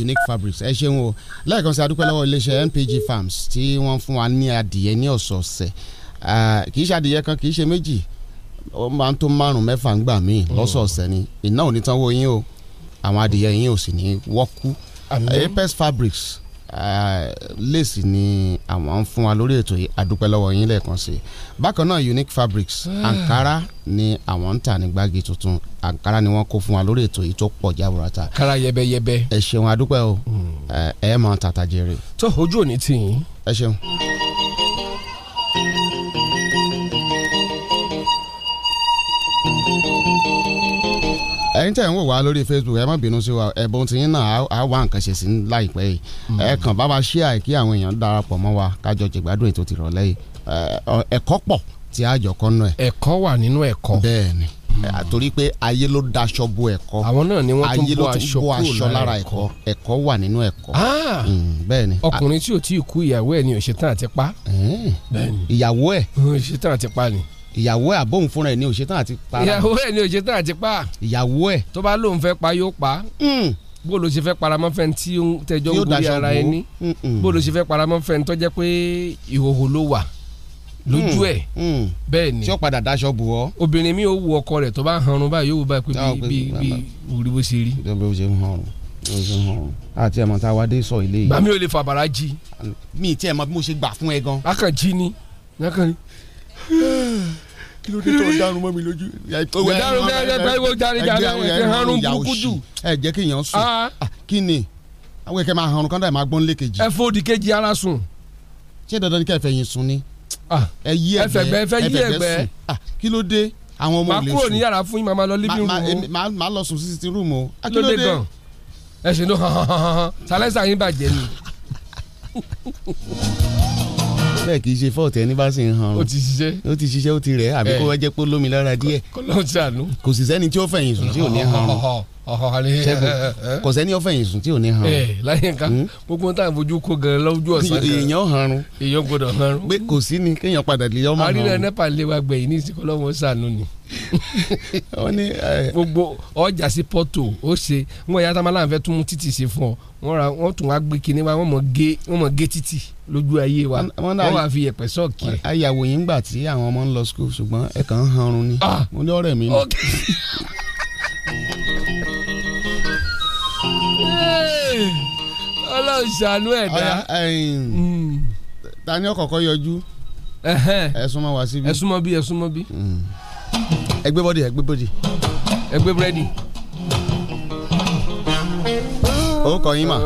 unique fabrics ẹ ṣeun o lẹ́ẹ̀kan sí adúpẹ́ lọ́wọ́ iléeṣẹ́ NPG farms tí wọ́n fún wa ní adìyẹ ní ọ̀sọ̀ọ̀sẹ̀ ah, kì í ṣe adìyẹ kan kì í ṣe méjì ó máa ń tó márùn mẹ́fà ń míì mm. lọ́sọ̀ọ̀sẹ̀ ni iná ò ní tán wó yín o àwọn adìyẹ yín ò sì ní wọ́kú Apex fabrics lèsì ni àwọn ń fún wa lórí ètò yìí yín lẹ́ẹ̀kan sí i bákan náà unique fabrics ah. ankara ni àwọn ń tà ní gbági tuntun ankara ni wọ́n kó fún wa lórí ètò yìí tó pọ̀ jáburata. kára yẹbẹyẹbẹ. ẹ ṣeun àdúpẹ́ o hmm. ẹ ẹ máa tàtà jèrè. tó ojú òní tì yín. ẹ ṣeun. ẹ̀yin tẹ̀ ń wò wá lórí Facebook ẹ má bínú sí wa ẹ̀bùn tí yín náà á wá nǹkan ṣe sí láìpẹ́ yìí hmm. ẹ kàn bá wa ṣí àì kí àwọn èèyàn darapọ̀ mọ́ wa kájọ jẹ̀gbádùn ètò tìrọ̀ lẹ́yìn ẹ̀kọ́ pọ̀ tí a jọ kọ́ náà. ẹ̀kọ́ wà nínú ẹ̀kọ́. bẹ́ẹ̀ni hmm. torí pé ayé ló daṣọ bo ẹ̀kọ́ àwọn náà ni wọ́n tún bọ́ aṣọ kúrò lára ẹ̀kọ́ ẹ̀kọ́ wà nínú ẹ̀kọ́. Ah! Hmm, bẹ́ẹ̀ni. ọkùnrin tí ò tí ì kú ni òṣètàn àti pa. ìyàwó ẹ̀. òṣètàn àti ni ìyàwó ẹ àbóhùn fúnra ẹ ní òṣetán àti pa. ìyàwó ẹ ní òṣetán àti pa. ìyàwó ẹ. tó bá lóun fẹ́ pa yóò pa. Hmm. bó ló ṣe fẹ́ paramọ́ fẹ́ tí tẹjọ́ ń gorí ara ẹni bó ló ṣe fẹ́ paramọ́ fẹ́ tó jẹ́ pé ìhòhò ló wà lójú hmm. ẹ hmm. bẹ́ẹ̀ ni. tí ó padà daṣọ bù ọ. obìnrin mi ò wu ọkọ rẹ̀ tó bá hanrun báyìí yóò wù báyìí pé bí bí òrí bó ṣe rí. bí ó ṣe ń hanrun ó ṣe ń hanrun àti ẹ̀mọ́ tá a wá dé sọ ilé yìí. bàmí ò lè fàbàrà jí. mi ì tí ẹ̀ mọ bí mo ṣe gbà fún ẹ gan. akànjí ni akànjí kí ló dé tó dárun mọ́ mi lójú. òwe dárun bẹ́ẹ̀ bẹ́ẹ̀ bẹ́ẹ̀ wo jáde jáde ẹ̀ hanrun burúkú jù. ẹ jẹ́ kí èèyàn sùn kí ni àwọn kẹ̀kẹ́ máa hanrun kọ́ńdà máa gbọ́n lé kejì. ẹ fòdì kejì ara sùn. ṣé dandan ni kẹfẹ yín sùn ni. ẹ yí ẹgbẹ ẹ fẹ yí ẹgbẹ kí ló dé àwọn ọmọ ò lè sùn. máa kúrò ní yàrá fún yín máa lọ living room. máa lọ sùn sí ti rúùmù o. kí ló dé gan ẹ ṣe ní hàn hàn hàn hàn sálẹ́sà yín bàjẹ́ ni bẹ́ẹ̀ kì í ṣe fọ́ọ̀tì ẹni bá sì ń han o ti ṣiṣẹ́ ó ti ṣiṣẹ́ ó ti rẹ̀ àbí kó wá jẹ́ pé lómi lára díẹ̀ kò sì sẹ́ni tí ó fẹ̀yìn sùn tí ò ní han ṣẹ́gun kò sẹ́ni ó fẹ̀yìn sùn tí ò ní han. láyé nǹkan gbogbo táwọn fojú kó gan lọ́jọ́ ọ̀sán kan èèyàn hanrun èèyàn gbọdọ̀ hanrun pé kò sí ni kéèyàn padà lè ọmọ hanrun. àrílẹ̀ nepa lè wa gbẹ̀yìn ní ìsìnkú ọlọ́wọ́ sànú ni. gbogbo ọjà sí pọ́tò ó ṣe ń wọ ìyá tamala fẹ́ tún títì ṣe fún ọ wọ́n ra wọ́n tún wá gbé kinní wa wọ́n mọ̀ gé wọ́n mọ̀ gé títì lójú ayé wa wọ́n wá fi yẹ̀pẹ̀ sọ́ọ̀kì ayàwó yìí ń gbà tí àwọn ọmọ ń lọ school ṣùgbọ́n ẹ kàn ń hanrun ni ah! mo ní ọ̀rẹ́ mi ọlọ́run ṣàánú ẹ̀dá. Hmm. ta ni ọkọ̀ọ̀kọ̀ yọjú ẹ̀sùn mọ́ wá síbí. ẹ̀sùn mọ́ bí ẹ̀sùn mọ́ bí. Hmm. ẹgbẹ́ bọ́dì ẹgbẹ́ bọ́dì. ẹgbẹ́ búrẹ́dì orúkọ yín mà.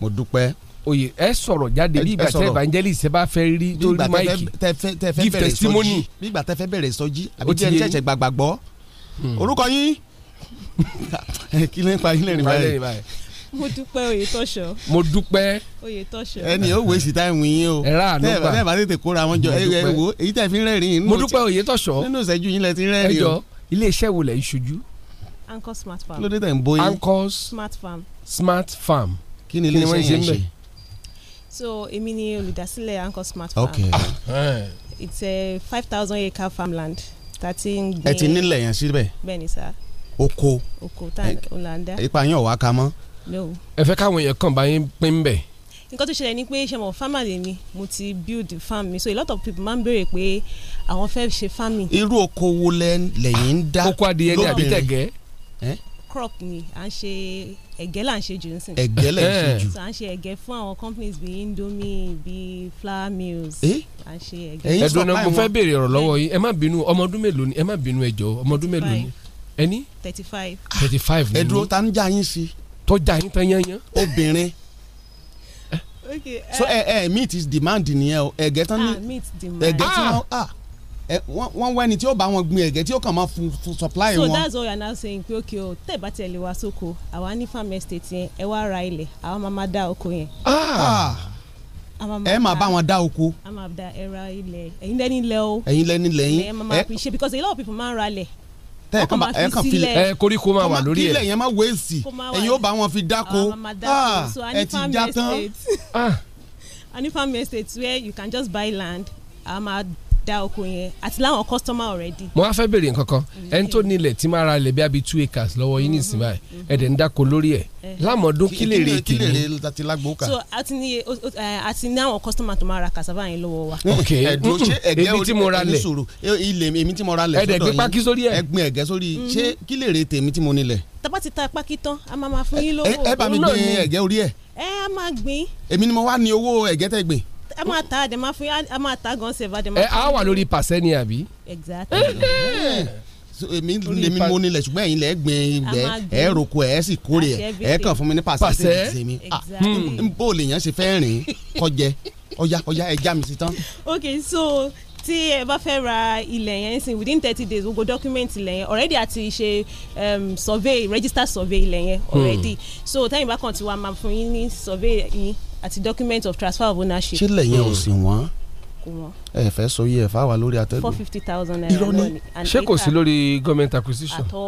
mo dúpẹ́ oyè ẹ sọ̀rọ̀ jáde bí ìgbà tẹ evangelist bá fẹ́ rí lórí máìkì give testimony. bí ìgbà tẹ fẹ́ bẹ̀rẹ̀ sọjí àbí tí ẹ ṣẹ̀ṣẹ̀ gbàgbà gbọ́ hmm. orúkọ yín kí ló ń pa yín lẹ́rìn báyìí. mo dúpẹ́ oyè tọ́ṣọ. mo dúpẹ́. oyè tọ́ṣọ. ẹni ó wé sí táìmù yín o. ẹ rà ló gbà bẹ́ẹ̀ bá tètè kóra wọn jọ ẹ wo èyí tẹ̀ fi rẹ́rìn. mo dúpẹ́ oyè tọ́ṣọ. nínú ìṣẹ́jú yín lẹ ti rẹ́rìn o. ẹ jọ ilé iṣẹ́ wo lẹ̀ ṣojú anchor smart farm. kí ló dé tẹ̀ ń bóyá. anchor smart farm. smart farm. kí ni ilé iṣẹ́ yẹn ṣe. so èmi ni olùdásílẹ̀ anchor smart farm. okay. Ah, eh. it's a five thousand acre farmland Thirteen. a ti ẹ ti nílẹ̀ yẹn síbẹ̀. bẹ́ẹ̀ni sá. oko. oko tá a ń là ipa yín ò ka mọ́. no. ẹ fẹ́ káwọn èèyàn kàn bá yín pín bẹ́ẹ̀ nǹkan tó ṣẹlẹ̀ ni pé ṣe mọ̀ farmer lè mi mo ti build farm mi so a lot of people máa ń béèrè pé àwọn fẹ́ ṣe farming. irú oko wo lẹ́yìn ń dá oko adìyẹ ní àbí tẹ̀gẹ́. Eh? crop ni à ń ṣe ẹ̀gẹ́ là ń ṣe jù nísìn. ẹ̀gẹ́ là ń ṣe jù. à ń ṣe ẹ̀gẹ́ fún àwọn companies bíi indomie bíi flour mills. Eh? à ń ṣe ẹ̀gẹ́. ẹ̀dùn náà mo fẹ́ béèrè ọ̀rọ̀ lọ́wọ́ yín ẹ má bínú ọmọ ọdún mélòó ni ẹ má bínú ẹ ọmọ ọdún mélòó ni ẹni. thirty five. Ah, thirty five ni. ẹ̀dùn ta ń já yín sí. tó já yín tán yányán. obìnrin okay, so ẹ eh. ẹ meat is demand nìyẹn o ẹ̀gẹ́ tán ní ah, ẹ̀gẹ́ tí wọ́n ah! wọ́n wẹ́ni tí ó bá wọn gbin ẹ̀gẹ́ tí ó kàn máa fún fún supply wọn. so that's all you are now saying pé okay o tẹ́ ẹ̀ bá tẹ̀ lé wa sóko àwa ní farm estate yẹn ẹ wá ra ilẹ̀ àwa máa máa dá oko yẹn. Ah! Ah! ẹ máa bá wọn dá oko. a máa da ẹ ra ilẹ̀ ẹ̀yin lẹ́ni lẹ́ o. ẹ̀yin lẹ́ni lẹ́yìn. ẹ máa máa fi ṣe because a lot of people máa ń ra lẹ̀ tẹ ẹ kàn máa ẹ kàn fi ẹ koríko máa wà lórí ẹ kílẹ̀ yẹn máa wéèsì ẹ̀yin ó bá wọn fi dáko ah! ẹ ti já tán. a ní farm estate where you can just buy land a da oko yẹn àti láwọn customer already. mo wá fẹ́ bèrè nǹkan kan mm-hmm. ẹni tó nílẹ̀ tí máa ra ilẹ̀ bí abi two acres lọ́wọ́ yín nísìnyí báyìí mm-hmm. ẹ̀dẹ̀ ń dáko lórí ẹ̀ eh. lámọ̀ọ́dún kí lè rè kí lè láti lágbó kà. so àti ní àti eh, ní àwọn customer tó máa ra cassava yẹn lọ́wọ́ wa. ok ẹ̀dùn ṣé ẹ̀gẹ́ orí ẹ̀mí sòrò eh, ilẹ̀ èmi tí mo ra lẹ̀ sọ́dọ̀ yín ẹ̀dẹ̀ gbé pákí sórí ẹ̀ ẹ̀gbìn ẹ̀gẹ́ sórí mm-hmm. ṣé kí lè rè tèmi tí mo nílẹ̀. tábà ti ta pákí tán a máa ma fún yín lówó. ẹ bá mi gbin ẹ̀gẹ́ orí ẹ̀. ẹ á máa gbin. èmi ni mo wá ní owó ẹ̀gẹ́ tẹ́ gbìn ẹ máa ta àdè máa fún ẹ máa ta gan sèvà àdè máa fún. ẹ á wà lórí pàṣẹ ni àbí. èmi lèmi mo nílẹ̀ ṣùgbọ́n ẹ̀yin lẹ̀ gbìn ìgbẹ́ ẹ̀ roko ẹ̀ sì kórè ẹ̀ ẹ̀ kàn fún mi ní pàṣẹ sí ìsinmi. Ah, bó o lè yàn ṣe fẹ́ rìn kọjẹ ọya ọya ẹ já mi sí tán. okay so tí ẹ bá fẹ́ ra ilẹ̀ yẹn sin within thirty days gbogbo document ilẹ̀ yẹn already àti ṣe um, survey register survey ilẹ̀ yẹn already hmm. so tẹ́yìn bá kàn ti wá máa fún yín ní survey yín àti document of transfer of ownership. sílẹ̀ yẹn ò sì wọ́n ẹ fẹ́ sọ yẹ fáwa lórí atẹ́gùn four fifty thousand naira irọ́ ni ṣé kò sí lórí government acquisition. àtọ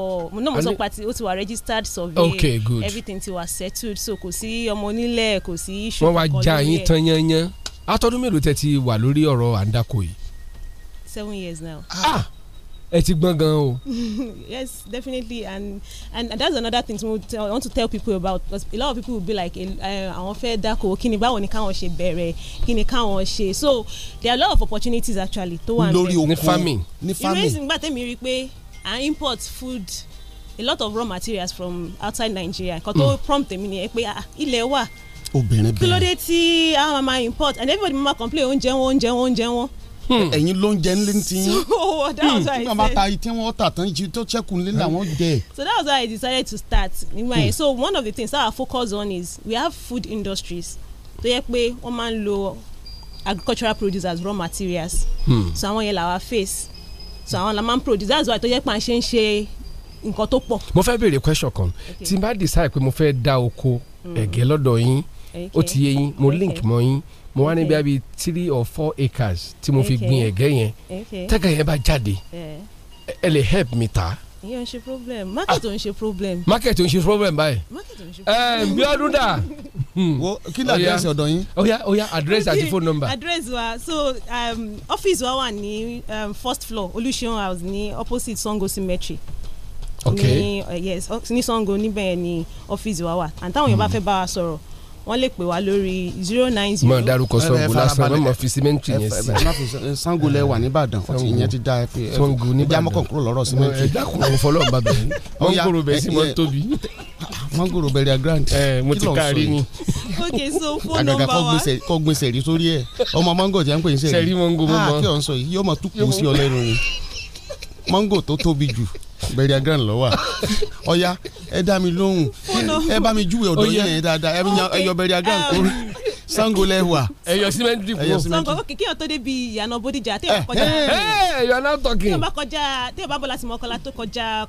náà mo sọ pa ti ó ti wà registered survey okay good everything ti wà settled so kò sí ọmọ onílẹ̀ kò sí ìṣòro kan lórí ẹ̀. wọ́n wá já yín tán yányán atọ́dún mélòó tẹ́ ti wà lórí ọ̀rọ̀ àǹdàkọ̀ yìí. seven years now. ah ẹ ti gbọ́n gan o. yes definitely and, and that's another thing mo tell, I want to tell people about because a lot of people will be like eh, àwọn fẹ́ dáko kí ni báwo ni káwọn ṣe bẹ̀rẹ̀ kí ni káwọn ṣe so there are a lot of opportunities actually tó wà níbẹ̀. lórí oko ní farming ní farming. ìrẹsì nígbà tẹ́mi rí i pé à import food a lot of raw materials from outside Nigeria nǹkan tó hmm. prompt mi ni ẹ pé ah, ilẹ̀ wà obìnrin bẹ́ẹ̀ kí ló dé tí a máa import and everybody máa complain oúnjẹ wọn oúnjẹ wọn oúnjẹ wọn Hmm. ẹ̀yin ló ń jẹ nílé ní tiyín so oh, that hmm. was why I said nígbà tá tí wọ́n tà tán ju tó ṣẹ́kù nílé làwọn jẹ. so that was why I decided to start nígbà yẹn hmm. so one of the things that I focus on is we have food industries tó yẹ pé wọ́n máa ń lo agricultural produce as raw materials hmm. so àwọn yẹn làwa face so àwọn la máa ń produce that's why tó yẹ pé à ń ṣe ń ṣe nǹkan tó pọ̀. mo fẹ́ béèrè question kan tí n bá decide pé mo fẹ́ dá oko ẹ̀gẹ́ lọ́dọ̀ yín ó ti yé yín mo link mọ́ yín mo wá ní abi three or four acres tí mo fi gbin ẹ̀gẹ́ yẹn tẹ́gẹ̀ yẹn bá jáde ẹ lè help mi ta. ìyẹn ń ṣe problem market ò ń ṣe problem. market ò ń ṣe problem báyìí. market ò ń ṣe problem. ẹ bí ọdún dà. Hmm. wo kí ni àdírẹ́sì ọ̀dọ̀ yín. ó yá ó àti fóònù nọ́mbà. àdírẹ́sì wa so um, office wa wà ní um, first floor olùṣeun house ní opposite Sango cemetery okay. ní uh, yes ní Sango níbẹ̀ ni office wa wà àtàwọn èèyàn bá hmm. fẹ́ bá wa sọ̀rọ̀ wọ́n lè pè wá lórí zero nine zero. mọ darúkọ sango lásán mọ mọ fi simẹnti yẹn sí. sango lẹ wà nìbàdàn ọtí yẹn ti da ẹfẹ sango nìbàdàn ẹjá mọkàn kúrò lọ́rọ̀ simẹnti. ẹjá kúrò àwọn fọlọ́ ọba bẹ̀rẹ̀ mọ́ngòrò bẹ̀rẹ̀ sí mọ́ tóbi. mọ́ngòrò bẹ̀rẹ̀ grand. ẹ mo ti káàrí ni. ok so phone number wa. àgàgà kọ́ gbin sẹ̀rí sórí ẹ̀ ọmọ mọ́ngò tí a ń pè ní sẹ̀rí. sẹ̀rí mọ́ngò mọ́ ah, mọ́ mango tó tóbi jù bẹ̀rẹ̀ grand lọ́wọ́ ọ̀ya ẹ dá mi lóhùn ẹ bá mi júwe ọ̀dọ̀ yẹn dáadáa ẹ yọ bẹ̀rẹ̀ grand kó sango lẹ́wà. ẹyọ simenti kúrò sango ókè kí n tó débi ìyànà bódìjà téèyàn kọjá téèyàn bá kọjá téèyàn bá bọ́lá sí mọ́kànlá tó kọjá